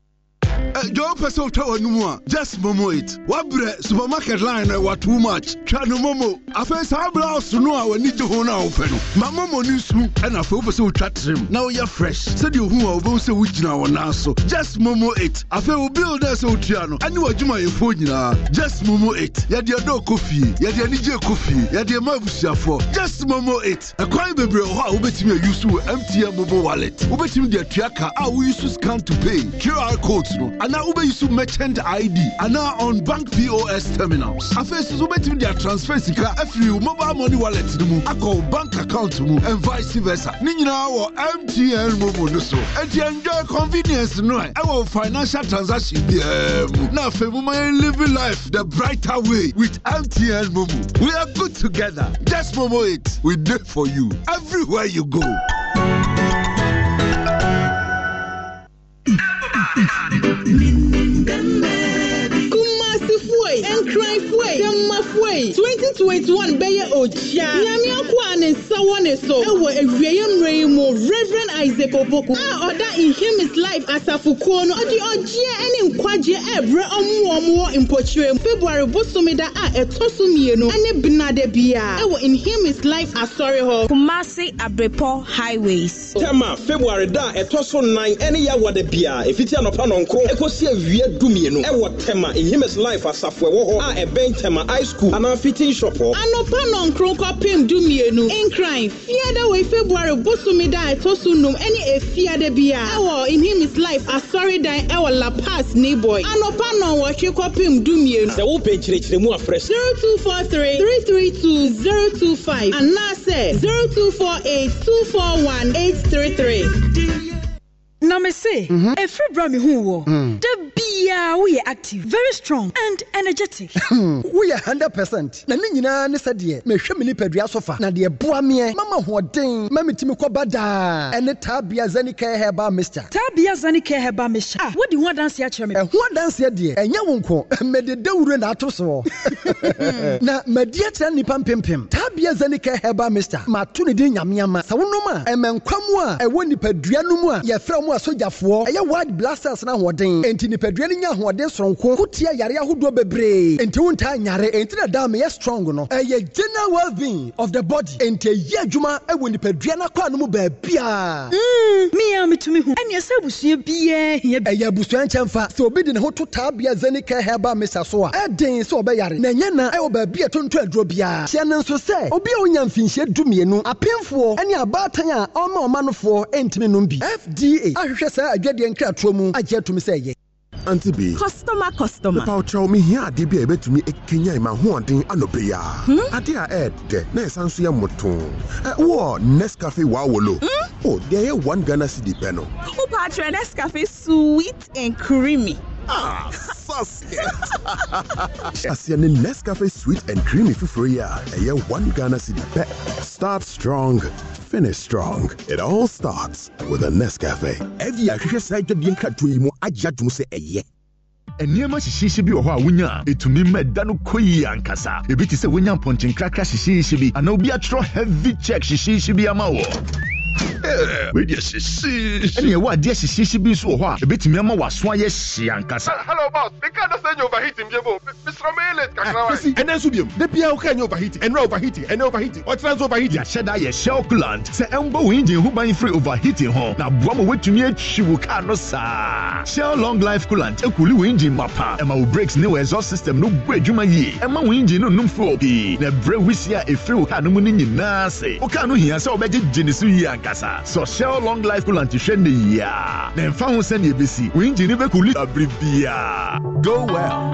[SPEAKER 20] dwa wopɛ sɛ wotwa w'anomu a just momo it woabrɛ
[SPEAKER 2] supermarket line no ɛwa too much twa no momo afei saa blouse no a w'ani gye ho no a wopɛ no ma momo no nsu ɛna afei wopɛ sɛ wotwa terem na woyɛ fresh sɛdeɛ ohu a wobɛhu sɛ wogyina wɔ nan so just momo it afei wo bill no sɛ wotua no ɛne w'adwumayɛfoɔ nyinaa just momo it yɛdeɛ dɔ kɔ fie yɛdeɛ anigye kɔ fie yɛdeɛ ma abusuafoɔ just momo it ɛkwan bebree wɔ hɔ a wobɛtumi ayusu wɔ mtn mobile wallet wobɛtumi de atua ka a woyusu scan to pay qr codes no Ana wobɛyi yusu merchant id Ana on bank pos terminals afei so so wobɛtumi de sika afiri mobile money wallet no Ako bank account mu and vice versa ne na wɔ mtn mumu nusu. so enti enjoy convenience no e ɛ financial transaction biara na afei moma e living life the brighter way with mtn mumu. we are good together just momo it we dey for
[SPEAKER 20] you everywhere you go.
[SPEAKER 14] 2021 bɛyɛ ogya nyame ako a ne nsa wɔ ne so ɛwɔ awieɛ mmerɛ yi mu reverend isaac opoku a ɔda inhumis life asafokuo no ɔde ɔgyeɛ ne nkwagyeɛ ɛbrɛ ɔmo wɔn wɔ mpɔkyerɛ mu february bosome da a ɛtɔ so mmienu ne benada in him inhumis life asɔre hɔ
[SPEAKER 11] kumasi abrepɔ highways.
[SPEAKER 17] tẹ́mà february da ɛtɔ so nan ɛne yà wọ́dẹ biara efiti anɔpa nɔnkoro ɛkɔsi awie du mmienu ɛwɔ tẹ́mà inhumis life asafo ɛwɔ hɔ a ɛbɛn tẹ́mà high school Ghana fitting shop hɔ.
[SPEAKER 14] Anɔpa nɔnkron kɔpem du mmienu. Nkran fiada wɔ February bosomi da ɛtɔ so num ɛne efiada bia. Ɛwɔ in him is life asɔredan ɛwɔ La Paz Neighbor. Anɔpa nɔnwɔtwe kɔpem du mmienu. Sɛ wo pɛ
[SPEAKER 17] kyerɛkyerɛ mu afrɛ.
[SPEAKER 14] zero two four three three three two zero two five anaasɛ zero two four eight two four one eight three three na me se
[SPEAKER 21] ɛfiri bra mi hu wɔ da biaa woyɛ active very strong and energetic woyɛ hundred percent na ne nyinaa ne sɛdeɛ mehwɛ ni nipadua so fa na deɛ boa meɛ mama hoɔden ma metumi kɔba daa ɛne taabea zanika heba mixture taabea zanika heba mixture a ah, wodi ho adanseɛ akyerɛ me ɛho adanseɛ deɛ ɛnyɛ wo nko mede dawuro na ato soɔ na madi akyerɛ nnipa mpempem taabea zanika heba mixture mato ne din nyameama sɛ wonom a ɛmɛnkwa mu a ɛwɔ nipadua no mu a yɛfrɛ mu asogyafoɔ ɛyɛ white blasters no ahoɔden enti nipadua no nya ahoɔden soronko kotia yare ahodoɔ bebree enti wontaa nyare enti na daa meyɛ strong no ɛyɛ general well of the body enti ɛyɛ adwuma ɛwɔ nipadua no akɔ ano mu baabia mea hmm. metumi hu ɛneɛ sɛ abusua biaa hia ɛyɛ abusua nkyɛmfa sɛ obi de ne ho to zenica herba mesa so a ɛden sɛ ɔbɛyare na ɛnyɛ na ɛwɔ baabi ɛtonto aduro biara hyɛ no nso sɛ obi a wonya mfinhyia dumienu apemfoɔ ne abaatan a ɔma ɔma nofoɔ nom bi fda ahwehwɛ saa adwadeɛ nkratoɔ mu agye atum sɛ ɛyɛ anti bi.
[SPEAKER 1] customer customer.
[SPEAKER 21] nipa
[SPEAKER 19] ɔkyerɛw mi hiɛ ade bi a ebetumi ekenya ma ahoɔden anɔpɛ ya. Hmm? ade a ɛɛdɛ na ɛsan so yɛ motɔn ɛ wɔ nescafe wa wolo. Hmm? o oh, deɛ ɛyɛ one ghana cedi pɛ no.
[SPEAKER 14] o pa atwere nescafe sweet and creamy. Ah, Saskia.
[SPEAKER 19] Asia ne Nescafe sweet and creamy fufuri ya. Eye one Ghana city pet. Start strong, finish strong. It all starts with a Nescafe. Evi ahwehwe saa dwadie nkratoɔ yi mu agye adum sɛ ɛyɛ.
[SPEAKER 2] nneɛma hyehyeehye bi wɔ hɔ a wonya a ɛtumi ma ɛda no kɔ yie ankasa ebi te sɛ wonya mpɔnkyenkrakra hyehyeehye bi anaa obi atwerɛ heavy check hyehyeehye bi ama wíìdí ẹsẹ ẹni ẹwọ adi ẹsẹ sí sí bí nso wọ hɔ a ebi tìmí ɛma wà sún ayé sí ankasa.
[SPEAKER 19] hello boss mi ká dasa ẹni overheat mi yẹ bo misiri mi
[SPEAKER 2] late kakra wa. ẹsì ẹnẹ nso bi mu depi awo ká ẹni overheat ẹnura overheat ẹnẹ overheat ọtíra nso overheat. yàhyẹ́dá yẹ shell gland sẹ ẹ ń bọ wọ́n engine hoban free overheat hàn na buamu wetumi etwi wò káà no saa. shell long life coolant ekuli wọ́n engine ma pa ẹ ma wò brakes ne wọ exhaust system no gbọ́ edwuma yie ẹ ma wọ́n engine no num fuel pii na brake wisi a efiri no mu ne nyinaa sè wò káà no hìyà sẹ ọbẹ̀ gye gye akasa sɛ ɔhyɛw long life coolant hwɛ ne yia ne mfa ho sɛnea ebesi wo engine bɛkuli abere biara
[SPEAKER 1] go well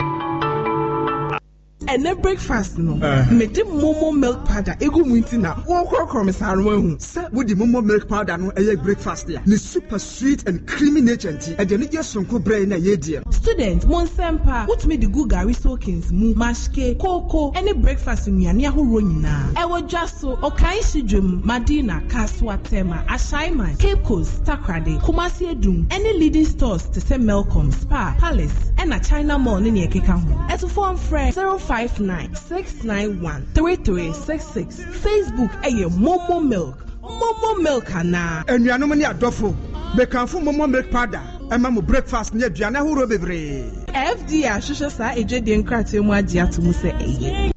[SPEAKER 22] ɛnɛ breakfast no eh. mede momo milk powder egu mu nti na wɔkɔkɔ me saa no ehu. sɛ wodi momo milk powder no ɛyɛ breakfast ya ne super sweet and creamy nature nti ɛdi anigye sonko brɛ na yɛ die.
[SPEAKER 1] student mo nsɛm pa wotumi de gu gari soakins mu mashke koko ɛne breakfast nnuane ahorow nyinaa ɛwɔ dwa so ɔkan si dwom madina kasuwa tema ashaiman cape coast takrade kumasi edum ɛne leading stores te sɛ melcom spa palace ɛna china mall ne nea ɛkeka ho ɛtufo nfrɛ zero five five nine six nine one three three six six facebook ɛyɛ eh, momo
[SPEAKER 22] milk momo milk ana. anuanom ne adɔfo mekanfo momo milk powder ɛma mu breakfast ne aduane ahorow bebree. fda ahyehyɛ saa edwadie
[SPEAKER 1] nkrataa mu agye eh, ato mu sɛ ɛyɛ.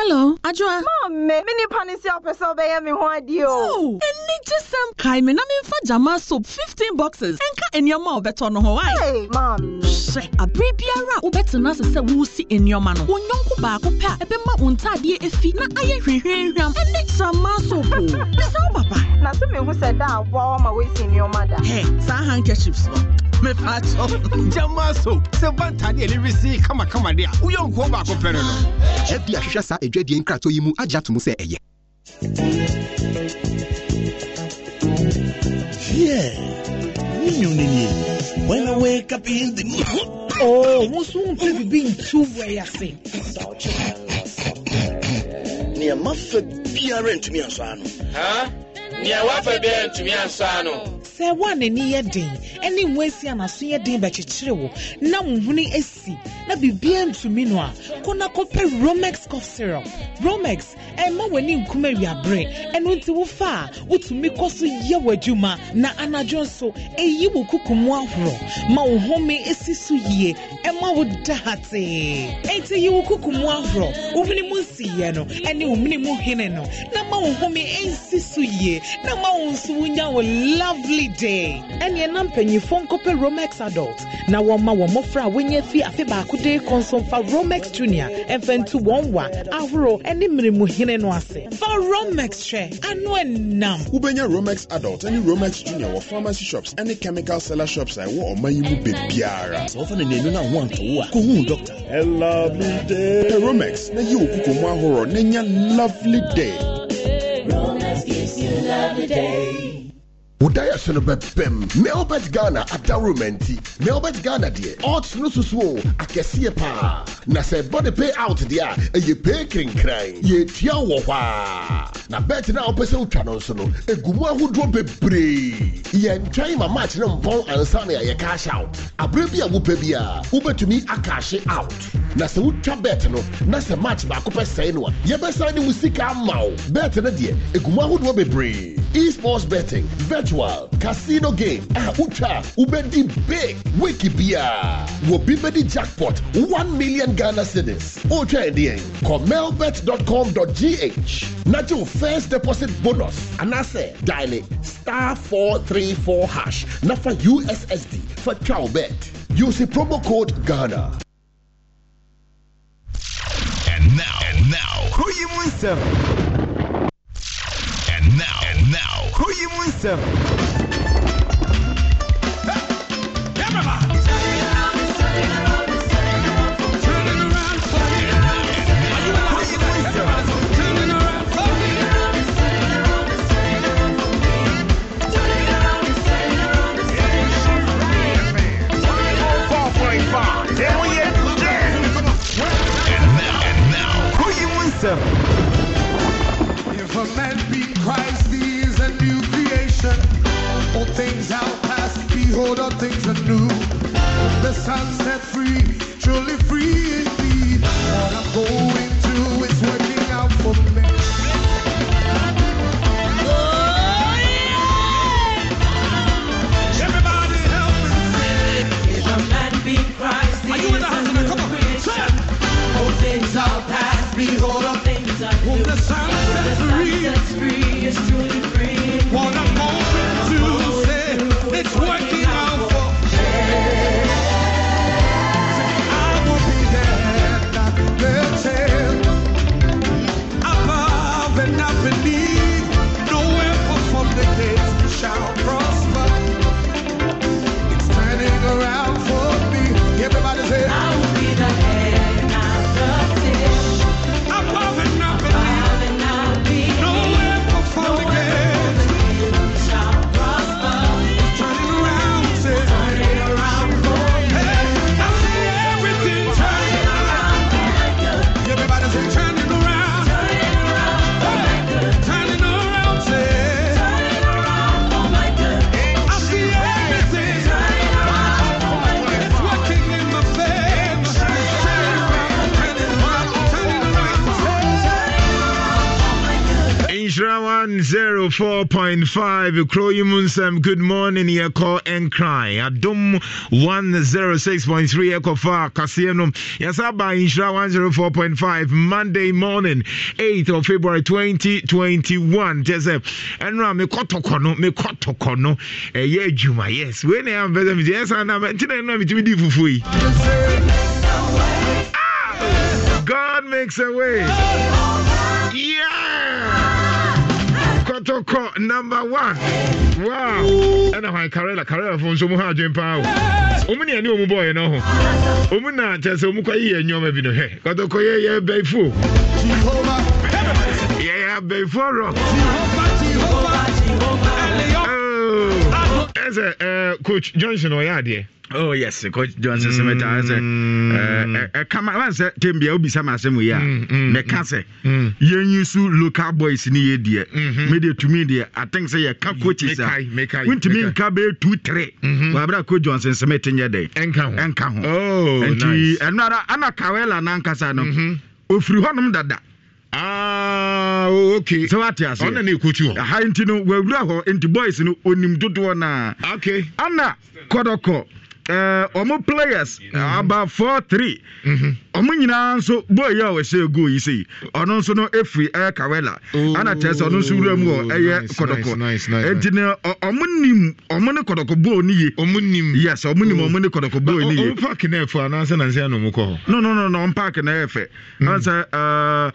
[SPEAKER 14] Hello, Adjoa. Mommy, me nipa ne si opese obeye me ho ade o. Oh, eni jesam kai me na me mfa jama soap 15
[SPEAKER 1] boxes. Enka enioma obeto no ho why? Hey, mom. Hye, abere biara a wobɛtena ase sɛ wosi nneɛma no
[SPEAKER 14] wo nyɔnko baako pɛ a ɛbɛma die, ntadeɛ afi na ayɛ hwehwɛhwam ne trama soap. mesɛ wo papa na so mehu sɛ da aboa ma wosi nneɔma da hɛ saa handkerchiefs
[SPEAKER 22] mepatɔ gyama so sɛ bantadeɛ ne resee kamakama de a woyɛ nkuo baako pɛ no no
[SPEAKER 18] ahwehwɛ saa adwadie nkratɔ yi mu agye ato sɛ
[SPEAKER 22] ɛyɛ
[SPEAKER 3] Yeah,
[SPEAKER 2] you know, when I wake up in the morning, oh, what's wrong with being too
[SPEAKER 1] very sick? Near my be a rent
[SPEAKER 23] to me, Ansano. Huh? Near what fair, be a rent to me, Ansano
[SPEAKER 3] sɛ
[SPEAKER 1] wo a n'ani yɛ den ɛne wo asi a yɛ den bɛkyekyere wo na wo hwene asi na biribia ntumi no a kɔ na kɔpɛ romex cough syrup romex ɛma w'ani nkum awiabere ɛno nti wofa a wotumi kɔ so yɛ w'adwuma na anadwo nso ɛyi wo kukumu ahorɔ ma wo home asi so yie ɛma wo da hatee ɛnti yi wo kukumu ahorɔ wo hwene mu nsiyɛ no ɛne wo mene mu hwene no na ma wo home ɛnsi so yie na ma wo nso wonya wo lovely denden ɛne ɛnam mpanyimfoɔ nkɔpɛ romex adult na wɔmma wɔn mmɔfra a wɔnyɛ fi afe baako de kɔnsɔmfa romex junior ɛmfa ntu wɔn wa ahoro ne mmirimuhene no ase
[SPEAKER 7] fa romex
[SPEAKER 1] hwɛ ano ɛnam wobɛnya romex adults ne romex junior wɔ pharmacy shops ne
[SPEAKER 19] chemical seller shops a ɛwɔ ɔman yi mu bebiara sɛ wɔfa no nanu no a wɔantowo a kɔhu doctor ɛlabide romex na yɛ okukomu ahorow na nya lovely day
[SPEAKER 3] Romex gives you lovely day.
[SPEAKER 19] wodayɛ so no bɛbɛm melbert
[SPEAKER 2] ghana adaroma nti melbert ghana deɛ ɔts no susuo akɛseɛ pa. na sɛ bɔde pay out deɛ a ɛyɛ pay krinkran yɛtua wɔ hɔ a na bet no a wopɛ sɛ wotwa no nso no ɛgu mu ahodoɔ bebree yɛntwɛn ma match no mpɔn ansa na yɛyɛ cash out aberɛ bi a wopɛ bi a wobɛtumi akahye out na sɛ wotwa bet no na sɛ match baako pɛ sɛe no a yɛbɛsan ne wo sika ama wo bet no deɛ ɛgu mu ahodoɔ bebree esports betting bet virtual casino game ah, a wotwa big wiki bia. wɔbi jackpot 1 million ghana cedis wotwa ɛdeɛn kɔ melbet.com gh na first deposit bonus anaasɛ diale star 434 hash Nafa ussd for twa use the use promo code ghana
[SPEAKER 3] and now and now
[SPEAKER 2] who you massive.
[SPEAKER 20] things out past,
[SPEAKER 3] behold all things are new. The sun set free, truly free indeed. What I'm going through is working out for me. Oh, yeah. Everybody help me. a man Christ, things past, behold
[SPEAKER 4] 104.5 Kroyimunsem. Good morning, Yako and Cry. Adum 106.3 far. Kasienum. Yasaba Inshra 104.5 Monday morning, 8th of February 2021. Jesse, Enra me kotokono, me kotokono, a eh, year Juma. Yes, when I am better, yes, and I'm telling you, I'm going to
[SPEAKER 24] God makes a way.
[SPEAKER 4] to kɔ number one wow ɛna hwan karela karela fo nso mu ha adwen paa o ɔmu ne ɛne ɔmu bɔɔyɛ no ho ɔmu na kyɛ sɛ ɔmu kɔyi yɛ nneɔma bi no hɛ kɔtɔkɔ yɛ yɛ bɛifo yɛyɛ bɛifo rɔ
[SPEAKER 24] ɛsɛ coach johnson ɔyɛ adeɛ oh yes coach johnson sɛmɛta sɛ kama wan sɛ tem bia wobisa ma asɛm yi a mɛka sɛ yɛnyi so local boys ni yɛ deɛ mede tumi deɛ atenk sɛ yɛka coaches a wontumi nka bɛyɛ two tre mm-hmm. wabrɛ coach johnson sɛmɛte nyɛ dɛn ɛnka ho nti ɛno ara ana kawela nankasa no ɔfiri hɔnom dada Ah, okay. sɛ wate ase ɔna ne ɛkɔtu hɔ ha nti no wawura hɔ nti boys no ɔnim dodoɔ no a ah. okay. ana kɔdɔkɔ ɔmo uh, players mm-hmm. aba four three. Mm-hmm ɔmo nyinaa nso bɔɔl yi a wɔhyɛ goal yi sei ɔno nso no efiri ɛyɛ kawela ana kyerɛ sɛ ɔno nso wura mu wɔ ɛyɛ kɔdɔkɔ eti no ɔmo nim ɔmo ne kɔdɔkɔ bɔɔl ni ye ɔmo nim yes ɔmo nim ɔmo ne kɔdɔkɔ bɔɔl ni ye ɔmo
[SPEAKER 4] paaki na ɛfɛ anaasɛ nansɛn na ɔmo kɔ
[SPEAKER 24] no no no no ɔmo paaki na ɛfɛ ɔnsɛ hmm. ɛɛ uh,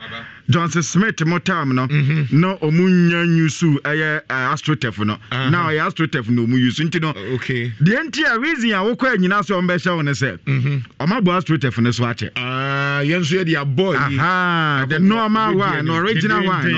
[SPEAKER 24] johnson smith mo tam no mhm. na ɔmo nya nyusu ɛyɛ uh, astrotef no na ɔyɛ astrotef na ɔmo yusu nti no uh, deɛ nti a reason a wokɔ nyinaa sɛ ɔmo bɛhyɛ wɔn ne sɛ mhm. ɔmo abɔ astrotef ne so akyɛ. Ah. Ah, yɛn nso yɛ de abɔ yi the normal one no original ah, one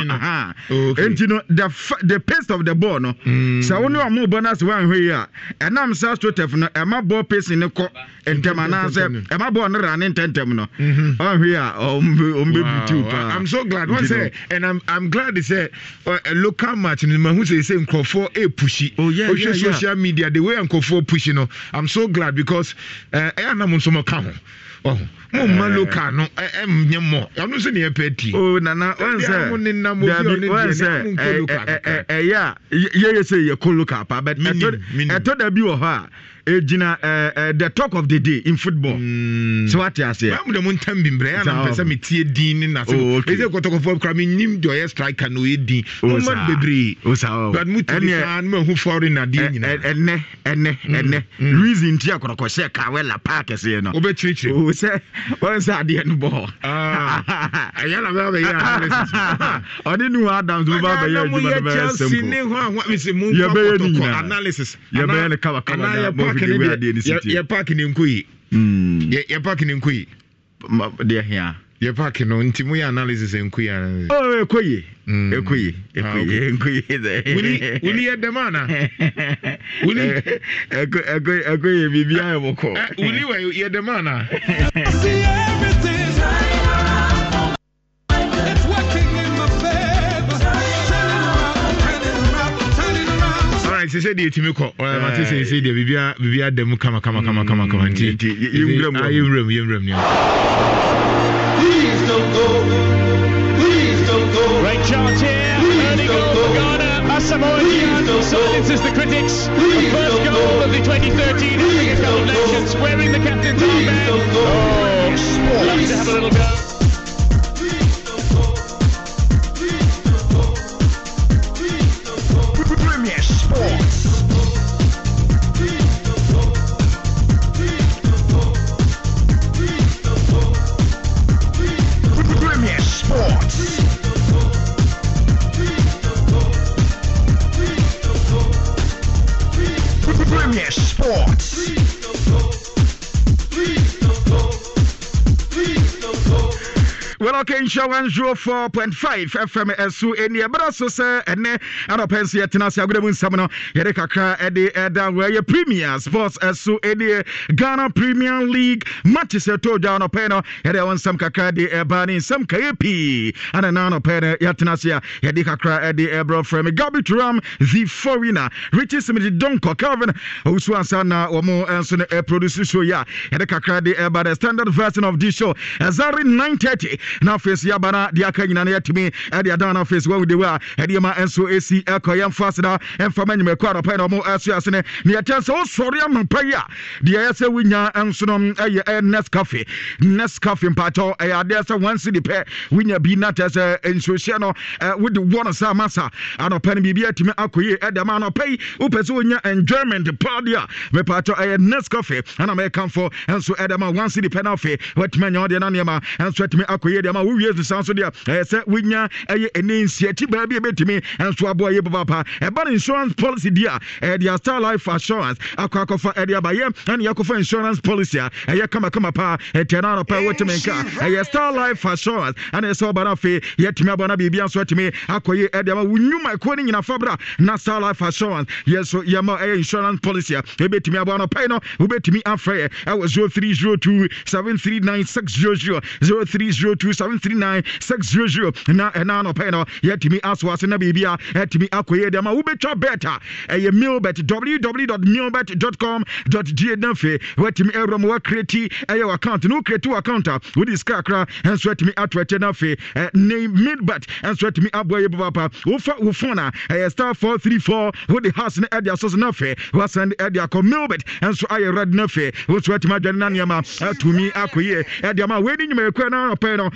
[SPEAKER 24] no nti no the the pace of the ball no hmm. sɛ wo ne ɔmo bɔ n'ase wa nhwɛ yi a ɛnam saa strotef no ɛma bɔ pace ne kɔ ntɛm anaasɛ ɛma bɔ ne ra ne ntɛntɛm no mhm. ɔnhwɛ yi a ɔmo bɛ butiw paa i'm so glad wọn sɛ and i'm i'm glad sɛ
[SPEAKER 4] uh, local match ni mahu sɛ sɛ nkurɔfoɔ epushi oh, ohwɛ social media the way nkurɔfoɔ pushi no i'm so glad because ɛyɛ anam nso mo ka ho mo mma eh. local no ɛnyɛ eh, eh, mɔ ɛno nso ne yɛpɛ ti o oh, nana wọn sɛ dabi wọn sɛ ɛyɛ a yɛyɛ
[SPEAKER 24] sɛ yɛ kó local pa bɛtɛ ɛtɔ dabi wɔ hɔ a ɛgyina eh, eh, the talk of the day in football mm. so wate aseɛ mde
[SPEAKER 4] mo ntam bimbrɛ ɛnampɛ sɛ metie din ne nasɛɛsɛ
[SPEAKER 24] kɔtɔkɔfoɔ kora menim deɛ ɔyɛ striker na ɔyɛ din moma bebree
[SPEAKER 2] but motimisaa
[SPEAKER 24] no mahu foreign adeɛ eh, nyinaa ɛnɛ ɛnɛ ɛnɛ mm, mm. reason nti akɔrɔkɔhyɛ kawela park ɛseɛ no wobɛkyirikyiri oh, sɛ wɔn sɛ adeɛ no bɔ ɛyɛ ah. na bɛbɛyɛ ɔde ne adams bɛba bɛyɛ adwuma no bɛyɛ
[SPEAKER 4] simple yɛbɛyɛ ne nyinaa yɛbɛyɛ ne kabakaba yɛ park ne nko sɛ sɛ deɛ ɛtumi kɔ ɔnamate sɛ eh. sɛ deɛ biribia da mu kamakamakamakamakamakama mm, nti ne
[SPEAKER 3] Great chance here, early goal Asamoah Gyan silences the critics. The first goal of the 2013
[SPEAKER 20] African Cup Nations, wearing the captain's armband. Oh, love to have a little go.
[SPEAKER 24] nhyɛ 104.5 fm ɛso ɛni ɛberɛ so sɛ ɛnɛ anɔpɛ nso yɛtena ase agoda mu nsɛm no yɛde kakra ɛde ɛda wɔ ɛyɛ premier sports ɛso ɛni ghana premier league matches ɛtɔ gya anɔpɛ no yɛde ɛwɔ nsɛm kakra de ɛba ne nsɛm kaeɛ pii anana anɔpɛ no yɛtena ase a yɛde kakra ɛde ɛberɛ frɛ me gabi turam the foreigner richie smith donko calvin owusu ansa na wɔn nso no ɛproduce show yi a yɛde kakra de ɛba the standard version of this show ɛzare 930 na afei bana deɛ aka nyina no yɛtumi ɛde ada no afei wawude wɔ a ɛdeɛma nso ɛsi ɛkɔ yɛmfa aseda ɛmfama nyima ɛkɔ adɔpa na ɔmo ɛso ase ne ne yɛtɛ sɛ wosɔre amampa yi a deɛ ɛyɛ sɛ wonya nso no ɛyɛ ɛyɛ nes cafe nest cafe mpakyɛw ɛyɛ adeɛ sɛ wansi de pɛ wonya bi na tɛ sɛ nsuohyɛ no wode wɔ no sɛ amasa anɔpa no biribi atumi akɔ yie ɛde ma anɔpa yi wopɛ sɛ wonya enjoyment paa deɛ a mepakyɛw ɛyɛ nes cafe ɛna mɛkamfo nso ɛde ma wansi de pɛ no afei watumi anya wodeɛ no nneɛma ɛnso atumi akɔ yie deɛ ma wowie wiase san eh, eh, eh, so deɛ ɛyɛ sɛ wonya ɛyɛ nsia ti baa bi nso aboa ɛba no insurance policy di a star life assurance akɔ akɔfa ɛde aba yɛ ɛne yɛkɔfa insurance policy a ah. ɛyɛ kamakama paa ɛtiɛ anɔpa ɛwɔtumi nka ɛyɛ star life assurance ɛne ɛsɛ ɔba no afei yɛtumi aboa no biribia nso atumi ɛde ama no nyina fa bra na star life assurance yɛ so yɛma ɛyɛ insurance policy ah. a ɛbɛtumi aboa no pɛi no wobɛtumi afrɛ yɛ ɛwɔ 0302 739 600 0302 73 08039 600 eh, na no yɛtumi aso ase na biribi a ɛtumi akɔyɛ deɛ ma wobɛtwa bet eh, a ɛyɛ milbet www.milbet.com.ga na afei woatumi ɛwerɛ ma woakreti ɛyɛ account na wokreti account a wode sika kra nso atumi ato akyɛ no afei ne milbet nso atumi aboa yɛ papapa wofa wo phone a ɛyɛ star 434 wode has no ɛde asɔ so no afei woasane ɛde akɔ milbet nso ayɛ wurade no afei wo so atumi adwane no nneɛma atumi akɔ yie ɛde ama wei ne nnwumayɛkua no anɔpɛ no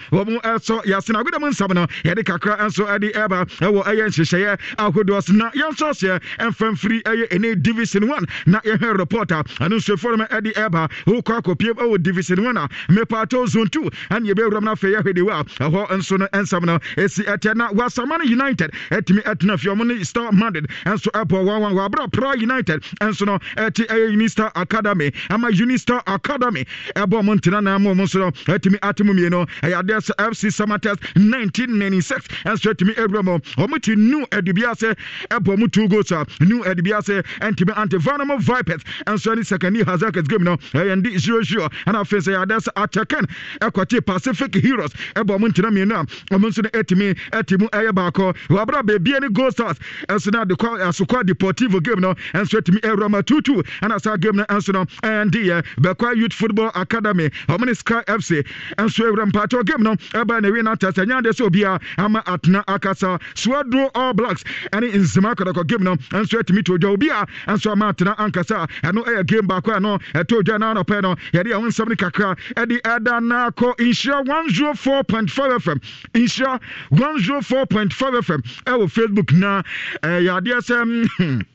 [SPEAKER 24] ɛso yɛasena agodam nsam no yɛde kakra nso de ɛba ɛwɔ ɛyɛ nhyehyɛeɛ ahodoɔ so na yɛnso seɛ ɛmfamfiri ɛyɛ ɛne division 1 na yɛhwɛ report a ɛno nsuafoɔ no ma ɛde ɛba wokɔ akɔpiem ɛwɔ division 1 a mepaato zone 2 ɛne yɛbɛwuram no afei yɛhwɛ de wɔ a ɛhɔ nso no nsɛm no ɛsi ɛtɛ na wasamane united ɛtumi ɛtena fie ɔmo ne star madrid ɛnso ɛbɔ wawan wɔabrɛ pra united ɛnso no ɛte ɛyɛ unistar academy ama unistar academy ɛbɔ ɔmo ntena na ma ɔmo nso no ɛtumi atemo mmienu ɛyɛ adeɛ sɛ fc AFC Summer Test 1996 ɛnso tumi ewura mu wɔn ti new adubiase ɛbɔ mu two goals a new adubiase ɛntumi antivanamo vipers ɛnso ne second hazakets game no ɛyɛ ndi zero zero ɛna afei sɛ yɛadɛ sɛ atakan ɛkɔte pacific heroes ɛbɔ mu ntina mmienu a wɔn nso no ɛtumi ɛti mu ɛyɛ baako wɔabra beebi ne goal stars ɛnso na adekɔ asokɔ deportivo game no ɛnso tumi ewura mu two two ɛna saa game no ɛnso no ɛyɛ ndi yɛ bɛkwa youth football academy wɔn ne sky fc ɛnso ewura mpatɔ game no ɛb aba na ɛwie no atɛ sɛ ɛnyɛ adeɛ sɛ obiaa ama atena akasa soaduro all blacks ɛne nsema akɔdakɔ game no nso atumi e to dwa obi a nso ama atena ankasa ɛno ɛyɛ e game baako a ɛto dwa no anɔpɛ no yɛde ɛho nsɛm no kakra ɛde ɛda e na akɔ nhyira 104.5 fm nhyira 104.5 fm ɛwɔ facebook na ɛyɛ adeɛ sɛ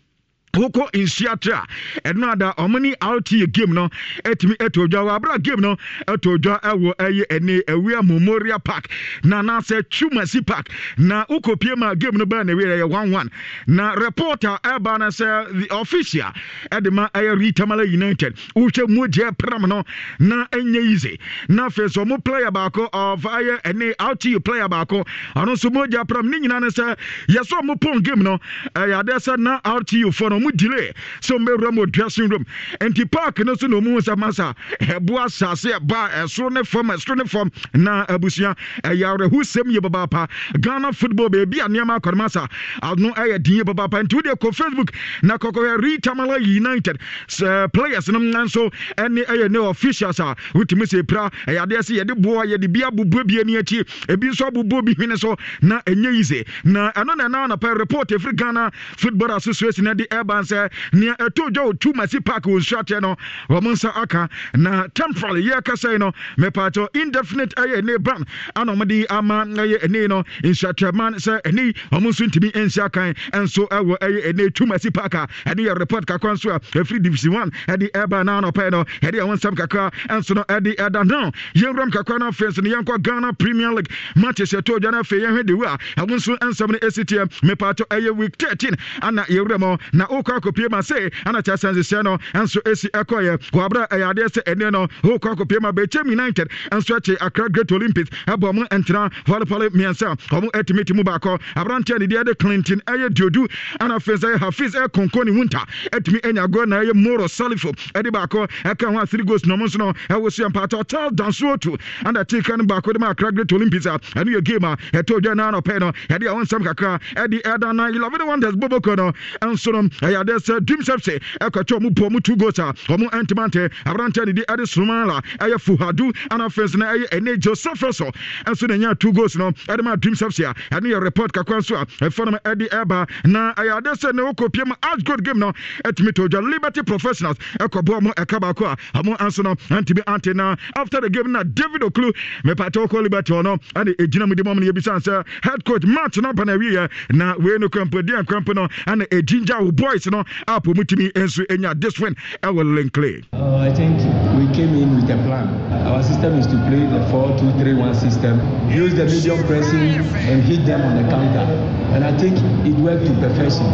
[SPEAKER 24] wokɔ nsuate a ɛno ada ɔmo ne rta game no atumi ɛto dwa wɔ abera game no ɛto dwa ɛwɔ ɛyɛ ɛne ɛwia memorial park na anaasɛ twumasi park na wokɔpie ma game no bɛɛ na ɛwia ɛyɛ 11 na reporter a ɛba no sɛ the official ɛde ma ɛyɛ retamala united wohwɛ mogyeɛ pram no na ɛnyɛ easy na afei sɛ ɔmo player baako of ɛyɛ ɛne rta player baako ɔno nso mogya pram ne nyinaa ne sɛ yɛsɛ ɔmo pon game no ɛyɛ adeɛ sɛ na rta fo no ɔmo delay sɛ ɔmbɛwura mu ɔdua syndrome nti park no so na ɔmu sɛ masa ɛboa asase ɛba ɛsoro ne fam ɛsoro ne fam na abusua ɛyɛ awerɛhosɛm yɛ babaapa ghana football baabi a nneɛma akɔnemasa ano ɛyɛ din yɛ babaapa nti wode kɔ facebook na kɔkɔhɛ retamala united sɛ eh, players no nanso ɛne ɛyɛ ne officials a wotumi sɛ pra ɛyɛ adeɛ sɛ yɛde boa yɛde bi abubuo bi ani akyi ebi nso abubuo bi hwene so na ɛnyɛ yi se na ɛno na ɛna anapa report ɛfiri ghana football association de ɛba aban sɛ nea ɛto dwa otu masi park wɔ nsuateɛ no wɔn nsa aka na temporal yɛ kasa yi no mepatɔ indefinite ɛyɛ ne ban ana wɔn de ama ɛyɛ ɛne no nsuatɛman sɛ ɛne wɔn nso ntumi nsi akan nso ɛwɔ ɛyɛ ɛne tu masi park a ɛne yɛ report kakra nso a ɛfiri division one ɛde ɛba na anɔpɛ no ɛde ɛwɔ nsɛm kakra nso no ɛde ɛda no yɛnwuram kakra no afei nso no yɛnkɔ ghana premier league matches ɛto dwa no afei yɛhwɛ de wu a ɛwɔ nso nsɛm no ɛsi teɛ mepatɔ ɛyɛ week thirteen ana yɛwuram na o wokɔ akɔpie ma se anakyɛ sɛnsehyɛ no nso ɛsi ɛkɔyɛ wɔaberɛ ɛyɛ adeɛ sɛ ɛnɛ no wokɔ akɔpie ma bɛkyɛm united nso akye akra great olympics ɛbɔ mo ntena volepole mmiɛnsa ɔmo ɛtimiti baakɔ aberanteɛ ne deɛ de clinton ɛyɛ diodu ana afei sɛ hafiz ɛkonko ne wunta ɛtumi ɛnya goal na ɛyɛ moro salifo ɛde baakɔ ɛka ho a three goals na nso no ɛwɔ so mpaatɔ charles dansuotu ana tika no baako de ma akra great olympics a ɛno yɛ game a ɛtɔ dwa na anɔpɛ no ɛde a nsɛm kakra ɛde ɛda na 11 wonders boboko no nso no ɛyɛ adeɛ sɛ dream sepse ɛkɔkyɛ ɔmo pɔ ɔmo tu goals a ɔmo ɛntemante aberanteɛ ne de ɛde soroma la ɛyɛ fuhadu ana fɛnsi na ɛyɛ ɛne gyosofroso ɛnso na ɛnya two goals no ɛde ma dream sepse a ɛne yɛ report kakra nso a ɛfɔ no ɛde ɛba na ɛyɛ adeɛ sɛ ne wokɔ pie mu asgold game no ɛtumi to dwa liberty professionals ɛkɔbɔ ɔmo ɛka baako a ɔmo anso no ɛntumi ante na after the game na david oklu mepatɛ wokɔ liberty ɔno ɛne ɛgyina mu de mɔm no yɛbisan sɛ head coach match no ba na awieɛ na wei no kwampo deɛ nkwampo no ɛne ɛgyingya wo boy boys no apo mutumi nso enya this win ɛwɔ
[SPEAKER 5] linkley
[SPEAKER 25] uh, i think we came in with a plan our system is to play the 4-2-3-1 system use the medium pressing and hit them on the counter and i think
[SPEAKER 5] it worked to perfection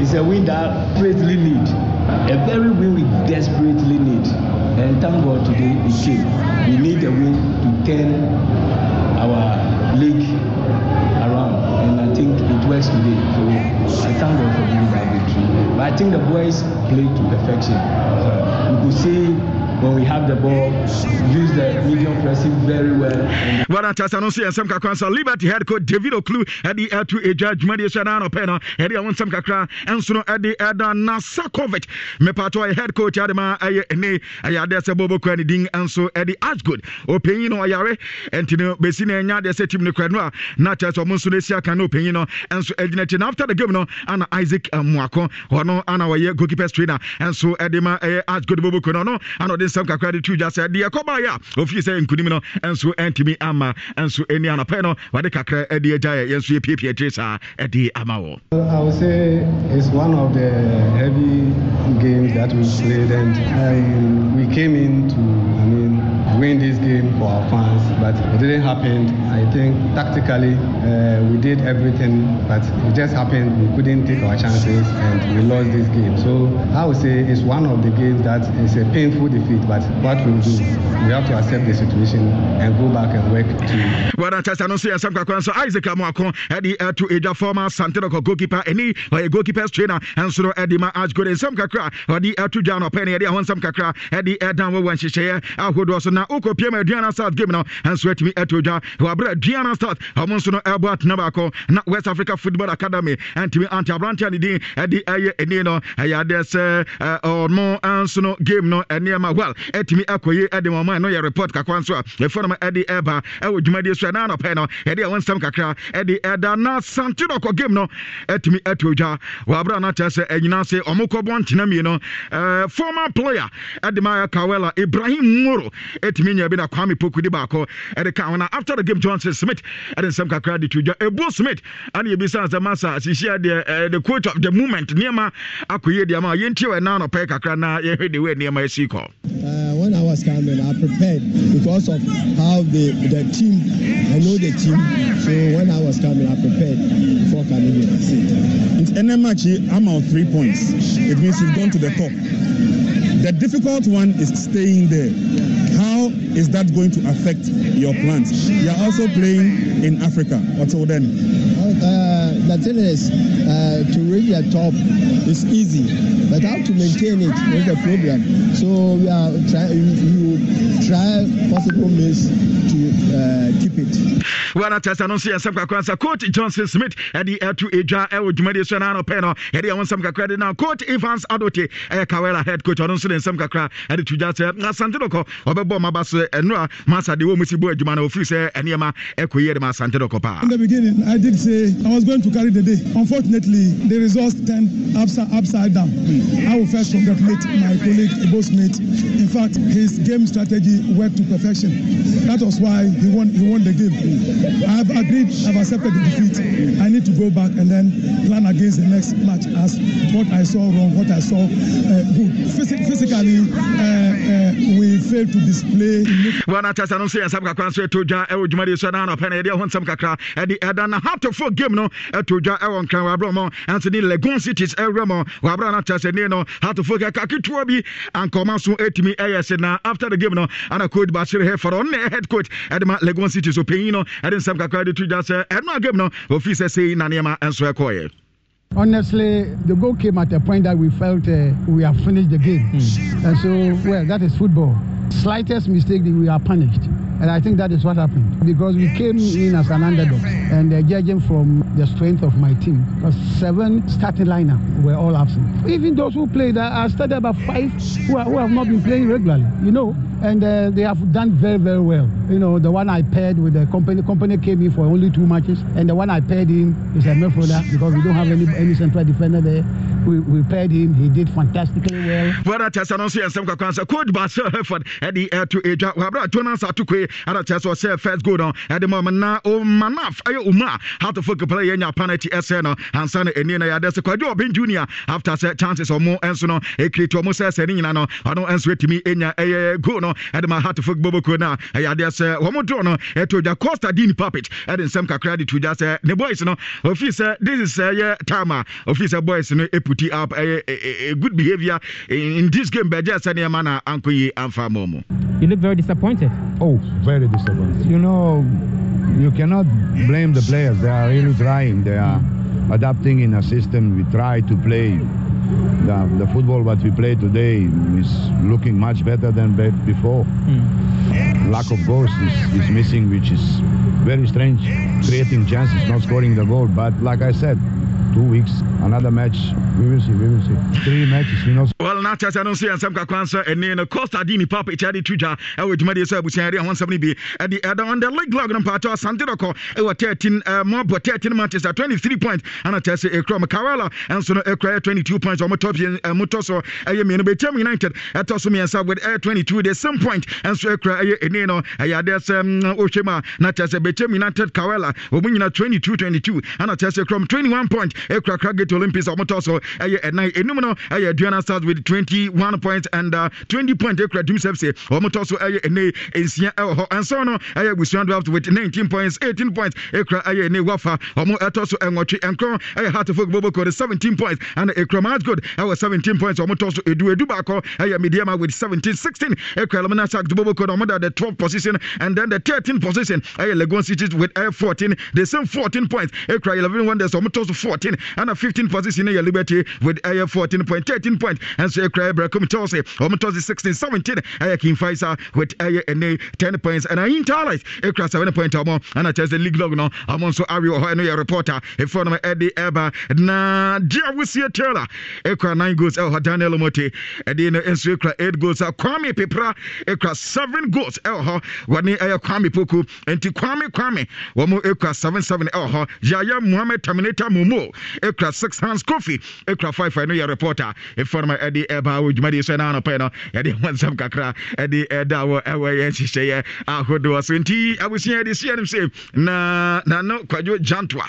[SPEAKER 5] it's a win that greatly need a very win we
[SPEAKER 6] desperately need and thank god today it came we need a win to turn our league around and i think it works today
[SPEAKER 22] so i thank god for that. But I think the boys played to perfection. You could see when we have the ball, use the medium pressing very well.
[SPEAKER 24] Vada Tasa no see and some kakransa Liberty head coach David O'Clu at the air to a judge Madi Shadano Pena, Eddie I want some kakra and so at the Ada Nasakovic, Mepato head coach Adama Ayane, Ayadesa Bobo Kwani Ding and so Eddie Ashgood, Opinino Ayare, and Tino Besina and Yade Setim Nekranua, not just Monsunesia Cano Opinino, and so Edinatin after the governor, Anna Isaac Mwako, or no Anna Goalkeeper's trainer, and so Edema Ashgood Bobo Kono, and nsɛm kakra de sɛ deɛ ɛkɔbaeɛ a sɛ nkonim no nso ama nso anapɛ no wade kakra agyaeɛ yɛnso yɛpiepie saa ɛde ama wɔ
[SPEAKER 9] I would say it's one of the heavy games that we played,
[SPEAKER 25] and we came in to, I mean, win this game for our fans, but it didn't happen. I think tactically uh, we did everything, but it just happened we couldn't take our chances and we lost this game. So I would say it's one of the games that
[SPEAKER 22] is a painful defeat, but what we'll do, we have to accept the situation and go back and work to.
[SPEAKER 24] Well, I know, see, I'm Isaac Amuako, Eddie uh, to Aja, former Santino goalkeeper, any or goalkeeper's trainer, and so Eddie Ma Ajgode, some Kakra, or the uh, to John or Penny, Eddie, I want some Kakra, Eddie, Edan, uh, when she share, I would also now. wokɔ pia ma aduana game no ɛnso atumi ato dwa wɔaberɛ aduana start ɔmo nso no ɛbɔ atena baako na west africa football academy ɛntumi ante aberanteɛ ne din ɛde ɛyɛ ani no ɛyɛ adeɛ sɛ ɔno nso no game no ɛnneɛma well ɛtumi akɔyi ɛde ma ɔma ɛno yɛ report kakwa nso a ɛfɔ no ma ɛde ɛba ɛwɔ dwumadie so ɛna anɔpɛ no yɛde ɛwɔ nsɛm kakra ɛde ɛda na santinɔkɔ game no ɛtumi ato dwa wɔaberɛ no se, sɛ ɛnyina se ɔmokɔbɔ ntena mmienu former player ɛde ma kawela ibrahim moro ɛt ɔtumi nya bi na kwame poku de baakɔ ɛde ka hona after the game johnson smith ɛde nsɛm kakra de to dwa ɛbu smith ane yɛbisa nsɛm asa asisia deɛ eh, the coach of the moment nneɛma akɔyɛ deɛ ma yɛntie wɔ ɛna anɔpɛ kakra na yɛhwɛ de wɛ nneɛma asi kɔ uh,
[SPEAKER 18] when I was coming, I prepared because of how the the team, I know the team. So when I was coming, I prepared for coming here.
[SPEAKER 19] If any match, I'm on three points. It means you've gone to the top. The difficult one is staying there. How is that going to affect your plans? You are also playing in Africa. Until then,
[SPEAKER 21] uh, the thing is,
[SPEAKER 18] uh, to reach the top is easy, but how to maintain it is a problem. So we are trying, you try possible means to uh,
[SPEAKER 3] keep it.
[SPEAKER 24] Well, I test announce yɛ sɛ kakra sɛ quote johnson smith ɛde ɛto adwa ɛwɔ dwumadi so no anɔpɛ no ɛde ɛho nsɛm kakra de na coach evans adote ɛyɛ kawela head coach ɔno nso de nsɛm kakra ɛde to gya sɛ asante dɔkɔ ɔbɛbɔ maba ma In the
[SPEAKER 22] beginning, I did say I was going to carry the day. Unfortunately, the results turned upside, upside down. Hmm. I will first congratulate my colleague, Ebo Smith. In fact, his game strategy worked to perfection. That was why he won, he won the game. I've agreed, I've accepted the defeat. I need to go back and then plan against the next match as what I saw wrong, what I saw uh, good. Physi- physically,
[SPEAKER 26] uh, uh, we failed to display ghana
[SPEAKER 24] tɛsɛ no nso yɛ nsɛm kakra nso ɛtɔ dwa ɛwɔ dwumade so ɛna anɔpɛ no yɛde ɛho nsɛm kakra ɛde ɛda na hatofo game no ɛtɔ dwa ɛwɔ nkran wɔabrɛ mɔ ɛnso ne legon cities ɛwerɛ mɔ wɔabrɛ no tɛsɛ ne no hatofo kɛka ketewa bi ankɔma so ɛtumi ɛyɛ se na after the game no ana coach basere hefɔrɔ ɔno ne head coach ɛde ma legon cities ɔpanyin no ɛde nsɛm kakra de to dwa sɛ ɛno a game no ɔfii sɛ sei na nneɛma ɛnso ɛkɔɔyɛ
[SPEAKER 21] Honestly, the goal came at a point that we felt uh, we have finished the game. Mm. And so, well, that is football. Slightest mistake, we are punished. And I think that is what happened because we came in as an underdog. And they're uh, judging from the strength of my team, because seven starting lineup were all absent. Even those who played, I uh, started about five who, are, who have not been playing regularly, you know. And uh, they have done very, very well. You know, the one I paired with the company, the company came in for only two matches. And the one I paired in is a midfielder because we don't have any, any central defender there we, we paired him. He did fantastically
[SPEAKER 7] well.
[SPEAKER 24] Whether Tessa no see some cancer could but Hereford at the air to Aja Wabra Jonas Atukwe at a test was first go down at the moment now. Oh, Manaf, Ayo Uma, how to fuck play in your penalty eh, SN and Sana Enina eh, Yades Kwadio Ben Junior after set chances or more and eh, so no, a create almost as an no, I don't answer to me in a go no, at my heart to fuck Bobo Kuna, I a Yades Womodono, a to the Costa Dean Puppet, I and in some credit to just the boys no, officer, this is a tama, officer boys no, a put up a, a, a good behavior in, in this game. just any uh, Uncle Ye and
[SPEAKER 16] You look very disappointed. Oh, very disappointed. You know,
[SPEAKER 15] you cannot blame the players. They are really trying. They are adapting in a system. We try to play. The, the football that we play today is
[SPEAKER 12] looking much better than before. Mm lack of goals is, is missing, which is very strange. Creating chances, not scoring the goal. But like I said, two weeks, another match. We will see, we will see. Three matches, we know.
[SPEAKER 24] Well, na kyɛ sɛ no nso yɛ nsɛm kakra nso ɛne no costa di nipa pɛkyɛ de to dwa ɛwɔ adwumadeɛ sɛ abusua ɛre ahonsɛm no bi ɛde ɛda on the league log part mpaatɛ asante dɔkɔ ɛwɔ 13 uh, More but 13 manchester uh, 23 points ana kyerɛ sɛ ɛkura m kawala ɛnso no a yɛ uh, 22 points ɔmotɔ ɛmotɔ so ɛyɛ mmienu bɛtiam united ɛtɔ so mmiɛnsa with 22 the same and so a ɛyɛ ɛni ɔden no ɛyɛ adeɛ sɛ mm, wohwɛ mu a na kyɛ sɛ bɛkyɛm united kawela wɔm nyina 2222 ana kyɛ sɛ krom 21 point ɛkura kragate olympics a ɔmotɔ so ɛyɛ ɛnan ɛnum no ɛyɛ aduana stars with 21 point and uh, 20 point ɛkura dum sɛ sɛ ɔmotɔ so ɛyɛ ɛne nsia ɛwɔ hɔ ansa no ɛyɛ abusua draft with 19 points 18 points ɛkura ɛyɛ ɛne wafa ɔmo ɛtɔ so ɛnwɔtwe ɛnkron ɛyɛ hartefog bobokode 17 points ana ɛkura masgood ɛwɔ 17 points ɔmotɔ so ɛdu ɛdu baakɔ ɛyɛ mediama with 17 16 ɛkura lamina sak bobokode ɔmoda the 12 12th position, and then the 13th position I eh, Legon Cities with ɛyɛ eh, 14. The same 14 points ɛkura eh, 11 Wonders ɔmo tɔ so 14 a 15th position ɛyɛ Liberty with ɛyɛ 14 point 13 point ɛnso ɛkura Bracom Chelsea ɔmo tɔ so 16 17 ɛyɛ King Faisal with ɛyɛ ɛnɛ 10 points and ɛna Interlight ɛkura 7 point and I kyerɛ the league log no ɔmo nso awi wɔ hɔ ɛno yɛ reporter efo no ɛde ɛba we see a Taylor ɛkura 9 goals El hɔ Daniel Omote ɛde no nso ɛkura 8 goals a Kwame Pepra ɛkura 7 goals ɛwɔ hɔ wɔne ɛyɛ kwame poko nti kwame kwame wɔn ekura seven seven ɛwɔ hɔ yaya muhammed terminator mumu ekura six hands kofi ekura five five no yɛ reporter efɔnum ɛde ɛba awo dwumadie so ɛna anɔpɛ no yɛde wɔn nsɛm kakra ɛde ɛda awɔ ɛwɔ yɛn nhyehyɛ yɛ ahodoɔ so nti abusua yɛde si ɛnum se na no kwadwo jantoa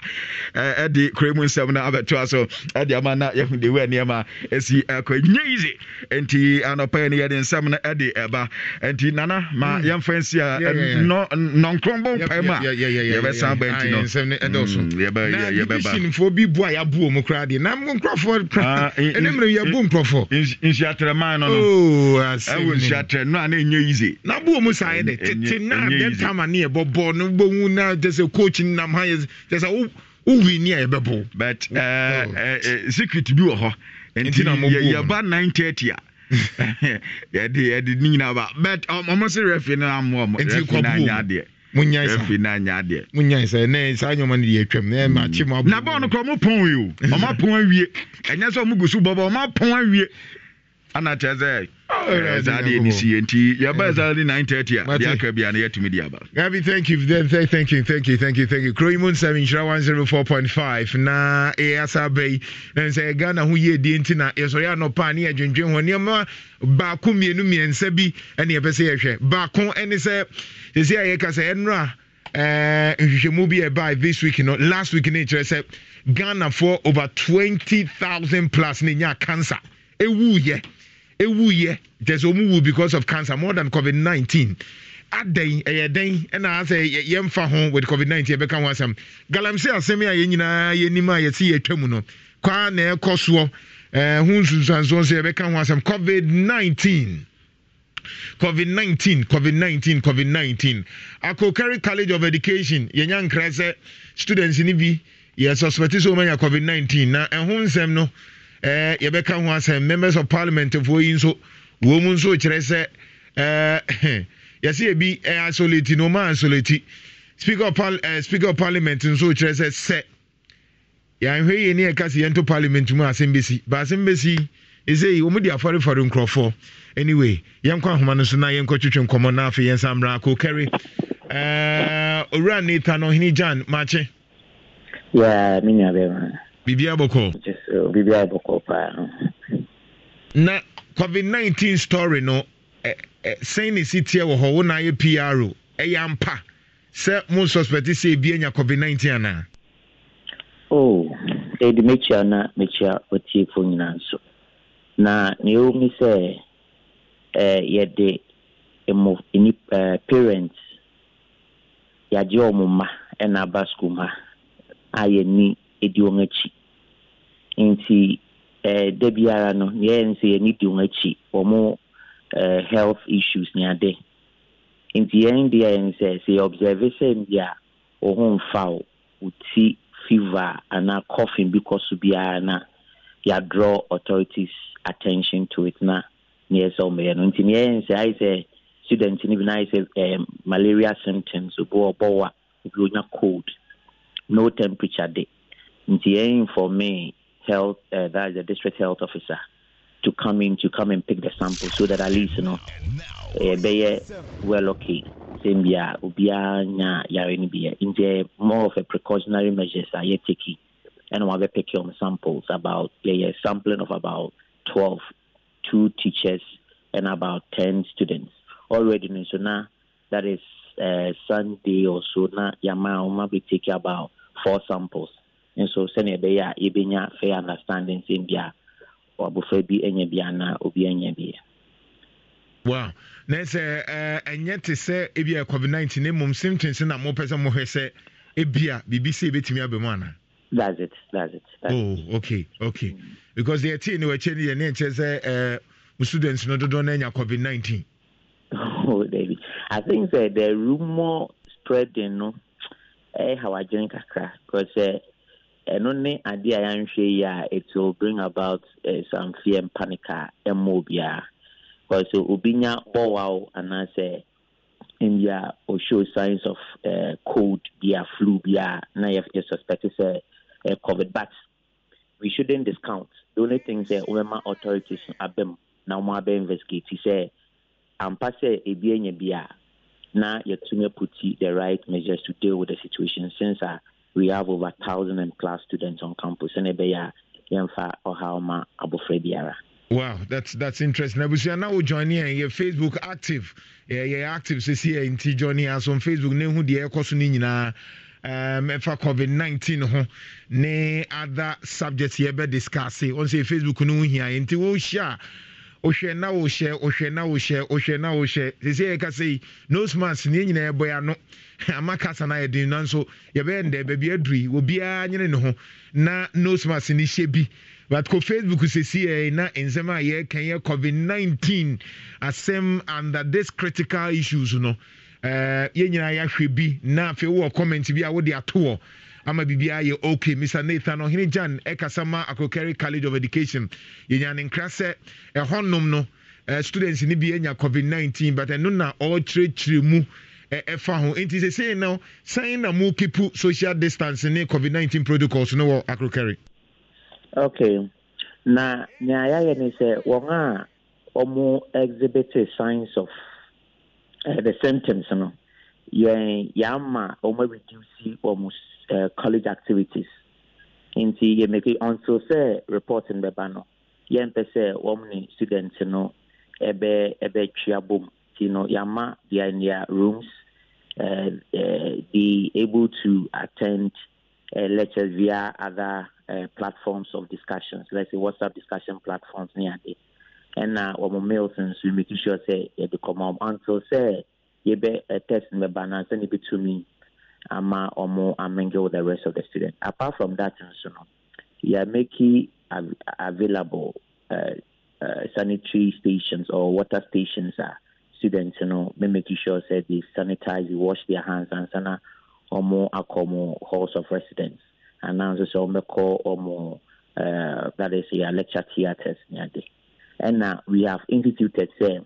[SPEAKER 24] ɛde kure mu nsɛm na abɛtoa so ɛde ama na yɛhu de wɛ nneɛma esi ɛkɔ nye yize nti anɔpɛ no yɛde nsɛm no ɛde ɛba nti nana ma hmm. yɛn. yɛmfa nsi a nɔnkrɔmbɔ mpae mu a yɛbɛsan ba nti noyɛbɛbasinfoɔ bi bu a yɛabuo mu koraa deɛ na nkurɔfoɔ ah, ɛne mmerɛ yɛbu nkurɔfoɔ nhyiatrɛma no no oh, ɛwɔ nhyiatrɛ no a na ɛnyɛ yize na buo mu saa yɛ dɛ tete
[SPEAKER 4] na dɛntama ne yɛbɔbɔ no wobɛhu na kyɛ sɛ coach no nam ha yɛ sɛ sɛ wowi ni a yɛbɛbo
[SPEAKER 24] but oh, uh, uh, uh, secret bi wɔ hɔ nti yɛba 930 a yɛde yɛde ne nyinaa ba but um, ɔmo se refi no amoa mo refi no anya adeɛ munya isa refi no anya adeɛ munya isa ne saa nyɔma no deɛ hmm. na ɛma no korɔ ɔmo pɔn yi o ɔmo apɔn awie ɛnyɛ sɛ ɔmo gu so bɔbɔ ɔmo apɔn awie ana kyerɛ sɛ saa deɛ ne sie nti yɛbɛɛ saa ne 930 a deɛ aka bia na yɛatumi de aba gabi thank you thank
[SPEAKER 4] you thank you thank you thank you kuro yi mu nsɛm nhyira 104.5 na ɛyɛ eh, asa aba yi na nsɛ ghana ho yie die nti na eh, yɛsɔre anɔpa a ne yɛdwendwen ho nneɛma baako mmienu mmiɛnsa bi ɛne yɛpɛ sɛ yɛhwɛ baako ɛne sɛ sɛsi a yɛka sɛ ɛnora eh, nhwehwɛmu bi ɛbaa this week no last week no kyerɛ sɛ ghanafoɔ over 20000 plus ne nya cancer ɛwuuyɛ ewuyɛ kyɛ sɛ ɔmu wu because of cancer more than covid nineteen adɛn ɛyɛ dɛn ɛna asɛ yɛmfa ho with covid nineteen yɛbɛka ho asɛm galamsey asɛm a yɛn nyinaa yɛnim a yɛsi yɛtwa mu no kwaa na ɛkɔ soɔ ɛɛ ho nsunsuansoɔ nso yɛbɛka ho asɛm covid nineteen. covid-19 covid-19 covid-19 akokari college of education yɛnya nkra sɛ students ni bi yɛ suspect sɛ ɔmanya covid-19 na ɛho nsɛm no yɛbɛka ho asɛm members of parliament foɔ yi nso wɔ mu nso kyerɛ sɛ eh, yɛsɛ yɛbi eh, asoleti na ɔma asoleti speaker of, par eh, speaker of parliament nso kyerɛ sɛ sɛ yɛanhwɛ yie ne yɛka sɛ yɛnto parliament mu asɛm bɛsi ba asɛm bɛsi ɛsɛi wɔmu de afarefare nkurɔfoɔ anyway yɛnkɔ ahoma no so na yɛnkɔ twetwe nkɔmmɔ na afei yɛnsa mmra kokare eh, owura uh, neta no ɔhene john makye
[SPEAKER 27] yeah, biribia bɔkɔ biribia bɔkɔ paa
[SPEAKER 4] na covid nineteen story no eh, eh, sɛn ne si tiɛ wɔ hɔ wo ayɛ pr o ɛyɛ ampa sɛ mo suspect sɛ ebi anya covid nineteen ana.
[SPEAKER 27] o oh, ɛdi mekyia na mekyia ɔtiefo nyinaa nso na nea ɛwɔ mu sɛ eh, yɛde mo ni eh, parents yɛagye wɔn mma ɛna aba school mu ha a yɛni edi wɔn akyi nti eh, da biara no yɛn sɛ yɛne di wɔn akyi wɔn eh, health issues ne ade nti yɛn deɛ yɛn sɛ sɛ yɛ observe sɛ bi a wɔn ho mfa o wò ti fever anaa coughing bi kɔ so biara na yɛadraw authorities attention to it na ne yɛ sɛ ɔmɛyɛ no nti ne yɛn sɛ ayɛ sɛ student no bi na ayɛ sɛ eh, malaria symptoms obi ɔbɔ wa obi onya cold no temperature de nti yɛn informe. health, uh, that is the district health officer, to come in to come and pick the sample so that at least you know, uh, eh, eh, well lucky. Same year, ubianya yarinibia. Eh, in the more of a precautionary measures are you taking, and we have picking on samples about yeah, sampling of about 12, two teachers and about 10 students already. So now that is uh, Sunday or so now, Yama will be taking about four samples. nso sɛnea ɛbɛyɛ a yɛbɛnya fair understanding sɛm uh, uh, uh, bi a abɔfra bi anya bi anaa obi anya bi
[SPEAKER 4] wow na sɛ ɛnyɛ uh, te sɛ ebia covid-19 na mmom symptoms na mopɛ sɛ mohwɛ sɛ ebia biribi sɛ ɛbɛtumi aba mu anaa
[SPEAKER 27] that's it that's it that's oh
[SPEAKER 4] okay okay mm. because deɛ ɛtee ne wakyɛ no yɛ ne nkyɛ sɛ uh, students no dodoɔ no anya covid-19
[SPEAKER 27] oh david i think sɛ the rumor spreading no ɛyɛ eh, hawadwene kakra because uh, ɛno ne adeɛ a yɛanhwɛ yi a it will bring about uh, some fear and panic a ɛmmɔ obiara because obi nya bɔwaw anaasɛ ndi a ɔshow signs of uh, cold bi flu bi a na yɛfɛ suspect sɛ uh, covid but we shouldn't discount the only thing sɛ wɔbɛma authorities abɛm na wɔn abɛ investigate sɛ ampa sɛ ebi enya bi na yɛtumi aputi the right measures to deal with the situation since a. Uh, we have over thousand and plus students on campus and ebeya yɛmfa ɔhaw ma abɔfra biara
[SPEAKER 4] Wow, that's that's interesting. Abusua now we join here. Your Facebook active, yeah, yeah, active. So see, T join us on Facebook. Nehu di ekosu ni nyina. Um, ɛfa covid 19 ho ne other subjects yɛbɛ discuss. On say Facebook no hia. Inti wo share ohwɛ na wohyɛ ohwɛ na wohyɛ ohwɛ na wohyɛ sɛsɛ yɛka sɛ yi nose mask ni nyinaa yɛbɔ yɛ ano ama kasa no ayɛden nanso yɛbɛyɛ ndɛ baabi aduri obiara nyene ne ho na nose mask ni hyɛ bi but kɔ facebook sɛsi yɛ na nsɛm a yɛka yɛ covid nineteen asɛm under this critical issues no uh, eh, yɛn nyinaa yɛahwɛ bi na afei wowɔ comment bi a wode ato wɔ ama biribiara yɛ okay mr nathan ɔhene jan ɛkasa ma akokari college of education yɛnyane nkra sɛ ɛhɔnom no uh, students ni bi anya covid 19 but ɛno na ɔrekyerɛkyerɛ mu ɛfa ho nti sesei no sɛn na mo kepu social distance ne covid 19 protocols no wɔ akrokari
[SPEAKER 27] okay na nea yɛayɛ ne sɛ wɔn a wɔn exhibit signs of uh, the symptoms no yɛn yɛama wɔn reduce wɔn Uh, college activities nti yɛmɛki until sɛ report no bɛba no yɛmpɛ sɛ wɔm ne student no ɛbɛ ɛbɛtwe abom nti no yɛama they their rooms uh, uh, be able to attend uh, lectures via other uh, platforms of discussions, let's say WhatsApp discussion platforms near the and now uh, our mails and so making sure say they come up until say you be test in the balance and it be to ama omo with the rest of the students. Apart from that, you know, are making available uh, uh, sanitary stations or water stations are uh, students, you know, making sure that they sanitize, they wash their hands, and sana omo akomo halls of residence. And now this omo call omo uh, that is your lecture theaters And now we have instituted saying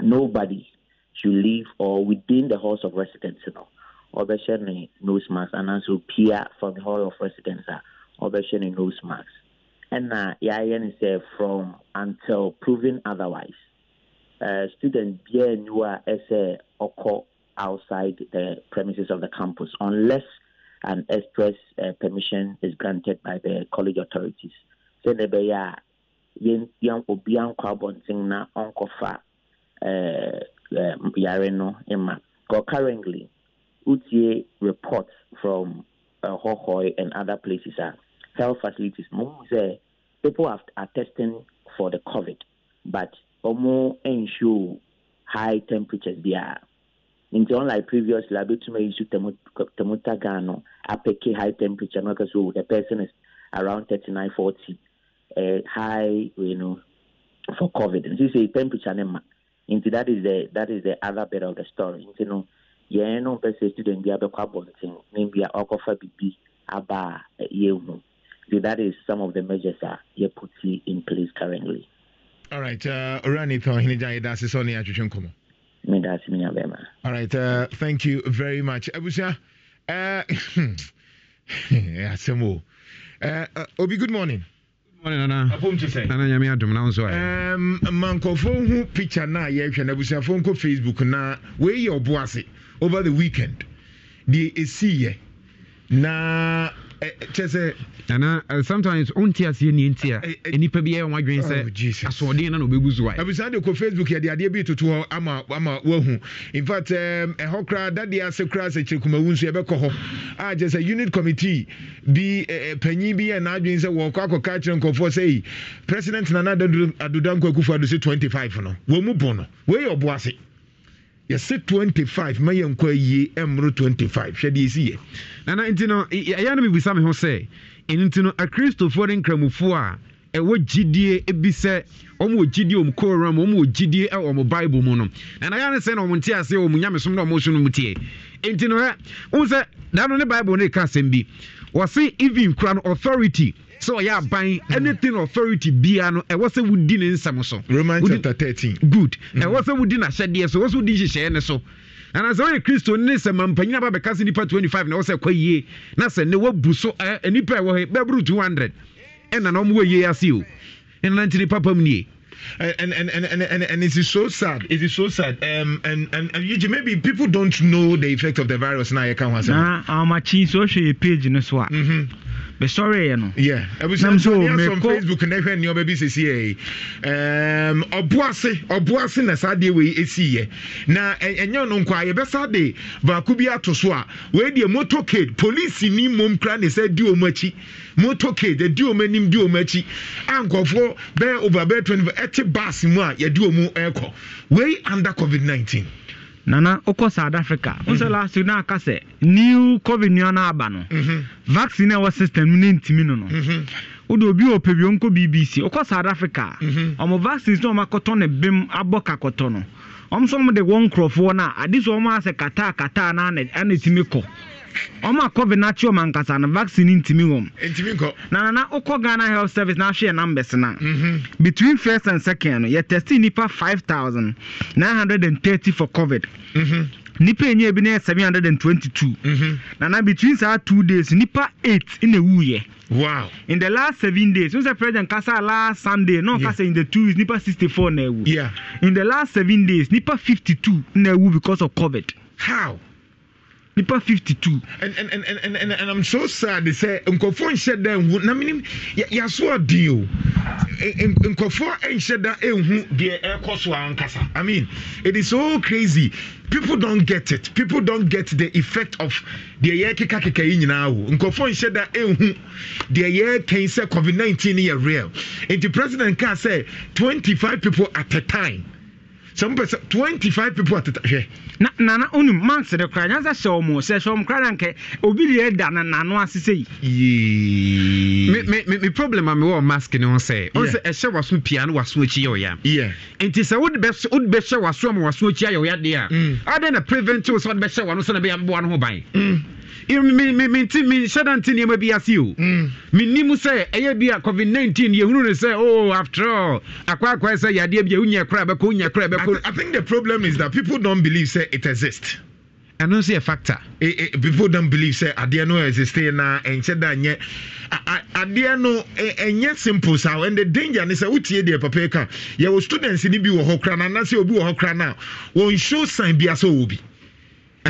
[SPEAKER 27] nobody should leave or within the halls of residence, you know ɔbɛhyɛ ne nose mask anaasɛ pia from the hall of residence a ɔbɛhyɛ ne nose mask ɛna yɛayɛ no sɛ from until proven otherwise uh, student biara nyu a ɛsɛ uh, ɔkɔ outside the premises of the campus unless an express uh, permission is granted by the college authorities sɛdeɛ ɛbɛyɛ a yɛn obi ankɔ abɔnten na ɔnkɔfa uh, uh, yare no ma currently UTA reports from uh, Hohoi and other places are uh, health facilities. People are testing for the COVID, but omo ensure high temperatures there. Nti unlike previous laboratory, tuma issue temotagano, apeke high temperature, no, because the person is around 39, 40, uh, high, you know, for COVID. And this is temperature, Into that is the that is the other bit of the story. You know, yɛn no mpɛ sɛ student bi abɛkɔ abɔnten ne bia ɔkɔfa biribi aba a so that is some of the measures a yɛ put in place currently
[SPEAKER 4] all right uh, owura nathan ɔhene gya yɛda ase sɛ ɔne yɛatwetwe nkɔmmɔ
[SPEAKER 27] meda ase menya bɛma
[SPEAKER 4] all right uh, thank you very much abusua uh, asɛm o uh, uh, obi good morning nanyame adom na nso ma nkɔfoɔ hu picture na a yɛrehwɛ no abusuafoɔ nkɔ facebook na wei yɛ ɔbo ase over the weekend deɛ ɛsiiɛ
[SPEAKER 16] na kyɛ sɛ ana uh, sometimes ɔnte aseɛ nie nti a nnipa bi ɛyɛ wadwen sɛ asoɔden na na ɔbɛgu so ae
[SPEAKER 4] abisa de kɔ facebook yɛde adeɛ bi toto hɔ ama ama woahu infact ɛhɔ um, eh, koraa dadeɛ ase koraa sɛ kyerɛ kumawu nso yɛbɛkɔ hɔ a kyɛ sɛ ah, unit committee bi panyin bi yɛ n'adwen sɛ wɔkɔ akɔka kyerɛ nkɔfoɔ sɛ yi president nana adodankɔ akufo ado sɛ 25 no wɔn mu bɔ no wɔyɛ ɔboase yɛsɛ 25 ma yɛnkɔ ayie mmoro 25 hwɛ
[SPEAKER 16] deɛ ɛsi yɛ nana nti no ɛyɛ no mebisa me ho sɛ ɛno nti no akristofoɔ ne nkramofoɔ a ɛwɔ gyidie bi sɛ wɔn wɔ gyidie wɔn koram wɔn wɔ gyidie wɔ wɔn bible mu no nana yɛn ano sɛ na wɔn nte aseɛ wɔn nyamesom na wɔn so no mu teɛ nti no ɛ wɔn sɛ dano ne bible ne ka asɛm bi wɔse even kora no authority sɛ ɔyɛ aban anything authority bia no ɛwɔ sɛ wodi ne nsɛm so
[SPEAKER 4] chapter 13 good
[SPEAKER 16] mm-hmm. ɛwɔ sɛ wodi n'ahyɛdeɛ so ɛwɔ sɛ wodi nhyehyɛeɛ ne so anaasɛ woyɛ kristo ne sɛ mampanyin aba bɛka se nipa 25 na ɛwɔ sɛ ɛkɔ yie na sɛ ne wabu so nipa ɛwɔ hɔ bɛboro 200 ɛna na
[SPEAKER 4] ɔmowɔ yie ase o ɛnana nti ne nie and and and and, and, and it is so sad. It is so sad. Um, and and, and you, maybe people don't know the effect of the virus now. You can't answer. Nah,
[SPEAKER 28] I'm a chin social page in this one. Mm-hmm. you know. Eh, no yeah ɛbusua so mekɔ facebook
[SPEAKER 4] eh, um, na ɛhwɛ nneɛma bi sisi yɛ ɛɛm ɔboase ɔboase na saa deɛ eh, wei esi yɛ na ɛnyɛ no nkɔ a yɛbɛsa de baako bi ato so a wei deɛ motorcade polisi ni mom kura ne sɛ di wɔn motorcade ɛdi wɔn anim di wɔn akyi a nkɔfoɔ bɛyɛ over bɛyɛ twenty five ɛte bus mu a yɛdi wɔn ɛkɔ
[SPEAKER 28] wei under covid nineteen. nana wokɔ south africa wo mm-hmm. sɛ last na aka sɛ new covid nua no aba no mm-hmm. vaccine a ɛwɔ system no ntimi no no wode mm-hmm. obi wɔ pɛ bio nkɔ bbc wokɔ south africa ɔmo vaccines na ɔmakɔtɔ ne bem abɔ kakɔtɔ no ɔm so ɔmo de nkurɔfoɔ no a ade sɛ ɔmo asɛ kataa kataa na ana ɛtumi kɔ ɔma covid no akye ɔma nkasa no vaccine ntimi wɔm na nana wokɔ ghana health service na ahwɛ yɛ numbers no mhm. between first and second no yɛtɛste nnipa 5930 for covid mhm. nipa enyi ebi ne seven hundred and twenty two nana mhm. between saa two days nipa eight na ewu yɛ wow in the last seven days n sɛ president kasa last sunday na ɔkasa yeah. in the two weeks nipa sixty four na ewu yeah. in the last seven days nipa fifty two na ewu because of covid how nipa fifty two.
[SPEAKER 4] and and and and and, and i'm so sad they say nkɔfo nhyɛ da nhu na minim yaso ɔdin o e, e, nkɔfo nhyɛ da nhu deɛ ɛkɔ so ankasa i mean it is so crazy people don't get it people don't get the effect of deɛ yɛ keka keka yi nyinaa o nkɔfo nhyɛ da nhu deɛ yɛ kɛn sɛ covid nineteen
[SPEAKER 28] yɛ real nti president kaa sɛ twenty five people at a time some person twenty five people atata hwɛ. na nana onum mans de kora nyansa hyɛ wɔn sɛ hyɛ wɔn kora na nkɛ obi de ɛda na nano asese yi. yee me me me problem a mi
[SPEAKER 16] wɔ mask ni ho sɛ ɔn sɛ ɛhyɛ waso pia no waso akyi yɛ ɔya. yɛ nti sɛ wode bɛ wode bɛ hyɛ waso ama waso akyi ayɛ ɔya deɛ a. Mm. adan na prevent o sɛ wode bɛ hyɛ wɔn so na bɛ yɛ aboa no ho ban. Mm menti nneɛma bi ase o mennim mm. sɛ ɛyɛ bi covid-19 yɛhunu no sɛ o oh, after all akwaakwaɛ sɛ yɛadeɛ bia wonya kora bɛkɔ wonya kora bɛkɔ I
[SPEAKER 4] think the problem is that people don't believe say it exists ɛno nso yɛ factor. E, e, people don't believe say adeɛ no existe na ɛnkyɛ da nyɛ adeɛ no ɛnyɛ simple saa and the danger ne sɛ wotie deɛ papa yi ka yɛwɔ students ni bi wɔ hɔ kora na anase obi wɔ hɔn kora na wɔn show sign bi ase wɔ bi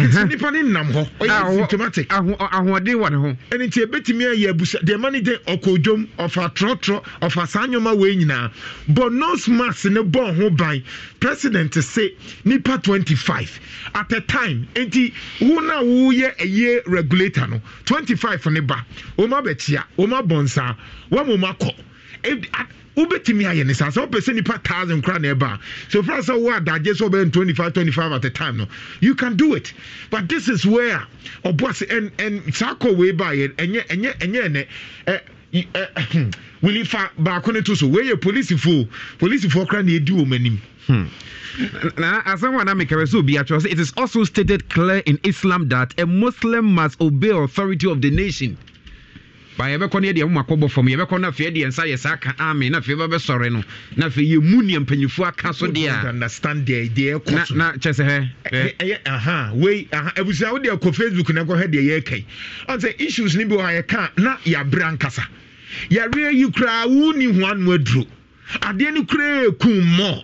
[SPEAKER 4] nti mhm. nipa ne nam hɔ ɔyɛ symptomatic ahoɔden wɔ ne ho ɛno nti ɛbɛtumi ayɛ abusa deɛ ma ne den ɔkɔ dwom ɔfa trɔtrɔ ɔfa saa nneɔma wei nyinaa bɔ nose mask ne bɔɔ ho ban president se nipa five at a time nti wo no a woyɛ ɛyɛ regulator no twenty five ne ba wɔma bɛkyia wɔma bɔ nsaa wɔma wɔma kɔ wobɛtumi ayɛ ne saa sɛ wopɛ sɛ nipa thousand kora na ɛba a so fra sɛ wo adagye sɛ wobɛyɛ 25 at time no you can do it but this is where ɔboase saa kɔ wei baayɛ ɛnyɛ ɛnɛ wili fa baako ne to so wei yɛ polisifoɔ polisifoɔ kora na edi wɔn anim.
[SPEAKER 3] Hmm.
[SPEAKER 16] it is also stated clear in Islam that a Muslim must obey authority of the nation ba yɛbɛkɔ no yɛde ɛmoma kɔbɔ fam yɛbɛkɔ no afei yɛde nsa yɛ saa ka ame na afei bɛbɛsɔre no na afei yɛmu nea mpanyimfoɔ aka so deɛ
[SPEAKER 4] a na kyɛ sɛ hɛ wode akɔ facebook na nkɔhwɛ deɛ yɛkai ɔn issues no bi wɔ ha yɛka na yɛabrɛ ankasa yɛareɛ yi koraa wonni ho ano aduro adeɛ no koraa ku mmɔ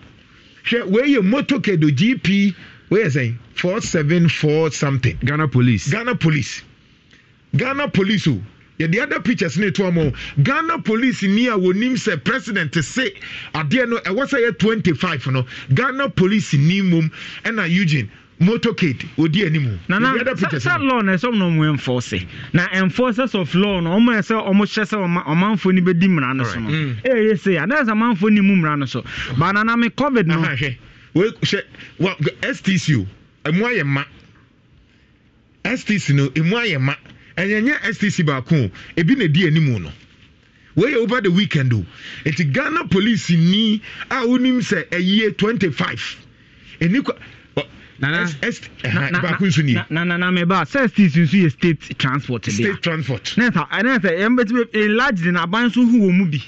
[SPEAKER 4] hwɛ wei motokedo gp weyɛ sɛn 474 something ghana police ghana police ghana police o The other pictures ne to mu ghana police ni a wɔnim sɛ president se adeɛ no ɛwɔ sɛ yɛ 25 no ghana police
[SPEAKER 28] ni mom ɛna eugene motorcade odi anim nanasɛ law na ɛsɛ ɔmna ɔmo enforce na enforcers of law no ɔmo ɛsɛ ɔmo hyɛ sɛ ɔmanfoɔ ni bɛdi mmara no so no ɛyɛ se a na ɛsɛ ɔmanfoɔ ni mu mmara no so ba nana me covid no ahwɛ
[SPEAKER 24] hyɛ
[SPEAKER 28] stc o ɛmu ayɛ ma stc no ɛmu
[SPEAKER 4] ayɛ ma ɛnyɛnyɛ stc baako ebi na ɛdi anim no wɔyɛ over the weekend o eti ghana police ni a wonim sɛ ɛyie 25 ɛni kwa baako nso nie.
[SPEAKER 28] nanana meba sestis nso yɛ state transport bi a. state transport. nɛɛsa nɛɛsa yɛn bɛ ti enlarge de n'aban so hu wɔn mu bi.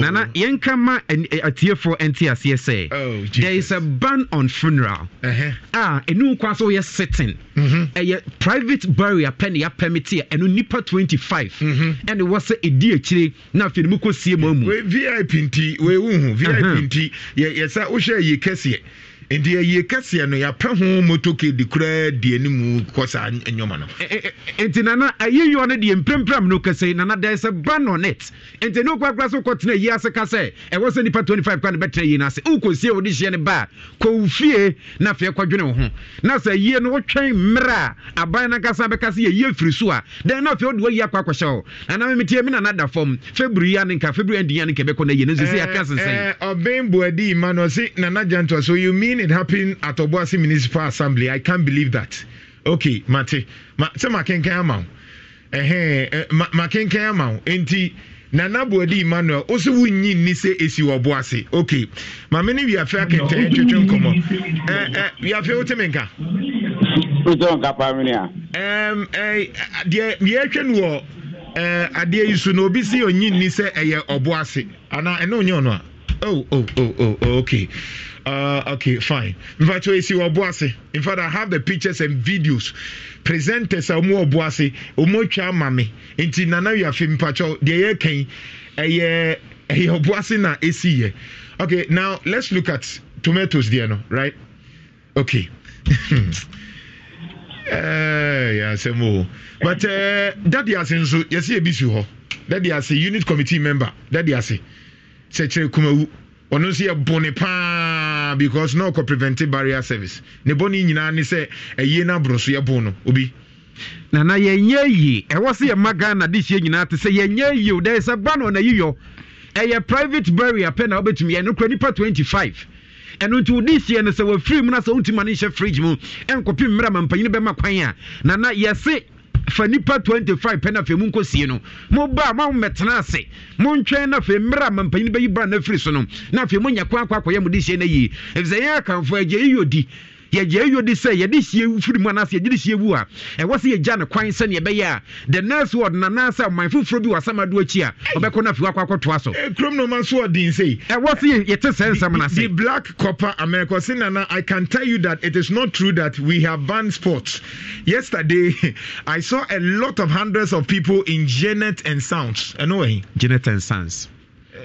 [SPEAKER 16] nana yɛn ka ma atiefoɔ nti aseɛ sɛ. there is a ban on funeral. a enu kwan so yɛ sitting. ɛyɛ private burial pɛ ne yɛ pɛmiti ɛnu nipa twenty five. ɛna wɔsɛ edi akyire na
[SPEAKER 4] afei mu kɔ sie mu amu. vip nti wei wuhu vip nti yɛ yɛ sɛ wohyɛ yie kɛseɛ nti ayie kɛseɛ no yɛapɛ ho motoke de koraa di anim kɔ saa nnwoma no
[SPEAKER 16] nti nana ayiyɔ no deɛ mprempram no kɛsɛ yi nana dɛn sɛ ban on it nti ne wokɔakora sɛ wokɔtena yi ase ka sɛ ɛwɔ sɛ nnipa 25 kora ne bɛtena yi no ase wokɔsie wode hyeɛ no ba a kɔwfie na afei kɔdwene wo ho na sɛ yie no wotwɛn mmerɛ a aban no ankasa bɛka sɛ yɛyie firi so a dɛn na afei wode wayi akɔ akɔhyɛ wo anaa memetie me nana da fam february a ne nka february andinya ne eh, nka bɛkɔ no yie no nso sɛ yɛka sensɛn
[SPEAKER 4] ɔbɛn eh, boadi ma no ɔse nana gyantoa so you mean seeing it happen at Obuasi Municipal Assembly, I can't believe that. Okay, Mate, So, sɛ makenkan ama wo ɛhɛn makenkan ama wo nti nana buadi emmanuel o sɛ wonyi nni sɛ ɛsi okay maame ne wiafe akɛntɛn kente. nkɔmmɔ ɛɛ wiafe We me nka
[SPEAKER 15] wotɛ nka paamene
[SPEAKER 4] a deɛ yɛrehwɛ no wɔ adeɛ yi so na obi sɛ ɔnyi nni sɛ ɛyɛ Oh, oh oh oh oh okay uh, okay fine mfacho esi wɔbo ase in fact i have the pictures and videos presenters a wɔn wɔbo ase wɔn atwa ama me nti nana yɛ afi mfacho deɛ yɛ kɛn ɛyɛ ɛyɛ wɔbo ase na esi yɛ okay now let's look at tomatoes deɛ no right okay ɛɛ yɛ asɛm o but ɛɛ eh, dadi ase nso yɛsi ebi si hɔ dadi ase unit committee member dadi ase kyerɛkyerɛ kumawu ɔno nso yɛ bɔne paa because na ɔkɔ preventive barrier service ne bɔne nyinaa ne sɛ ɛyie no aboro so yɛbo no obi nana yɛnyɛ yie ɛwɔ sɛ yɛma ghana de hyie nyinaa te sɛ yɛnyɛ yie o dɛ sɛ ba na
[SPEAKER 16] ɔnayiyɔ ɛyɛ e private barrier pɛ na wobɛtumi yɛ e no kora nipa 25 ɛno e nti wode hyiɛ no sɛ wafiri mu no sɛ wontumi ma no nhyɛ fridge mu ɛnkɔpi mmerɛ ma mpanyini bɛma kwan a nana yɛse fa nipa 25 pɛ na afei mu nkɔsie no mobaa ma mmɛtena ase montwɛn na afei mmerɛ a mampanyin bɛyi bra no afiri so no na afei monyɛ kwan akɔ akɔyɛ mode hyɛ no yie ɛfisɛ yɛn akamfo agya yiyɛ di yɛgye ɛyɔ de sɛ yɛde hyie firi mu anaasɛ yɛgye de hyie wu a ɛwɔ sɛ yɛgya no kwan sɛneɛ ɛbɛyɛ a the nurse ward nanaasɛ ɔman foforɔ bi wɔasɛm akyi a ɔbɛkɔ no afiri
[SPEAKER 4] akɔtoa so eh, kurom no ma nso ɔden sei ɛwɔ sɛ yɛte sɛ nsɛm no ase black copper america se nana i can tell you that it is not true that we have banned sports yesterday i saw a lot of hundreds of people in janet and sounds ɛno wɔ hi janet and
[SPEAKER 16] sounds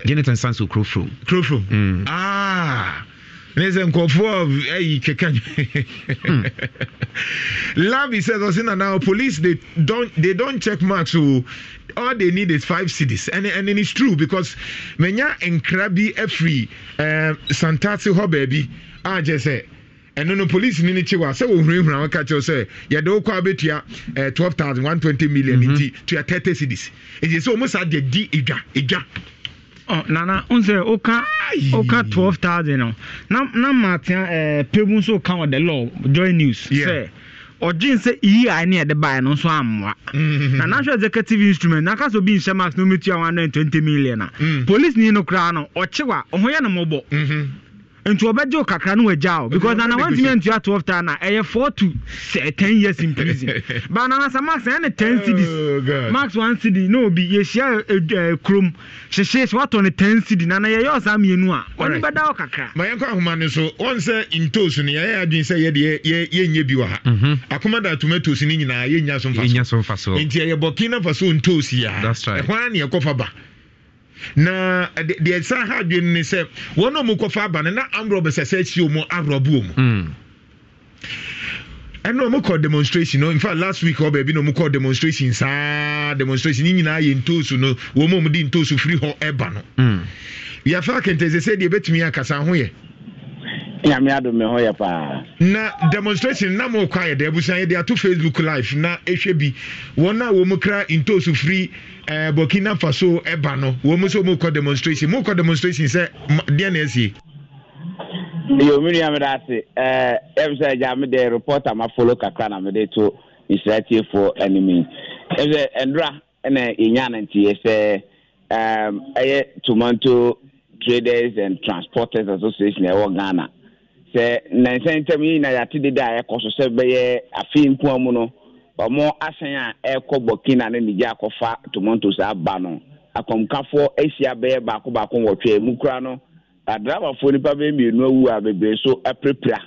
[SPEAKER 16] janet and sounds wɔ kurofrom
[SPEAKER 4] kurofrom ah ne sɛ nkɔfoɔ ayi keka lavi says ɔse nana police they don't they don't check marks o all they need is five cities and and it is true because menya nkra bi afiri um, eh, santase hɔ baabi a ah, kyɛ sɛ ɛno no police ni ne kye wa sɛ wɔhurahura wɔka kyerɛw sɛ yɛde wo kɔ a bɛtua 12120 million mhm. nti tua 30 cities ɛnti e sɛ ɔmu saa deɛ di ɛdwa ɛdwa
[SPEAKER 28] nana n sɛ oka ka twelve thousand na na martin ɛɛ pebu nso ka wɔ the law join news sɛ ɔgye nsɛ iyi a ɛne ɛde baeɛ no nso amoa na national executive instrument na kasa obi nhyɛ mask na ometua one hundred and twenty million a police ni no koraa no ɔkyewa ɔho yɛ no mɔbɔ. nti ɔbɛgye wo kakra no wagya wo because nana wantumi antua 12 ta na ɛyɛ four to ten years in prison but nanasa max ɛyɛ ne 10 max 1 cd na obi yɛhyia eh, eh, kurom hyehyee sɛ woatɔ ne ten city nana yɛyɛ ɔsaa mmienu a ɔne bɛda wo kakra ma yɛnkɔ ahoma no so wɔn
[SPEAKER 4] sɛ ntos no yɛyɛ adwene sɛ yɛde yɛnyɛ bi wɔ ha mhm. akoma da tomatoes no nyinaa yɛnya so mfa so nti ɛyɛ burkina faso ntos yɛa ɛhɔ a ne yɛkɔfa ba na eh, deɛ sa ha adwene ne sɛ wɔn a wɔkɔfa aba no na amrɔ bɛ sɛ sɛ akyiri wɔn
[SPEAKER 20] arɔbo wɔn mm.
[SPEAKER 4] ɛna wɔn kɔ demonstration no in fact last week hɔ baabi na wɔn kɔ demonstration saa demonstration ne nyinaa yɛ ntoosu no wɔn a wɔn de ntoosu firi hɔ ɛba no mm. yɛafa akɛntɛnse sɛ deɛ bɛtumi akasa ho yɛ. nyame
[SPEAKER 15] adome hɔ yɛ paa
[SPEAKER 4] na demonstration na mo kɔ ayɛ da abusua yɛde ato facebook live na ɛhwɛ bi wɔn a wɔn kura ntoosu firi. eh, burkina faso ɛba no wɔn mu nso mu kɔ demonstration mu kɔ demonstration sɛ deɛ na ɛsie.
[SPEAKER 15] yomi nua mi da ase ɛɛ ɛbi sɛ ɛgya mi de reporter ma follow kakra na mi de to nsira tie fo ɛnim yi ɛbi sɛ ndura ɛna enya na nti yɛ sɛ ɛɛm ɛyɛ tomato traders and transporters association ɛwɔ ghana sɛ nansan ntɛm yi na yɛate da a ɛkɔ so sɛ bɛyɛ afei nkua mu no. ɔmo asan a ɛrekɔ burkina ne nigya akɔfa tomantos aba no akɔmkafoɔ ahyia bɛyɛ baako baako wɔtwe mu kura no adrabafoɔ nipa bɛyɛ mmienu awu a bebree so apirapira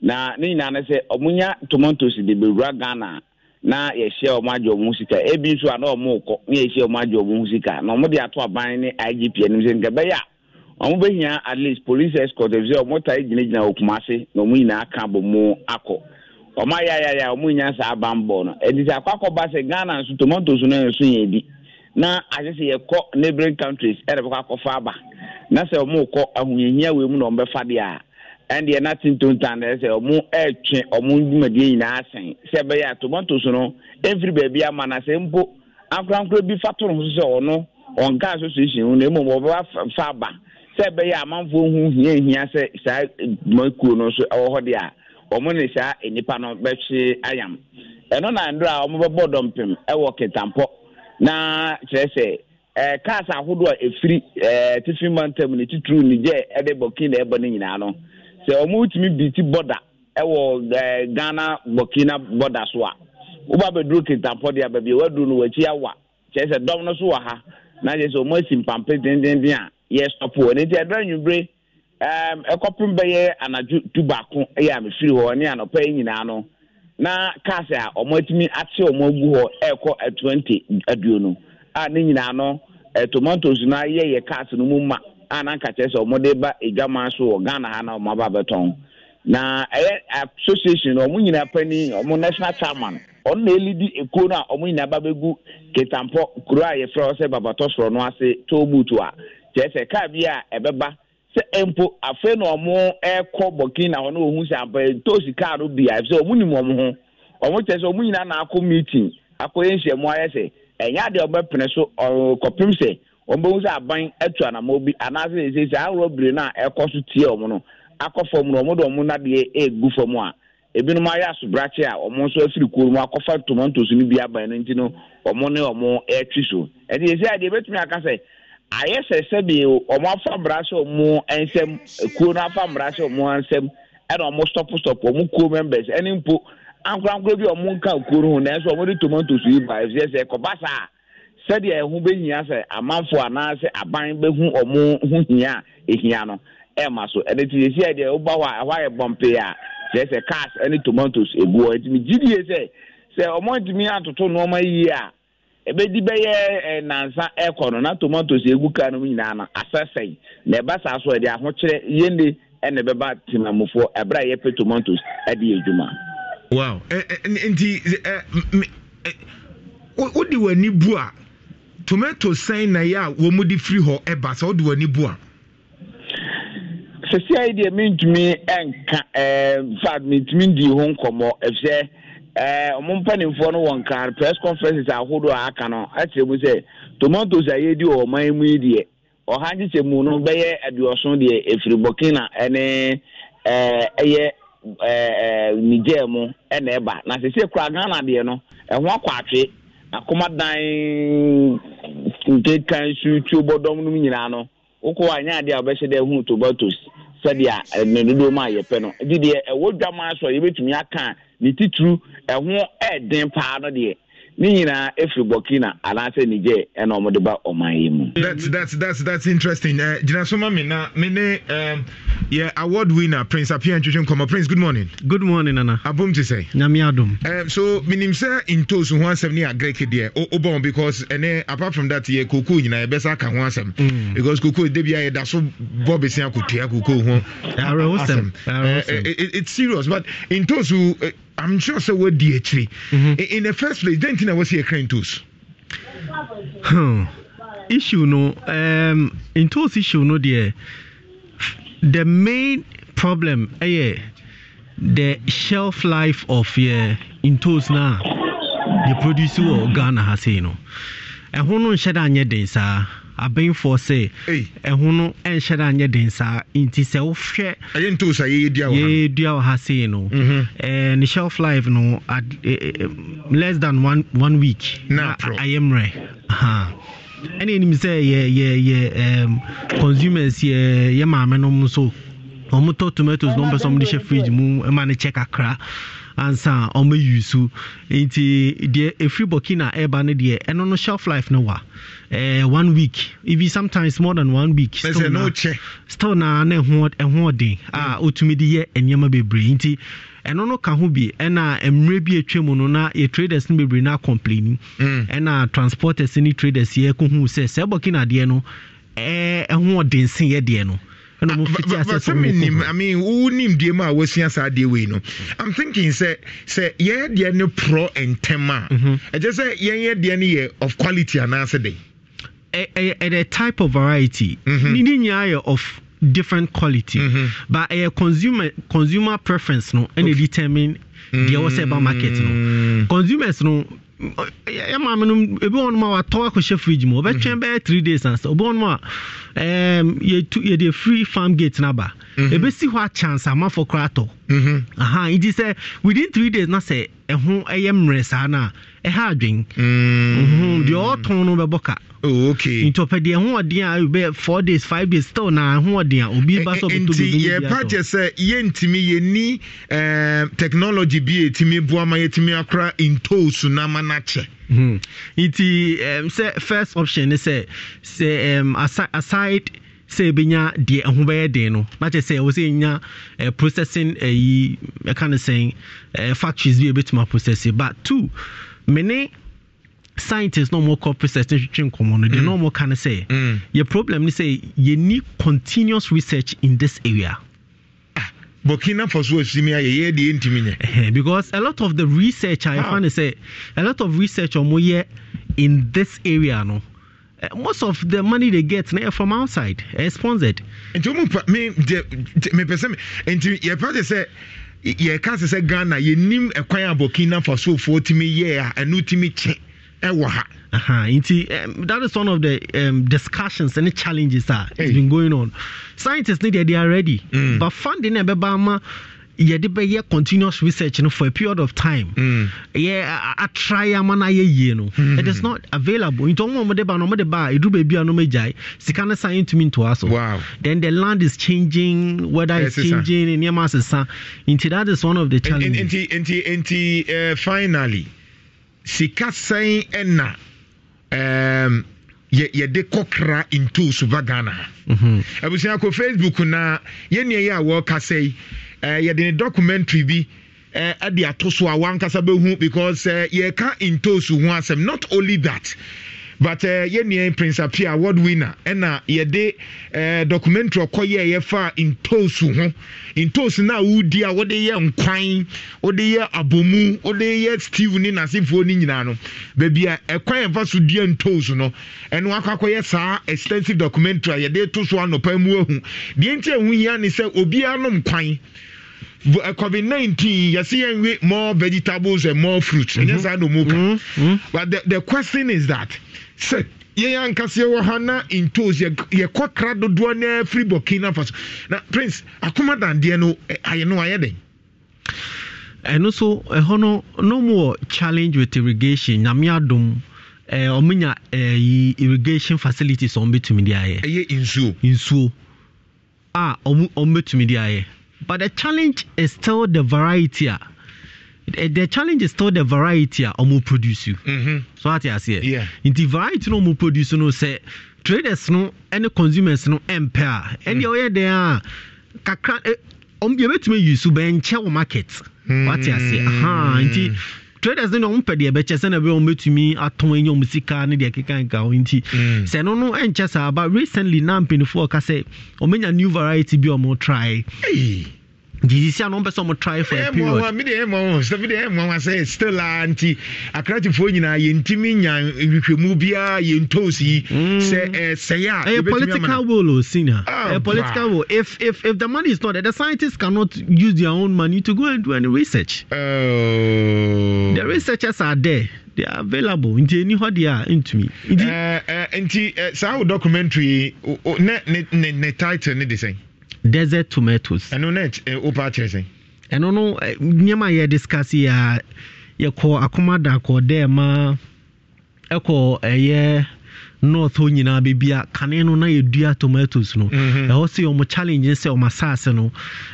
[SPEAKER 15] na ne nyinaa no sɛ ɔmo nya tomantos de bewura ghana na yɛhyia ɔmo agye ɔmo ho sika ebi nso a na ɔmo kɔ na yɛhyia ɔmo agye ɔmo ho sika na ɔmo de ato aban ne igp anim sɛ nka bɛyɛ a ɔmo bɛhia at least police escort ebi sɛ ɔmo ta gyinagyina okuma na ɔmo nyinaa ka bɔ mu akɔ. ọma ya ya ya ọmụ nya saa aba mbọ no edi sị akọ akọba sị ghana nso tomatoes no nso yɛ bi na agye sị yɛkɔ neighboring countries ɛna bɛkɔ akɔfa aba na sɛ ɔmụ kɔ ahụnyehia wee mụ na ɔmbɛfa deɛ a ɛndeɛ na tintontan na ɛsɛ ɔmụ ɛtwe ɔmụ dwumadie nyinaa asɛn sɛ ɛbɛyɛ a tomatoes no efiri baabi ama na sɛ mpo ankorankora bi fa to ne ho sɛ ɔno ɔnka association ho na emu ɔbɛfa aba sɛ ɛbɛyɛ amanfoɔ ho hia hia sɛ saa dwumakuo eh, no nso ɛwɔ hɔ deɛ a wɔn ne saa e nipa no bɛhwe ayam ɛno na ndora a ọmụba dɔmpem wɔ kentampɔ na kyerɛ sɛ ɛɛ cars ahodoɔ a efiri ɛɛ tifi mantam ne titiri ne gye ɛde burkina ɛbɔ ne nyinaa no sɛ wɔtumi bi ti bɔda ɛwɔ ɛɛ ghana burkina bɔda so a woba abɛduru kentampɔ deɛ baabi a no wɔakyi awa kyerɛ sɛ dɔm no so wɔ ha na kyerɛ sɛ wɔn asi mpampe dendenden a yɛ stɔpo ɛno nti ɛdora ɛkɔpem bɛyɛ anadwo du baako yɛ a mefiri hɔ ne anɔpa yi nyinaa no na cars a ɔmo atumi ate ɔmo agu hɔ ɛrekɔ twenty aduonu a ne nyinaa no tomatoes no yɛyɛ cars no mu ma a na nka kyerɛ sɛ ɔmo de ba edwaman so wɔ ghana ha na ɔmo aba abɛtɔn na ɛyɛ association no ɔmo nyinaa panyin ɔmo national chairman ɔno na eli di ekuo no a ɔmo nyinaa ba bɛgu ketampɔ kuro a yɛfrɛ hɔ sɛ babatɔ soro no ase toll a kyerɛ sɛ car bi a ɛbɛba. sɛ eh, mpo afei na ɔmo ɛkɔ eh, burkina hɔ na ohun sɛ ampa tosi kaa no bia sɛ ɔmo nim ɔmo ho ɔmo kyerɛ sɛ ɔmo nyinaa na akɔ meeting akɔ yɛ nhyiamu ayɛ sɛ ɛnyɛ adeɛ ɔbɛpene so ɔkɔpem sɛ ɔmo bɛhu sɛ aban ɛtu anamɔ bi anaasɛ ɛsɛ sɛ ahorow biri na ɛkɔ so tie ɔmo no akɔ fam no ɔmo de ɔmo nadeɛ egu fam a ebinom ayɛ asobrakye a ɔmo nso afiri kurom akɔfa tomantos no bi aban no nti no ɔmo ne ɔmo ɛtwi so ɛdi ayɛ sɛ sɛbi ɔmo afa mmarahyɛ ɔmo nsɛm kuo no afa mmarahyɛ ɔmo nsɛm ɛna ɔmo stɔpo stɔpo ɔmo kuo members ɛne mpo ankorankoro bi ɔmo nka kuo no ho nanso ɔmo de tomatoes yi ba ɛfiɛ sɛ ɛkɔba saa sɛdeɛ ɛho behia sɛ amanfo anaasɛ aban behu ɔmo ho hia ehia no ɛma so ɛne ti esi ɛdeɛ ɔba hɔ a ɛhɔ ayɛ bɔmpee a kyerɛ sɛ cars ɛne tomatoes egu hɔ ɛtumi gyidie sɛ sɛ ɔmo ebedi bɛyɛ eh, nansa ɛkɔ no na tomatoes egu ka no nyinaa no asɛsɛn na ɛba saa so ɛde ahokyerɛ yɛne ɛna ɛbɛba tenamufoɔ ɛbrɛ a yɛpɛ tomatoes ɛde edwuma. adwuma.
[SPEAKER 4] wow eh, eh, nti wodi w'ani bu a Tomatoes sɛn na yɛ a wɔn de firi
[SPEAKER 15] hɔ ɛba sɛ wodi w'ani bu a. sisi ayi deɛ mintumi ɛnka ɛɛ nfa mintumi di ho nkɔmɔ ɛfisɛ. ɔmo mpanimfoɔ no wɔ nkar press conferences ahodoɔ a aka no akyerɛ mu sɛ tomatoes a yɛdi wɔ ɔman mu yi deɛ ɔha nkyekyɛ mu no bɛyɛ aduɔso deɛ burkina ɛne ɛyɛ niger mu ɛna na sisi ghana deɛ no ɛho akɔ atwe akomadan nkekan su tuobɔdɔm no nyinaa no wokɔ a dɛ tomatoes sɛdeɛ ne dodoɔ mu a yɛpɛ no nti deɛ ɛwɔ dwama so a yɛbɛtumi aka ne titiri ɛho ɛɛden paa no deɛ ne nyinaa efiri burkina anaasɛ niger ɛna wɔn de ba ɔman yi mu. that's that's
[SPEAKER 4] that's that's interesting eh, gyina so mi na mi ne eh, yɛ award winner prince apia
[SPEAKER 25] ntwitwi nkɔmɔ prince good morning. good morning nana. abom ti sɛ. nyame adum.
[SPEAKER 4] Eh, so minim sɛ ntoosu ho asɛm ne agrek deɛ o bɔn because ɛnɛ apart from that yɛ koko nyinaa yɛbɛsa ka ho asɛm. Mm. because koko debi a yɛda so bɔ besia ko tia koko ho. awurɛwosɛm awurɛwosɛm. it's serious but ntoosu. I'm sure sɛ wadi akyiri mhm. in the first
[SPEAKER 3] place
[SPEAKER 25] dɛn nti I was here crying toes. issue no um, in toes issue no deɛ the main problem ɛyɛ eh, the shelf life of yeah in ntos now the producer wɔ ghana ha sei no ɛho no nhyɛ da anyɛ den saa abɛnfoɔ sɛ ɛho no ɛnhyɛ no anyɛ den saa nti sɛ wohwɛ yɛdua wɔ ha sei no mhm. eh, ne shelf life no ad, eh, eh, less than one, one week na ayɛ mmerɛ ɛne ɛnim sɛ yɛ consumers yɛ maame nom nso ɔmotɔ tomatoes na ɔmpɛ sɛ ɔmde hyɛ fridge mu ma no kyɛ kakra ansa ɔmo yi so nti deɛ efiri burkina ɛba no deɛ ɛno no shelf life no wa ɛɛ eh, one week even sometimes more than one week. pɛsɛ n'o kyɛ. still na ne ho ɛho ɔden a mm. otumi de yɛ nneɛma bebree nti. ɛno no ka ho bi ɛna mmerɛ bi atwa mu no na yɛ traders no bebree no acomplaini mm. ɛna transporters ne traders yɛ kɔhu sɛ sɛ burkina deɛ no ɛho ɔdensen yɛ deɛ no ɛna ɔmo fiti ase fo mi kɔ
[SPEAKER 4] i mean wo nim die mu a wɔsua saa adeɛ wei no i'm thinking sɛ sɛ yɛn deɛ ne porɔ ntɛm a ɛkyɛ sɛ yɛn yɛ deɛ ne yɛ of quality anaasɛ de.
[SPEAKER 25] ɛyɛ ɛyɛ type of variety. Mm-hmm. ni ne nyinaa yɛ of different quality mm-hmm. but a uh, consumer consumer preference no and okay. determine deɛ ɛwɔ sɛ ɛba market no mm. consumers no yɛ maame no ebi wɔn mu a watɔ akɔhyɛ fridge mu ɔbɛtwɛn mhm. bɛyɛ three days ansa obi wɔn mu a ɛɛm yɛtu yɛde efiri farm gate n'aba mhm. ebesi hɔ akyans amafo koraa tɔ mhm. ahan nti sɛ within three days na sɛ ɛho ɛyɛ mmerɛ saa na ɛha adwen mm. deɛ ɔtɔn no bɛbɔ ka nti ɔpɛ deɛ ɛhoɔden a bɛ four days five days still na ɛhoɔden a obi ba sɛ ɔbɛtɔ biribi yɛ pa kyɛ sɛ yɛntumi
[SPEAKER 4] yɛni technology bi yɛtumi boa ma yɛtumi akora ntoosu na ma
[SPEAKER 25] no akyɛ hmm. nti um, sɛ first option ne sɛ sɛ um, aside, aside sɛ ɛbɛnya deɛ ɛho bɛyɛ den no na kyerɛ sɛ ɛwɔ sɛ ɛnya uh, processing ayi uh, ɛka no sɛn uh, factories bi ɛbɛtumi aprocess but two mene scientists na ɔmo kɔ research ne twitwi nkɔmɔ no deɛ mm. na ɔmo ka no sɛ mm. yɛ problem ne sɛ yɛni continuous research in this area. Ah, burkina faso asimi ayɛ yɛ deɛ ntumi nyɛ. because a lot of the research a yɛfa ne ah. sɛ a lot of research ɔmo yɛ in this area no. Eh, most of the money they get na from outside uh, sponsored. nti o mu pa mi de mepɛ sɛ mi nti yɛ pa
[SPEAKER 4] de sɛ yɛka sɛ sɛ ghana yɛnim ɛkwan a burkina fasofoɔ tumi yɛ a ɛno
[SPEAKER 25] tumi kyɛ ɛwɔ ha Aha, that is one of the um, discussions and challenges that uh, hey. has been going on. Scientists need they are ready, mm. but funding a bebama yɛde bɛyɛ continuous research no for a period of time mm. yɛ atrae ama no ayɛ yie no mm. it is not available nti ɔmo ɔmo de ba no ɔmo de ba ɛduru baabi a no mo agyae sika no san ntumi ntoa so then the land is changing weather is changing nneɛma asesa nti that is one of the challenges nti
[SPEAKER 4] nti nti eh, finally sika sɛn ɛna um, yɛde kɔkra into suba ghana mm-hmm. abusua kɔ facebook na yɛnea yɛ a wɔrekasa yi Eh, yɛde ne documentary bi eh, ɛde ato so a wankasa bɛhu because eh, yɛka ntosu ho asɛm not only that but uh, yɛnua prince apia award winner ɛna yɛde uh, documentary ɔkɔyɛ yɛfa ntosu ho ntosu no a a wode yɛ nkwan wode yɛ abomu wode yɛ steve ne nasefoɔ no nyinaa no baabi a ɛkwan yɛmfa so dua ntosu no ɛno akɔ akɔyɛ saa extensive documentary a yɛde to so anɔpa mu ahu deɛ nti ɛho hia ne sɛ obiara nom kwan Eh, covid nineteen yɛsi yɛn wi more vegetables and more fruits ɛnyɛ mhm. saa na ɔmo ka mhm. Mhm. but the the question is that sɛ yɛn ankaseɛ wɔ ha na ntos yɛkɔ kra dodoɔ na firi burkina faso na prince akoma dandeɛ no ayɛ no ayɛ den.
[SPEAKER 25] ɛno nso ɛhɔ no no mu wɔ challenge with irrigation nyame adom ɔmo nya irrigation facilities ɔmo betumi de ayɛ. ɛyɛ nsuo. nsuo a ɔmo ɔmo betumi de ayɛ but the challenge is still the variety a ah. the challenge is still the variety ah, or more produce you. Mm-hmm. so what ati ase yɛ nti variety no more produce no say. traders no ɛne consumers no ɛmpɛ ah. And mm. eh, mm. the other dɛn a kakra ɛ ɔmo yɛbɛtumi yi so bɛnkyɛ wɔ market. What wati ase nti traders ne ɔmo deɛ ɛbɛkyɛ sɛ na bɛ ɔmo bɛtumi atɔn ɛnyɛ ɔmo sika ne deɛ keka nka ho nti mm. sɛ no no ɛnkyɛ saa ba recently na mpanyinfoɔ ɔka sɛ ɔmo new variety bi ɔmo try. Hey gyesisi a na ɔmpɛ sɛ ɔmo try for a period.
[SPEAKER 4] mi de ɛmɔ wɔn sɛ mi de ɛmɔ wɔn sɛ still a ah, nti akratifoɔ nyinaa yɛntumi nya nhwehwɛmu biara yɛntɔɔsi yi sɛ ɛsɛyɛ a. ɛyɛ political
[SPEAKER 25] will o oh, senior. ɛyɛ ah, eh, political will if if if the money is not there the scientists cannot use their own money to go and do any research. Uh, the researchers are there. they are available nti eni hɔ deɛ a ntumi.
[SPEAKER 4] nti saa o documentary ne ne ne title ne de sɛn
[SPEAKER 25] desert tomatoes. ɛno
[SPEAKER 4] na wopa kyerɛ sɛ
[SPEAKER 25] ɛno no nneɛma a yɛdiscuss mm-hmm. yi oh. a yɛkɔ akoma da kɔ dɛ ma ɛkɔ ɛyɛ north hɔ nyinaa baabi a kane no na yɛdua tomatoes no ɛhɔ sɛ ɔmo challenge sɛ ɔmo asase no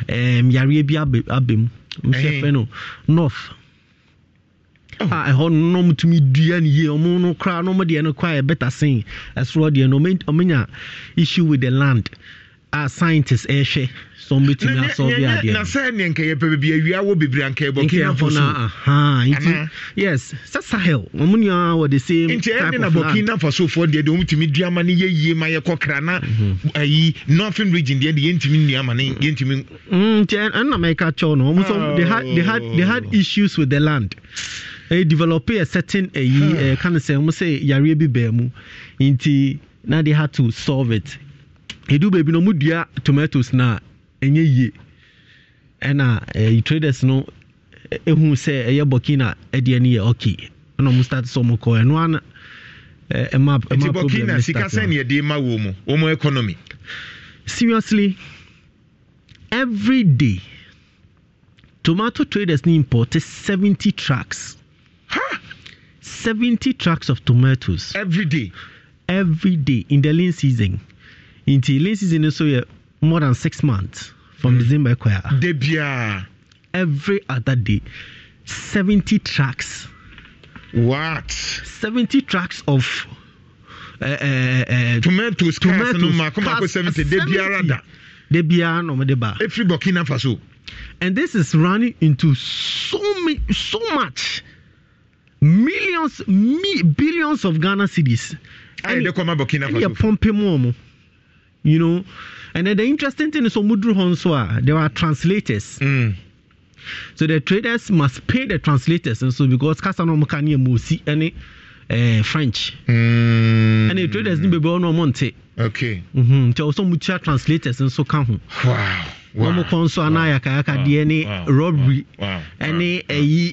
[SPEAKER 25] ɛm yareɛ bi aba mu nso yɛfɛ no north a ɛhɔ no na ɔmotumi dua no yie ɔmo no koraa na ɔmo deɛ no kɔ a yɛ better sen ɛsoro deɛ no ɔmenya issue with the land a scientist ɛhwɛ eh, sɔn bi tumi asɔbi adeɛ na
[SPEAKER 4] sɛ ne nkɛyɛ pɛ beebi awia wɔ bebree ankɛyɛ bɔ kenya fo so
[SPEAKER 25] nti yes sɛ sahel wɔn mu nyinaa wɔ de same nti ɛyɛ na burkina
[SPEAKER 4] faso foɔ deɛ deɛ wɔn tumi dua ma ne yɛ yie ma yɛ kɔkra na ayi mhm. eh, northern region deɛ deɛ yɛn tumi nua ma ne yɛn tumi.
[SPEAKER 25] nti ɛn na mɛka kyɛw no wɔn sɔ they had they had they had oh. issues with the land ɛyɛ develop a certain ɛyi eh, ɛɛ kan sɛ wɔn sɛ yareɛ bi bɛɛ mu nti na they had to solve it ɛdu baabi no ɔmodua tomatoes na a ɛnyɛ yie ɛna eh, traders no ɛhu eh, sɛ ɛyɛ burkina ɛdeɛ no yɛ okay ɛna ɔmo start sɛ ɔmokɔ ɛno ana eh, ɛma ɛma problem no start na
[SPEAKER 4] wɔn
[SPEAKER 25] economy seriously every day tomato traders ni import seventy trucks huh? seventy trucks of tomatoes every day every day in the lean season nti late season no so yɛ more than six months from mm. december ɛkɔ a. every other day seventy tracks. what. seventy tracks of. Uh, uh, uh, tomatoes tomatoes cars no mako mako seventy de biara da. de biara na ɔmo de ba. efiri burkina faso. and this is running into so many so much millions mi billions of ghana cities. ayɛ de kɔma burkina faso. ɛyɛ pɔmpɛ mu ɔmo you know and then the interesting thing is so mudru there are translators mm. so the traders must pay the translators and so because kasano mukani musi any uh, eh, french mm. and the traders ni bebe ono monte okay mhm nti also mucha translators and so ho wow Wow. kɔ nso anayakayakadeɛ ne robbery ɛne ɛyi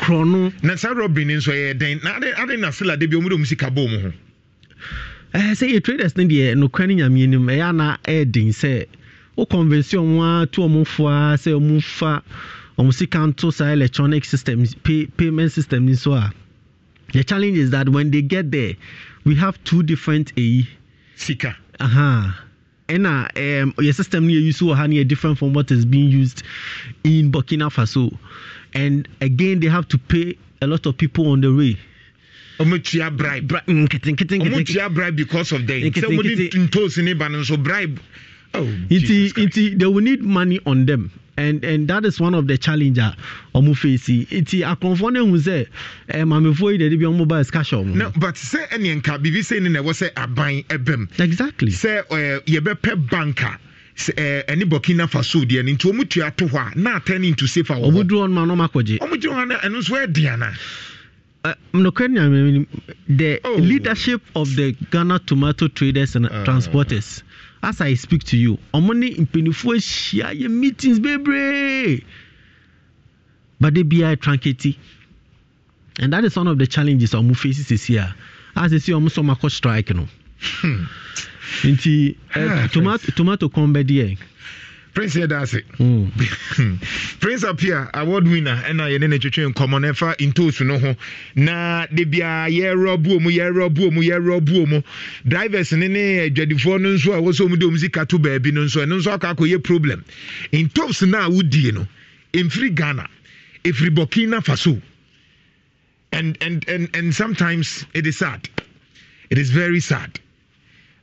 [SPEAKER 25] korɔno na saa robbery ni nso yɛ eh,
[SPEAKER 4] dɛn na ade ade na fila de bi omu de omu sika bɔ omu ho
[SPEAKER 25] Eh, sɛ yɛ traders no deɛ nokwa no nyame anim ɛyɛ ana ɛyɛden sɛ wo convensi ɔmo a to ɔmofo a sɛ ɔmofa ɔmo sika nto saa electronic system pay, payment system ni so a the challenge is that when they get there we have two different ayi sika aha ɛna um, your system no yɛ use wɔ ha no yɛ different from what is being used in burkina faso and again they have to pay a lot of people on the way ɔmotua bribe ɔmotua mm, bribe because of the sɛ wode
[SPEAKER 4] ntosi ne ba no nso bribe
[SPEAKER 25] Oh, inti, inti, they will need money on them and and that is one of the challenge a ɔmo face nti akɔnfo ne hu sɛ ɛɛ maamefoɔ yi de de bi ɔmo ba ɛsikaahyɛ ɔmo. no
[SPEAKER 4] but sɛ ɛni nka bibi sɛ ni na ɛwɔ sɛ aban ɛbɛm. exactly sɛ ɛɛ eh, yɛbɛpɛ banka. ɛne eh, burkina faso deɛ no nti ɔmu tua to hɔ a
[SPEAKER 25] na atɛne nto safe a wɔ hɔ ɔmu duru ɔnoma na ɔmakɔgye ɔmu gyina hɔ no ɛno nso ɛde anaa Uh, the oh. leadership of the Ghana tomato traders and uh. transporters, as I speak to you, ọmọnì mpanyinfoɔ ahyia yɛ meetings baby, but they be trankety, and that is one of the challenges ọmọ faces this year, As they see almost sọ ma kɔ strike no. Hmm. nti uh, ah, tomato tomato kɔn bɛ prince yɛ daase hmm.
[SPEAKER 4] prince apia award winner ɛna yɛne ne twetwe nkɔmmɔ na ɛfa ntoos no ho na debia biaa buo mu yɛrɛ buo mu yɛrɛ buo mu drivers ne ne adwadifoɔ no nso a ɛwɔ sɛ ɔmu de ɔmu sika to baabi no nso ɛno nso akɔ akɔyɛ problem ntoos no a wodie no ɛmfiri ghana ɛfiri burkina faso and, and, and, and sometimes it is sad it is very sad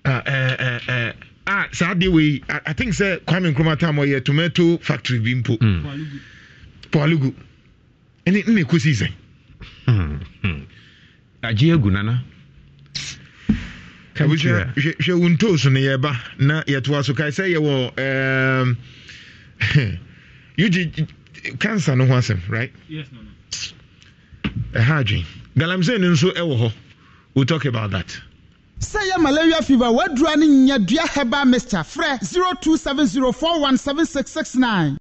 [SPEAKER 4] uh, uh, uh, uh, Ah, saa de wei i think sɛ kwame nkrumah time ɔyɛ tomato factory bi mpo hmm. pɔlugu ɛne nna ɛkɔsi sɛn
[SPEAKER 3] hmm.
[SPEAKER 16] agye agu nana
[SPEAKER 4] kabusua hwɛ wo ntoos no yɛba na yɛtoa so kae sɛ yɛwɔ ehm, ug cancer no ho asɛm right ɛha adwen galamsey no nso ɛwɔ hɔ we'll talk about that
[SPEAKER 13] sɛ malaria fever wadura ne nyadua herbal mixture frɛ 0270417669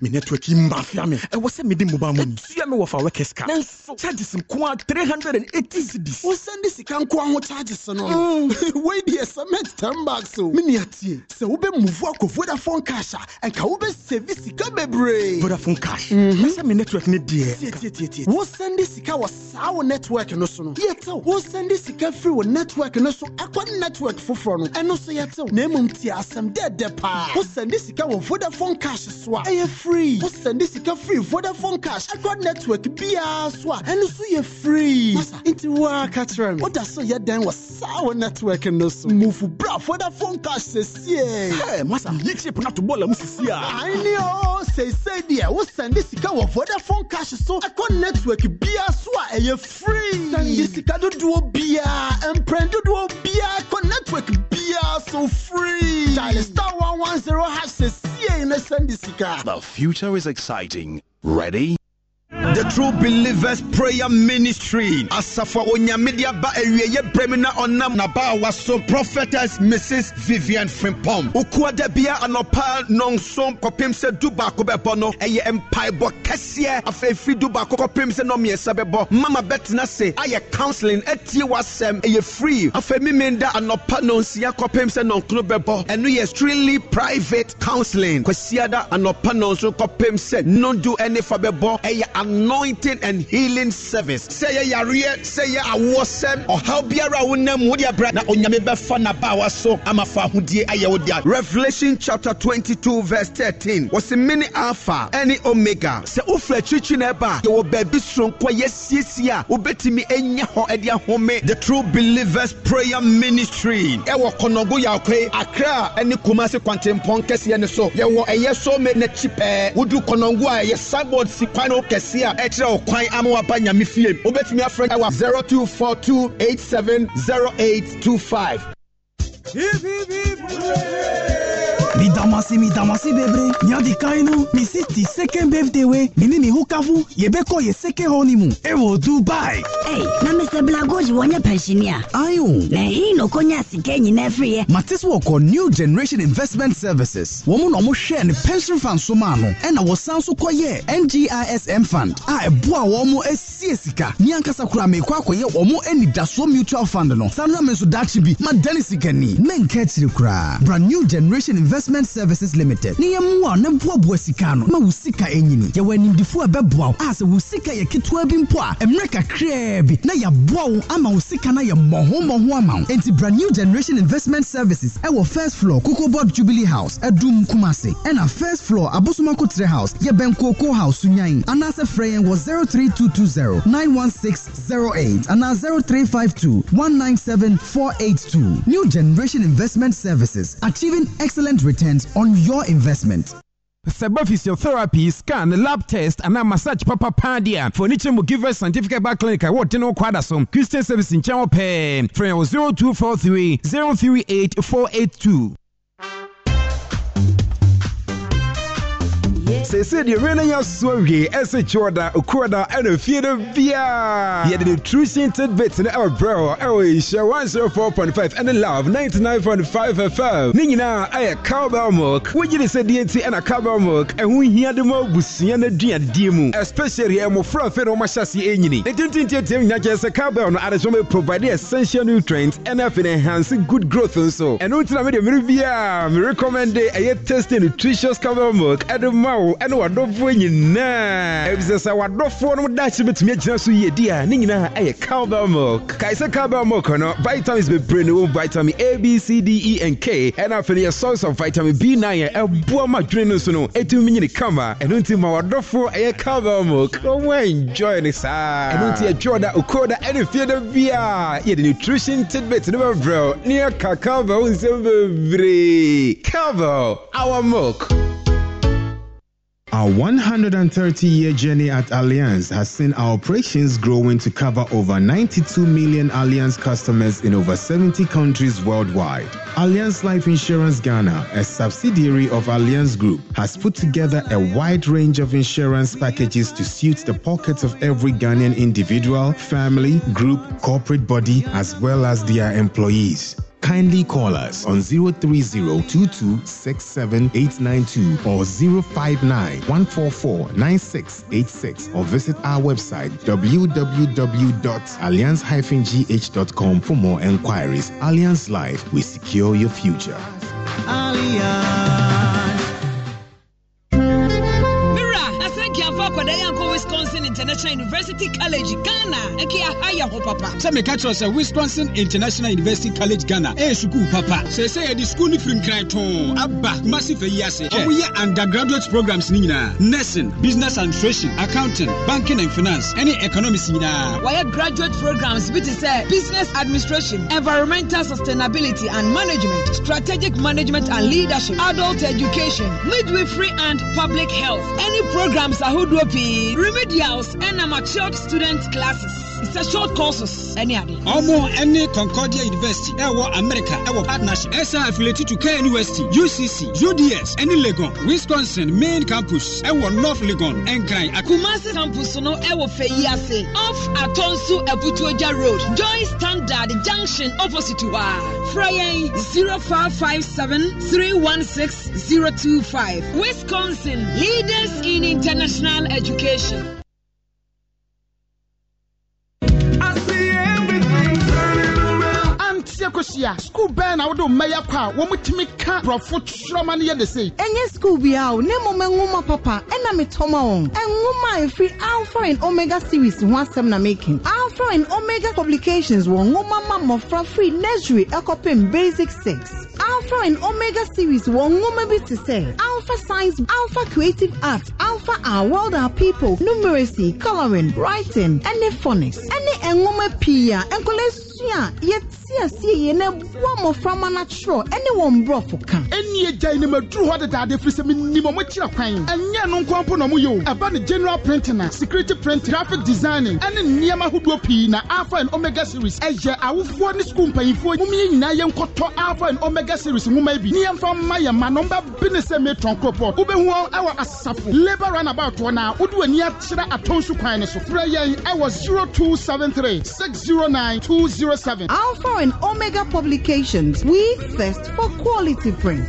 [SPEAKER 17] me network yi mba fia me ɛwɔ sɛ mede mmoba mu tua me wɔfa workers ka
[SPEAKER 13] nanso charges nko a 380 cedis wosɛnde sika nko a ho charges no wei deɛ cement 10 bags o menea tie sɛ wobɛmuvu akɔ vodafone cash a ɛnka wobɛsɛvi sika bebree vodafone cash na sɛ me network ne deɛ wosɛnde sika wɔ saa wo network no so no yɛtew wosɛnde sika firi wo network no so ɛkɔ network foforɔ no ɛno so yɛtew na mmom tie asɛm dɛdɛ paa wosɛnde sika wɔ vodafone cash cash so a ɛyɛ free wosɛnde sika free vodafone cash adrɔ network biara so a ɛno so yɛ free masa nti woa ka kyerɛ me woda so yɛ dɛn wɔ saa network no so mufu bra vodafone cash sɛsie hey, masa yi chip no to bɔɔla mu sisi a aene o seisei deɛ wosɛnde sika wɔ vodafone cash so ɛkɔ network biara so a ɛyɛ free sɛnde sika dodoɔ biara mprɛn dodoɔ biara kɔ network biara so free dial star one one zero hash sɛsie na sɛnde The
[SPEAKER 2] future is exciting.
[SPEAKER 18] Ready? The True Believers Prayer Ministry. Asafo Onyamidia ba ewiye bremina onam na ba waso prophetess Mrs. Vivian Frimpom. Ukuada debia anopa nonsom kopim se duba kobebo no eye empaibo kese afefi duba kopim se no miesa bebo. Mama betna se aye counseling etie wasem eye free. Afe mimenda anopa nonsia kopim se nonkro bebo. Enu ye strictly private counseling. Kwesiada anopa nonso kopim se non do any fabebo eye anointing and healing service sɛ yɛ yareɛ sɛ yɛ awoɔ sɛm ɔhaw biara a wonam mu na onyame bɛfa nabaawa so ama fa ahodie revelation chapter 22 verse 13 was a mini alpha any omega sɛ wofiri akyirikyiri na ɛba a yɛwɔ baabi soronko yɛasiesie a wobɛtumi anya hɔ ɛde ahome the true believers prayer ministry ɛwɔ kɔnɔgo yakwe akra ɛne kumase kwantempɔn kɛseɛ ne so yɛwɔ ɛyɛ so me n'akyi pɛɛ wodu kɔnɔgo a ɛyɛ signboard si kwan no ase a ɛkyerɛ ɔkwan ama waba nyame fie wobɛtumi afrɛ wa 0242870825
[SPEAKER 22] mi damasi mi damasi bebre mi adi kan inu mi sisti second birthday we mini mi hukavu yebe ko ye second honeymoon ewo dubai. Hey, na mr blagoji wɔnyɛ pensionia. ayo. na hin na okonya sika nyinaa
[SPEAKER 21] firi yɛ. matis new generation investment services wɔn mu na wɔn hyɛ ne pension fund so maa no ɛna e wɔsan so kɔ yɛ ngism fund a ɛboa e wɔn esie sika ní ankasa kura mi kɔ akɔyɛ wɔn anidasoɔ mutual fund no sanura mi nso bi ma dani sika nii yi na nka akyire brand new generation investment services limited ne yɛn mu a ne boaboa sika no ma e wo sika enyini yɛwɔ animdifo a bɛboa wo a sɛ wo sika yɛ ketewa bi mpo a mmerɛ kakraa bi na yɛaboa wo ama wo sika na yɛ mmɔho mmɔho ama wo nti brand new generation investment services ɛwɔ e first floor kokobot jubilee house ɛdum e kumase ɛna first floor abosomakotere house yɛ bɛnkooko house zero zero zero three two two nine one six eight. zero three five two one nine seven four eight two. new generation Investment Services, achieving excellent returns on your investment.
[SPEAKER 22] sɛba
[SPEAKER 16] physiotherapy scan lab test a massage papa paa For niche, fa ani kyerɛ mu givers scientific ba clinic I want ne wo kɔ ada christian service in wɔ pɛɛ frɛ 0243 038 sɛsɛ deɛ wei no yɛ so awie ɛsɛ kyiwɔda okuɔda ɛna fie no biaa yɛde nutrition tidbit no ɛwɔbrɛ hɔ ɛwɔ ɛhyia 104.5 ɛne love 99.5 fm ne nyinaa ɛyɛ cowbell milk wogye de sɛ deɛ nti ɛna cowbell milk ɛho hia de ma abusua no aduadeɛ mu especially ɛmmɔfra afei na e wɔmahyɛ aseɛ ɛnyini ne tintintiatiam nyina kyerɛ sɛ cowbell no adesoma provide essential nutrients ɛne afei no enhance good growth nso ɛno nti na mede mmere biaa merecommende ɛyɛ tasty nutritious cowbell milk ɛde ma wo ɛne wadɔfoɔ nyinaa ɛfisɛ sɛ wadɔfoɔ no dakye bɛtumi agyina so yie di a ne nyinaa ɛyɛ cowbell milk kae sɛ cowbell milk no vitamins bebree ne wɔ vitamin a b c d e and k ɛna afei yɛ source of vitamin b9 ɛboa ma dwene no so no ɛtumi nyini kama ɛno nti ma wadɔfoɔ ɛyɛ cowbell milk ɔmo enjoy ne saa ɛno nti ɛtwa ɔda okoda ɛne fie da bia yɛde nutrition tidbit ne bɛbrɛw ne ɛka cowbell nsɛm bebree cowbell our milk
[SPEAKER 4] Our 130 year journey at Allianz has seen our operations growing to cover over 92 million Allianz customers in over 70 countries worldwide. Allianz Life Insurance Ghana, a subsidiary of Allianz Group, has put together a wide range of insurance packages to suit the pockets of every Ghanaian individual, family, group, corporate body, as well as their employees. Kindly call us on 030-2267-892 or 059-144-9686 or visit our website www.alliance-gh.com for more enquiries. Alliance Life, we
[SPEAKER 19] secure your future. Alliance.
[SPEAKER 1] Papa, akwadaa yi ankɔ wisconsin international university college ghana ɛkɛ aha yɛ ho
[SPEAKER 22] papa. sɛ meka kyerɛ sɛ wisconsin international university college ghana ɛyɛ sukuu papa Se sɛ yɛde sukuu no firi nkran tɔn aba kumasi fɛ yi ase ɔmo yɛ undergraduate programs ni nyinaa nursing business administration accounting banking and finance any economics nyinaa.
[SPEAKER 1] wɔyɛ graduate programs bi te business administration environmental sustainability and management strategic management and leadership adult education midwifery and public health any programs ahodoɔ ahodoɔ pii remedials ɛna matured student classes It's a short course. Any ade.
[SPEAKER 22] ɔmo any concordia university ɛwɔ america ɛwɔ partnership ɛsɛ affiliated to care university ucc uds Any legon wisconsin main campus ɛwɔ north legon ɛnkran.
[SPEAKER 1] kumasi campus no ɛwɔ fɛyi ase off atonso ebutuoja road joy standard junction opposite to wa frɛyɛn zero five five wisconsin leaders in international education.
[SPEAKER 13] akosia school bɛn na wode
[SPEAKER 14] mmɛyɛ kɔ a wɔmutumi ka borɔfo tworɔma no yɛ de sei ɛnyɛ school bia o ne mmom nwoma papa ɛna metɔma wɔn nwoma a ɛfiri alpha and omega series ho asɛm na making alpha and omega publications wɔ nwoma ma mmɔfra firi nursery ɛkɔpem basic six alpha and omega series wɔ nwoma bi te sɛ alpha science alpha creative art alpha our world our people numeracy coloring writing ɛne phonics ɛne nwoma pii a nkɔla sua yɛte ase ase yie na bu amɔframa no
[SPEAKER 13] akyerɛ ɛne wɔn mborɔfo ka ɛni agya yi ne maduru hɔ dedaade firi sɛ menim ɔmo kyerɛ kwan ɛnyɛ no nko na ɔmo yɛ o ɛba ne general printing a security print graphic designing ɛne nneɛma ahodoɔ pii na alpha and omega series ɛyɛ awofoɔ ne school mpanyinfoɔ mu yɛ nyinaa yɛ nkɔtɔ alpha and omega series nwoma bi ne yɛmfa mma yɛ ma na ɔmba bi ne sɛ metɔn kuropɔt wobɛhu wɔn ɛwɔ asafo labour runabout hɔ na wode w'ani akyerɛ atɔn so kwan no so frɛ yɛn ɛwɔ 0273 609 207 alpha and Omega Publications. We
[SPEAKER 14] thirst for quality print.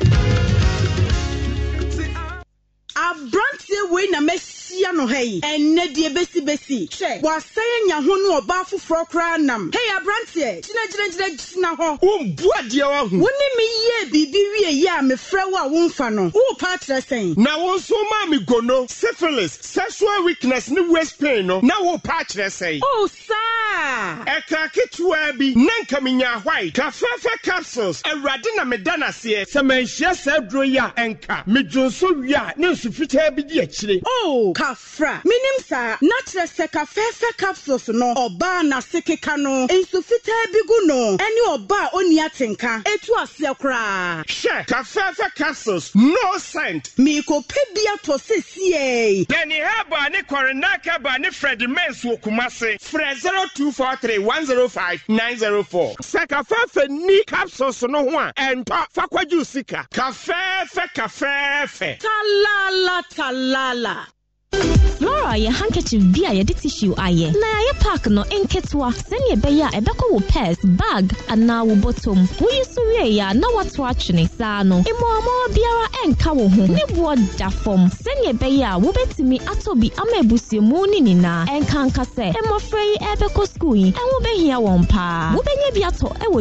[SPEAKER 14] Abrante wey na mesi ahyia no ha yi ɛnɛ deɛ besi hwɛ wasɛn nya ho no ɔbaa foforɔ koraa nam hei aberanteɛ gyinagyinagyina gyina hɔ wombu adeɛ wɔ ho wo ne meyɛɛ biribi wie yɛ a mefrɛ wo a womfa no wopa akyerɛ sɛn na wo nso maa
[SPEAKER 22] me gono syphilis sexual weakness ne west pain no na wopa akyerɛ sɛn o oh, saa ɛka ketewa bi na nka menya hwae kafɛfɛ capsules awurade na meda naseɛ sɛ manhyia saa duro yi a ɛnka medwonso wie a ne nsu fitaa
[SPEAKER 14] bi di akyire o oh, ka afra menim saa na kyerɛ sɛ kafɛɛfɛ capsules no ɔbaa n'ase keka no nsu fitaa bi gu no ɛne ɔbaa oni atenka etu aseɛ koraa. hyɛ kafɛɛfɛ capsules no scent. miikope bi atɔ
[SPEAKER 22] sesie. dani heba ne kɔrinak heba ne fred mens wɔ kumase frɛ zero two four three one zero five nine zero four. sɛ kafɛɛfɛ ni capsules no ho a ɛntɔ fakɔju sika kafɛɛfɛ kafɛɛfɛ.
[SPEAKER 14] talala
[SPEAKER 11] talala lɔɔre a handkerchief bi a yɛde tissue ayɛ na yɛayɛ pack no nketewa sɛnea ɛbɛyɛ a ɛbɛkɔ wo purse bag anaa wo bɔtɔ mu woyi so wieeɛ a na wato atwene saa no mmoamoa biara ɛnka wo ho ne boɔ da fam sɛnea ɛbɛyɛ a wobɛtumi atɔ bi ama abusuamu ne nyinaa ɛnka nka sɛ mmɔfra yi ɛrebɛkɔ skuul yi ɛho bɛhia wɔn paa wobɛnya bi atɔ ɛwɔ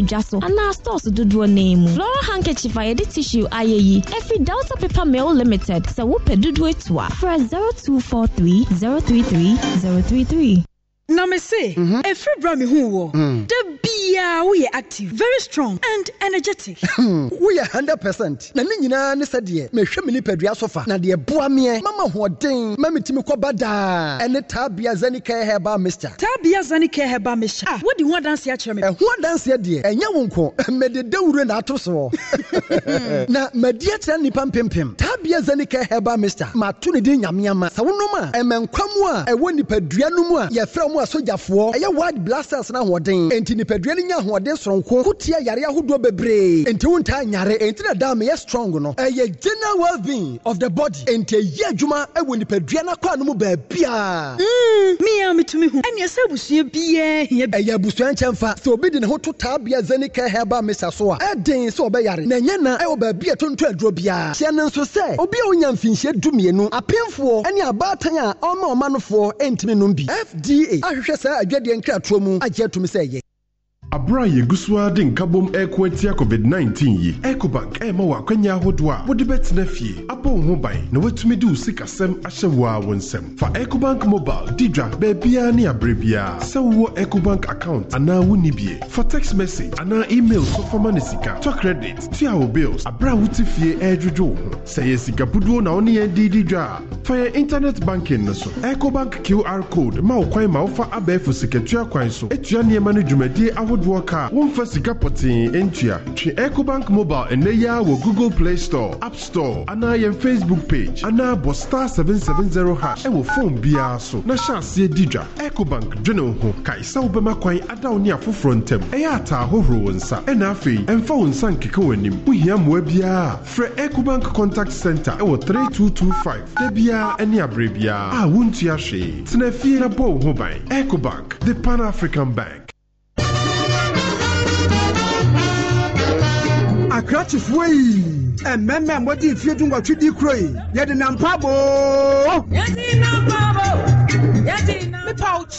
[SPEAKER 11] mu lɔɔre handkerchief a yɛde tissue ayɛ yi ɛfiri paper mill limited sɛ wopɛ dodoɔ etu a frɛ 024 043 033 033. na me se ɛfiri bra me hu wɔ da biaa woyɛ active very strong and energetic
[SPEAKER 21] woyɛ hundred percent na ne nyinaa ne sɛdeɛ mehwɛ ni nipadua so fa na deɛ boa meɛ mama hoɔden ma metumi kɔba daa ɛne taabea zanika hɛba mixture taabea zanika hɛba mixture a ah, wodi ho adanseɛ akyerɛ me ɛho adanseɛ deɛ ɛnyɛ wo nko de dawuro na ato soɔ na madi akyerɛ nnipa mpempem taabea zanika hɛba mixture mato ne din nyameama sɛ wonom a ɛmɛnkwa mu a ɛwɔ nipadua no mu a yɛfrɛ mu asogyafoɔ ɛyɛ wide blasters no ahoɔden enti nipadua no nya ahoɔden soronko kotia yare ahodoɔ bebree enti wontaa nyare enti na daa meyɛ strong no ɛyɛ general well of the body enti ɛyi adwuma ɛwɔ nipadua no akɔ ano mu baabia mea hmm. metumi hu ɛneɛ sɛ abusua biaa hia ɛyɛ abusua nkyɛmfa sɛ obi de ne ho to zenica herba mesa so a ɛden sɛ ɔbɛyare na ɛnyɛ na ɛwɔ baabi a ɛtonto aduro biara hyɛ no nso sɛ obi a wonya mfinhyia dumienu apemfoɔ ne abaatan a ɔma ɔma nofoɔ ɛntumi nom bi fda ahwehwɛ saa adwadeɛ ntwatoɔ mu agye atumi sɛ ɛyɛ
[SPEAKER 26] aber a yɛgu so ara de nkabom ɛreko atia covid-19 yi ecobank ɛrema wɔ akwanya ahodoɔ a wode bɛtena fie abɔ wo ho ban na woatumi de wo sikasɛm ahyɛ wo a wo nsɛm fa ecobank mobile di dwa baabiara ne aberɛ biara sɛ wowɔ ecobank account anaa wonni bie fa text message anaa email so fama no sika tɔ credit tia wo bills aberɛ a wote fie ɛredwodwo wo ho sɛ yɛ sikabuduo na wo ne yɛn de di dwa a fa yɛ internet banking no so ecobank qr code ma wo kwan ma wofa abɛɛfo sikatua kwan so atua nneɛma no dwumadie ahodoɔ ahodoɔ ka womfa sika pɔtee ntua twe ecobank mobile ɛnnɛ yi wɔ google play store app store anaa yɛn facebook page anaa bɔ star 770 hash ɛwɔ phone biara so na hyɛ aseɛ di dwa ecobank dwene wo ho kae sɛ wobɛma kwan adaw ne afoforɔ ntam ɛyɛ ataa hohoro wo nsa ɛna afei ɛmfa wo nsa nkeka w'anim wohia mmoa biara frɛ ecobank contact center ɛwɔ 3225 da biara ɛne aberɛ biara a wontua hwee tena fie na bɔ wo ho ban ecobank the pan african bank
[SPEAKER 22] krachifoɔ yi ɛmmɛmɛ mmɔde mfie du nwɔtwedi kuro yi yɛde nampa boo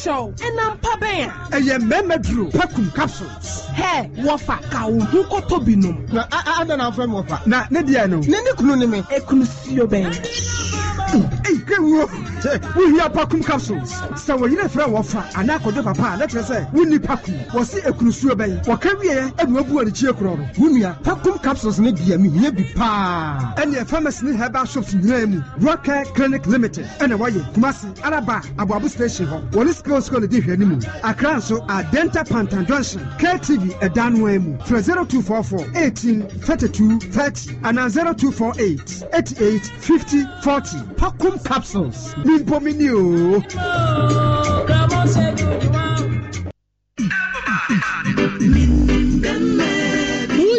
[SPEAKER 22] kyɛw ɛnampa bɛn a ɛyɛ mmɛmɛ duro pakum capsules hɛ wɔfa ka wo ho kɔtɔ binom na na ne deɛ no ne ne kunu ne me ɛkunu sio bɛn Hey, get wo. We hear Pakum capsules. So we need friend wafa. Ana kodo papa. Let us say we need Pakum. We see ekrusu obey. We can we e no abu ani chie kro ro. We nia Pakum capsules ne dia mi hia bi pa. Any pharmacy ne herbal shops nyina mu. Rocker Clinic Limited. Ana waye Kumasi Araba Abuabu Station ho. Woni skill school di hwani mu. Akra so Adenta Pantan Junction. KTV edan wan mu. Fra 0244 18 two 30 and eighty eight fifty forty vacuum capsules ní bomi ni o.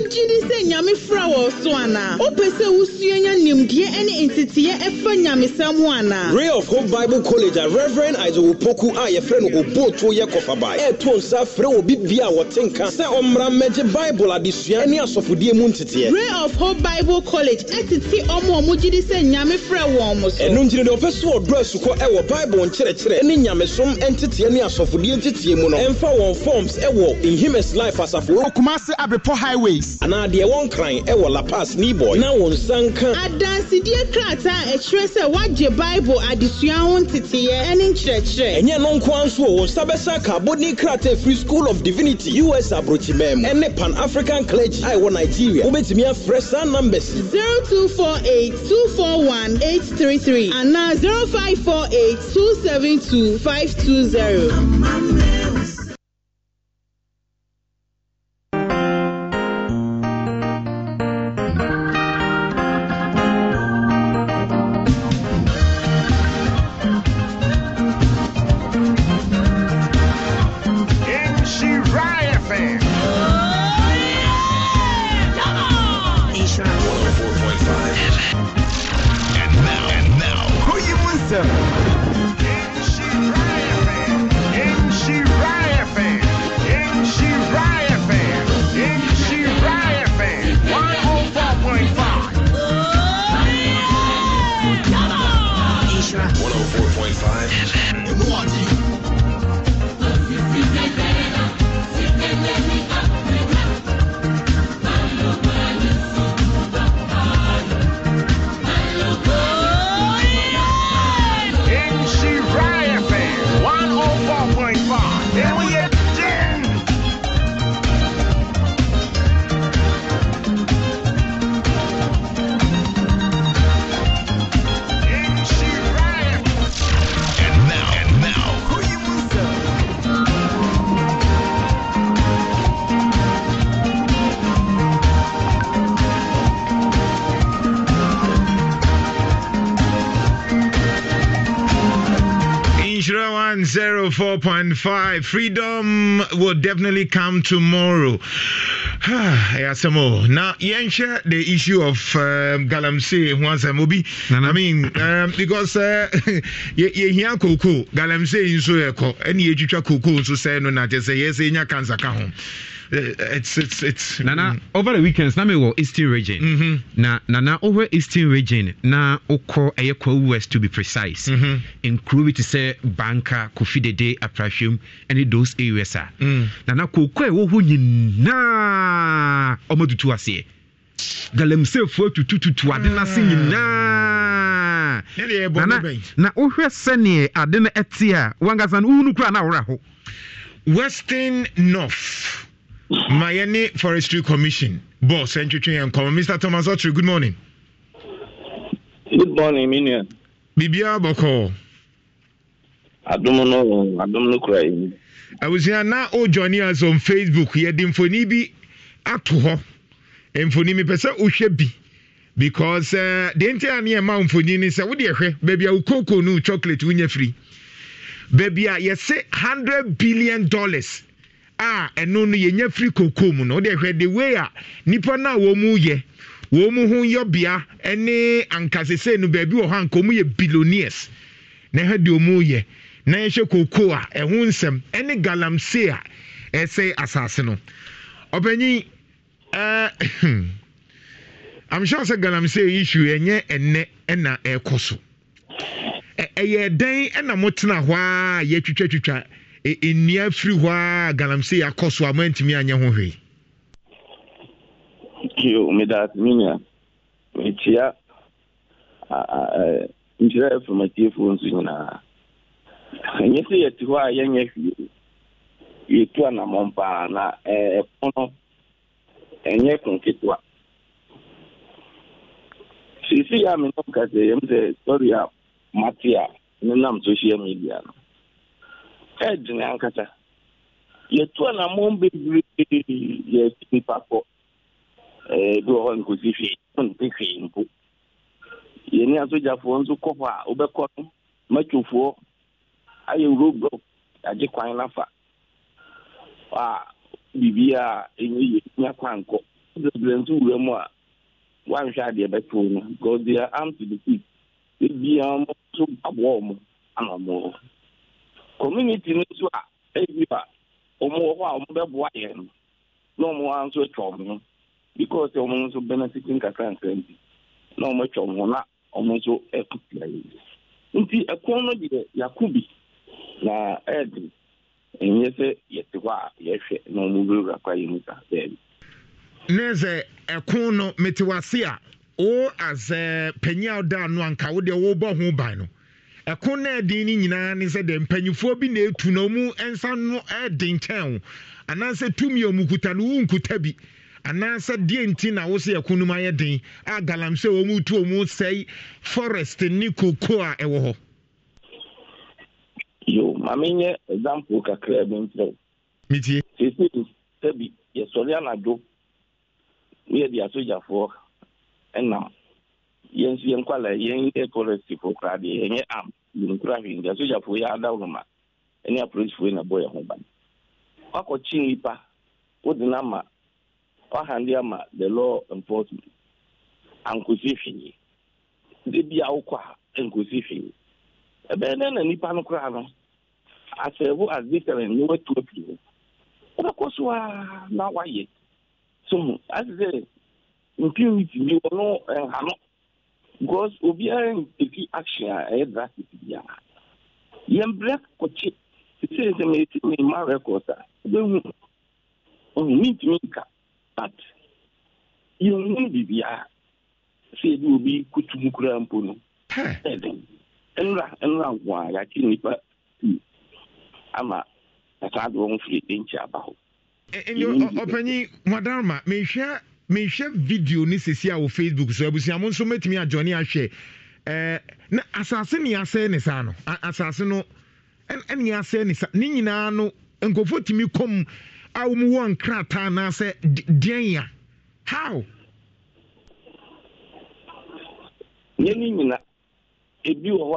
[SPEAKER 14] wogye sɛ nyame fra wɔ so anaa wopɛ sɛ wosua nya nimdeɛ ne nteteeɛ ɛfa nyamesɛm ho anaa
[SPEAKER 17] ray of hope bible college a reverend isaac opoku a yɛfrɛ no obooto yɛ kɔfabae ɛɛto nsa frɛ wɔ bibia a wɔte nka sɛ ɔmmra mmɛgye bible adesua ne asɔfodeɛ mu nteteɛ ray
[SPEAKER 14] of hope bible college ɛtete ɔmo a mogye di sɛ nyame frɛ wɔn mo so
[SPEAKER 17] ɛno nti no deɛ ɔpɛ sɛ ɔdɔ asukɔ ɛwɔ bible nkyerɛkyerɛ ne nyamesom nteteɛ ne asɔfodeɛ nteteɛ mu no ɛmfa wɔn forms ɛwɔ inhumus life asafo kumase abepɔ highways anaa deɛ wɔn kran ɛwɔ la pass niboy na wɔn nsa
[SPEAKER 14] nka. adansidie krataa a ɛkyerɛ sɛ wagye bible adesua ho nteteeɛ ɛne nkyerɛkyerɛ.
[SPEAKER 17] ɛnyɛ no nko ara nso wɔn nsa bɛsa kabodin krataa firi school of divinity us aburokyimaa mu ɛne pan african College? a ɛwɔ nigeria wobɛtumi afrɛ saa numbers.
[SPEAKER 14] zero two four eight two four one eight three three anaa zero five four eight two seven two five two zero.
[SPEAKER 4] Five Freedom will definitely come tomorrow. now, Yensha, the issue of um, Galamse, once I'm Obi. I mean, um, because uh, yɛhia koko galamsey nso yɛkɔ ɛne yɛtwitwa koko nso sɛ no na kyɛ sɛ yɛsɛ yɛnya kansa ka ho Eh, it's it's it's. Nana mm.
[SPEAKER 16] over the weekends na me wɔ Eastern region. Mm -hmm. Na nana over Eastern region na okɔ ɛyɛ kɔ west to be precise. Mm -hmm. Nkuro bi te Banka, Kofi Dede, Aprahwem ɛne those areas a. Mm. Nana kooko a ɛwɔ hɔ nyinaa ɔmo tutu aseɛ. Galamseefoɔ tutututu ade n'ase mm. nyinaa. Nana
[SPEAKER 4] na ohwɛ sɛnea ade no ɛte a wankasa no ohunu kura na awora ho. Western North. Mayani forestry commission boss ntwetwe yɛn nkɔmɔ mr thomas otre good morning
[SPEAKER 23] good morning minion biribiaa bɔkɔɔ adom no adom no kura yi abusua
[SPEAKER 4] na ojoni us on facebook yɛde mfoni bi ato hɔ mfoni mepɛ sɛ wohwɛ bi because the entire nti a ne is a ne sɛ wode ɛhwɛ baabi a wokoko new chocolate wonya firi baabi a yɛse hundred billion dollars a ɛno no yɛnya firi koko mu no wode hwɛ de wei a nnipa no a wɔ mu yɛ wɔn mu ho yɔbea ne ankasese no baabi wɔ hɔ anka wɔn yɛ billionaires na ɛhɛ deɛ wɔn yɛ na yɛhwɛ koko a ɛho nsɛm ne galamsey a ɛsɛ asase no ɔpanyin ɛɛ eh, i'm ɔsɛ sɛ galamsey issue ɛnyɛ ɛnɛ ɛna ɛɛkɔ so ɛyɛ ɛdɛn ɛna mo hɔ a yɛtwitwatwitwa. E, e nnua firi hɔ a galamsey e akɔ so a moantumi anyɛ ho hwee
[SPEAKER 23] kio medaaseminia mekyia nkyerɛ afamatiefoɔ nso nyinaa ɛnyɛ sɛ yɛte hɔ a yɛnyɛ hwee yɛtu anammɔn paa na ɛpo no ɛnyɛ ko ketewa seesei a menom kasɛyɛm sɛ sɔre a mate a nenam social media no ɛdini na yɛtu anammɔn bebree yɛtu nipa kɔ bi wɔ hɔ nkosi hwee nkosi hwee mpo yɛne asogyafoɔ nso kɔ hɔ a wobɛkɔ no matwofoɔ ayɛ agye kwan a a ɛnyɛ e yɛ nya nso wura mu a adeɛ no because they are to the nso aboa ama community no nso a ebi a wɔwɔ hɔ a wɔbɛboa yɛn no na wɔn nso atwa wɔn ho because wɔn nso benefit nkakra nkakra nti na wɔn atwa wɔn na wɔn nso nti ɛkɔn no deɛ yako na ɛɛdi sɛ yɛte hɔ a yɛhwɛ na kwa mu bɛɛbi.
[SPEAKER 4] no metewase a eh, panyin a anka deɛ ho ban no ɛko no ɛden no nyinaa ne sɛ dɛ mpanyinfoɔ bi na ɛtu na ɔmu nsa no ɛden kyɛn o anaasɛ tumi a ɔmukuta no wonkuta bi anaasɛ deɛ nti na wo sɛ ɛko no ayɛ den a galamsɛ ɔmu tu ɔmu sɛe forest ne koko a ɛwɔ
[SPEAKER 3] hɔ
[SPEAKER 23] yo maame nyɛ example kakra bi nkyerɛ metie sesei sɛbi yɛsɔre anadwo ne yɛde asogyafoɔ ɛnam yɛn nso yɛnkɔ ala yɛn air policy fo koraa deɛ yɛnyɛ am yɛn kura hwee nti asogyafoɔ yɛ adaw no ma ɛne apolisifoɔ na bɔ yɛn ho ban wakɔkye nnipa wode no ama wahande ama the law enforcement ankosi hwee de bi a wokɔ a nkosi hwee ɛbɛyɛ dɛn na nipa no koraa no asɛɛfo as different ne watu afiri hɔ wobɛkɔ so a na wayɛ so asɛ sɛ mpimiti bi wɔ eh, no ɛnha because obiara ntɛfi action a ɛyɛ drastic biara yɛn brɛ kɔkye sisi sɛ mɛti mɛ ma records a bɛhu ɔhu mintumi nka but yɛnhu biribiara sɛ yɛde obi kutum kura mpo no ɛden nnura nnura nko a yɛakye nnipa pii hmm, ama ɛsaa de wɔn firi nkyɛ aba hɔ e, e, ɔpanyin
[SPEAKER 4] wadarma mehwɛ video ne sesi a wɔ facebook so abusua mo nso mɛtumi adwɔne ahwɛ ɛɛ na asase ne asɛe ne saa no asase no ɛne asɛe ne saa ne nyinaa no nkurɔfoɔ tumi kɔm a wɔn wɔ nkrataa anaasɛ deɛn a how. yɛn nyina ebi wɔ hɔ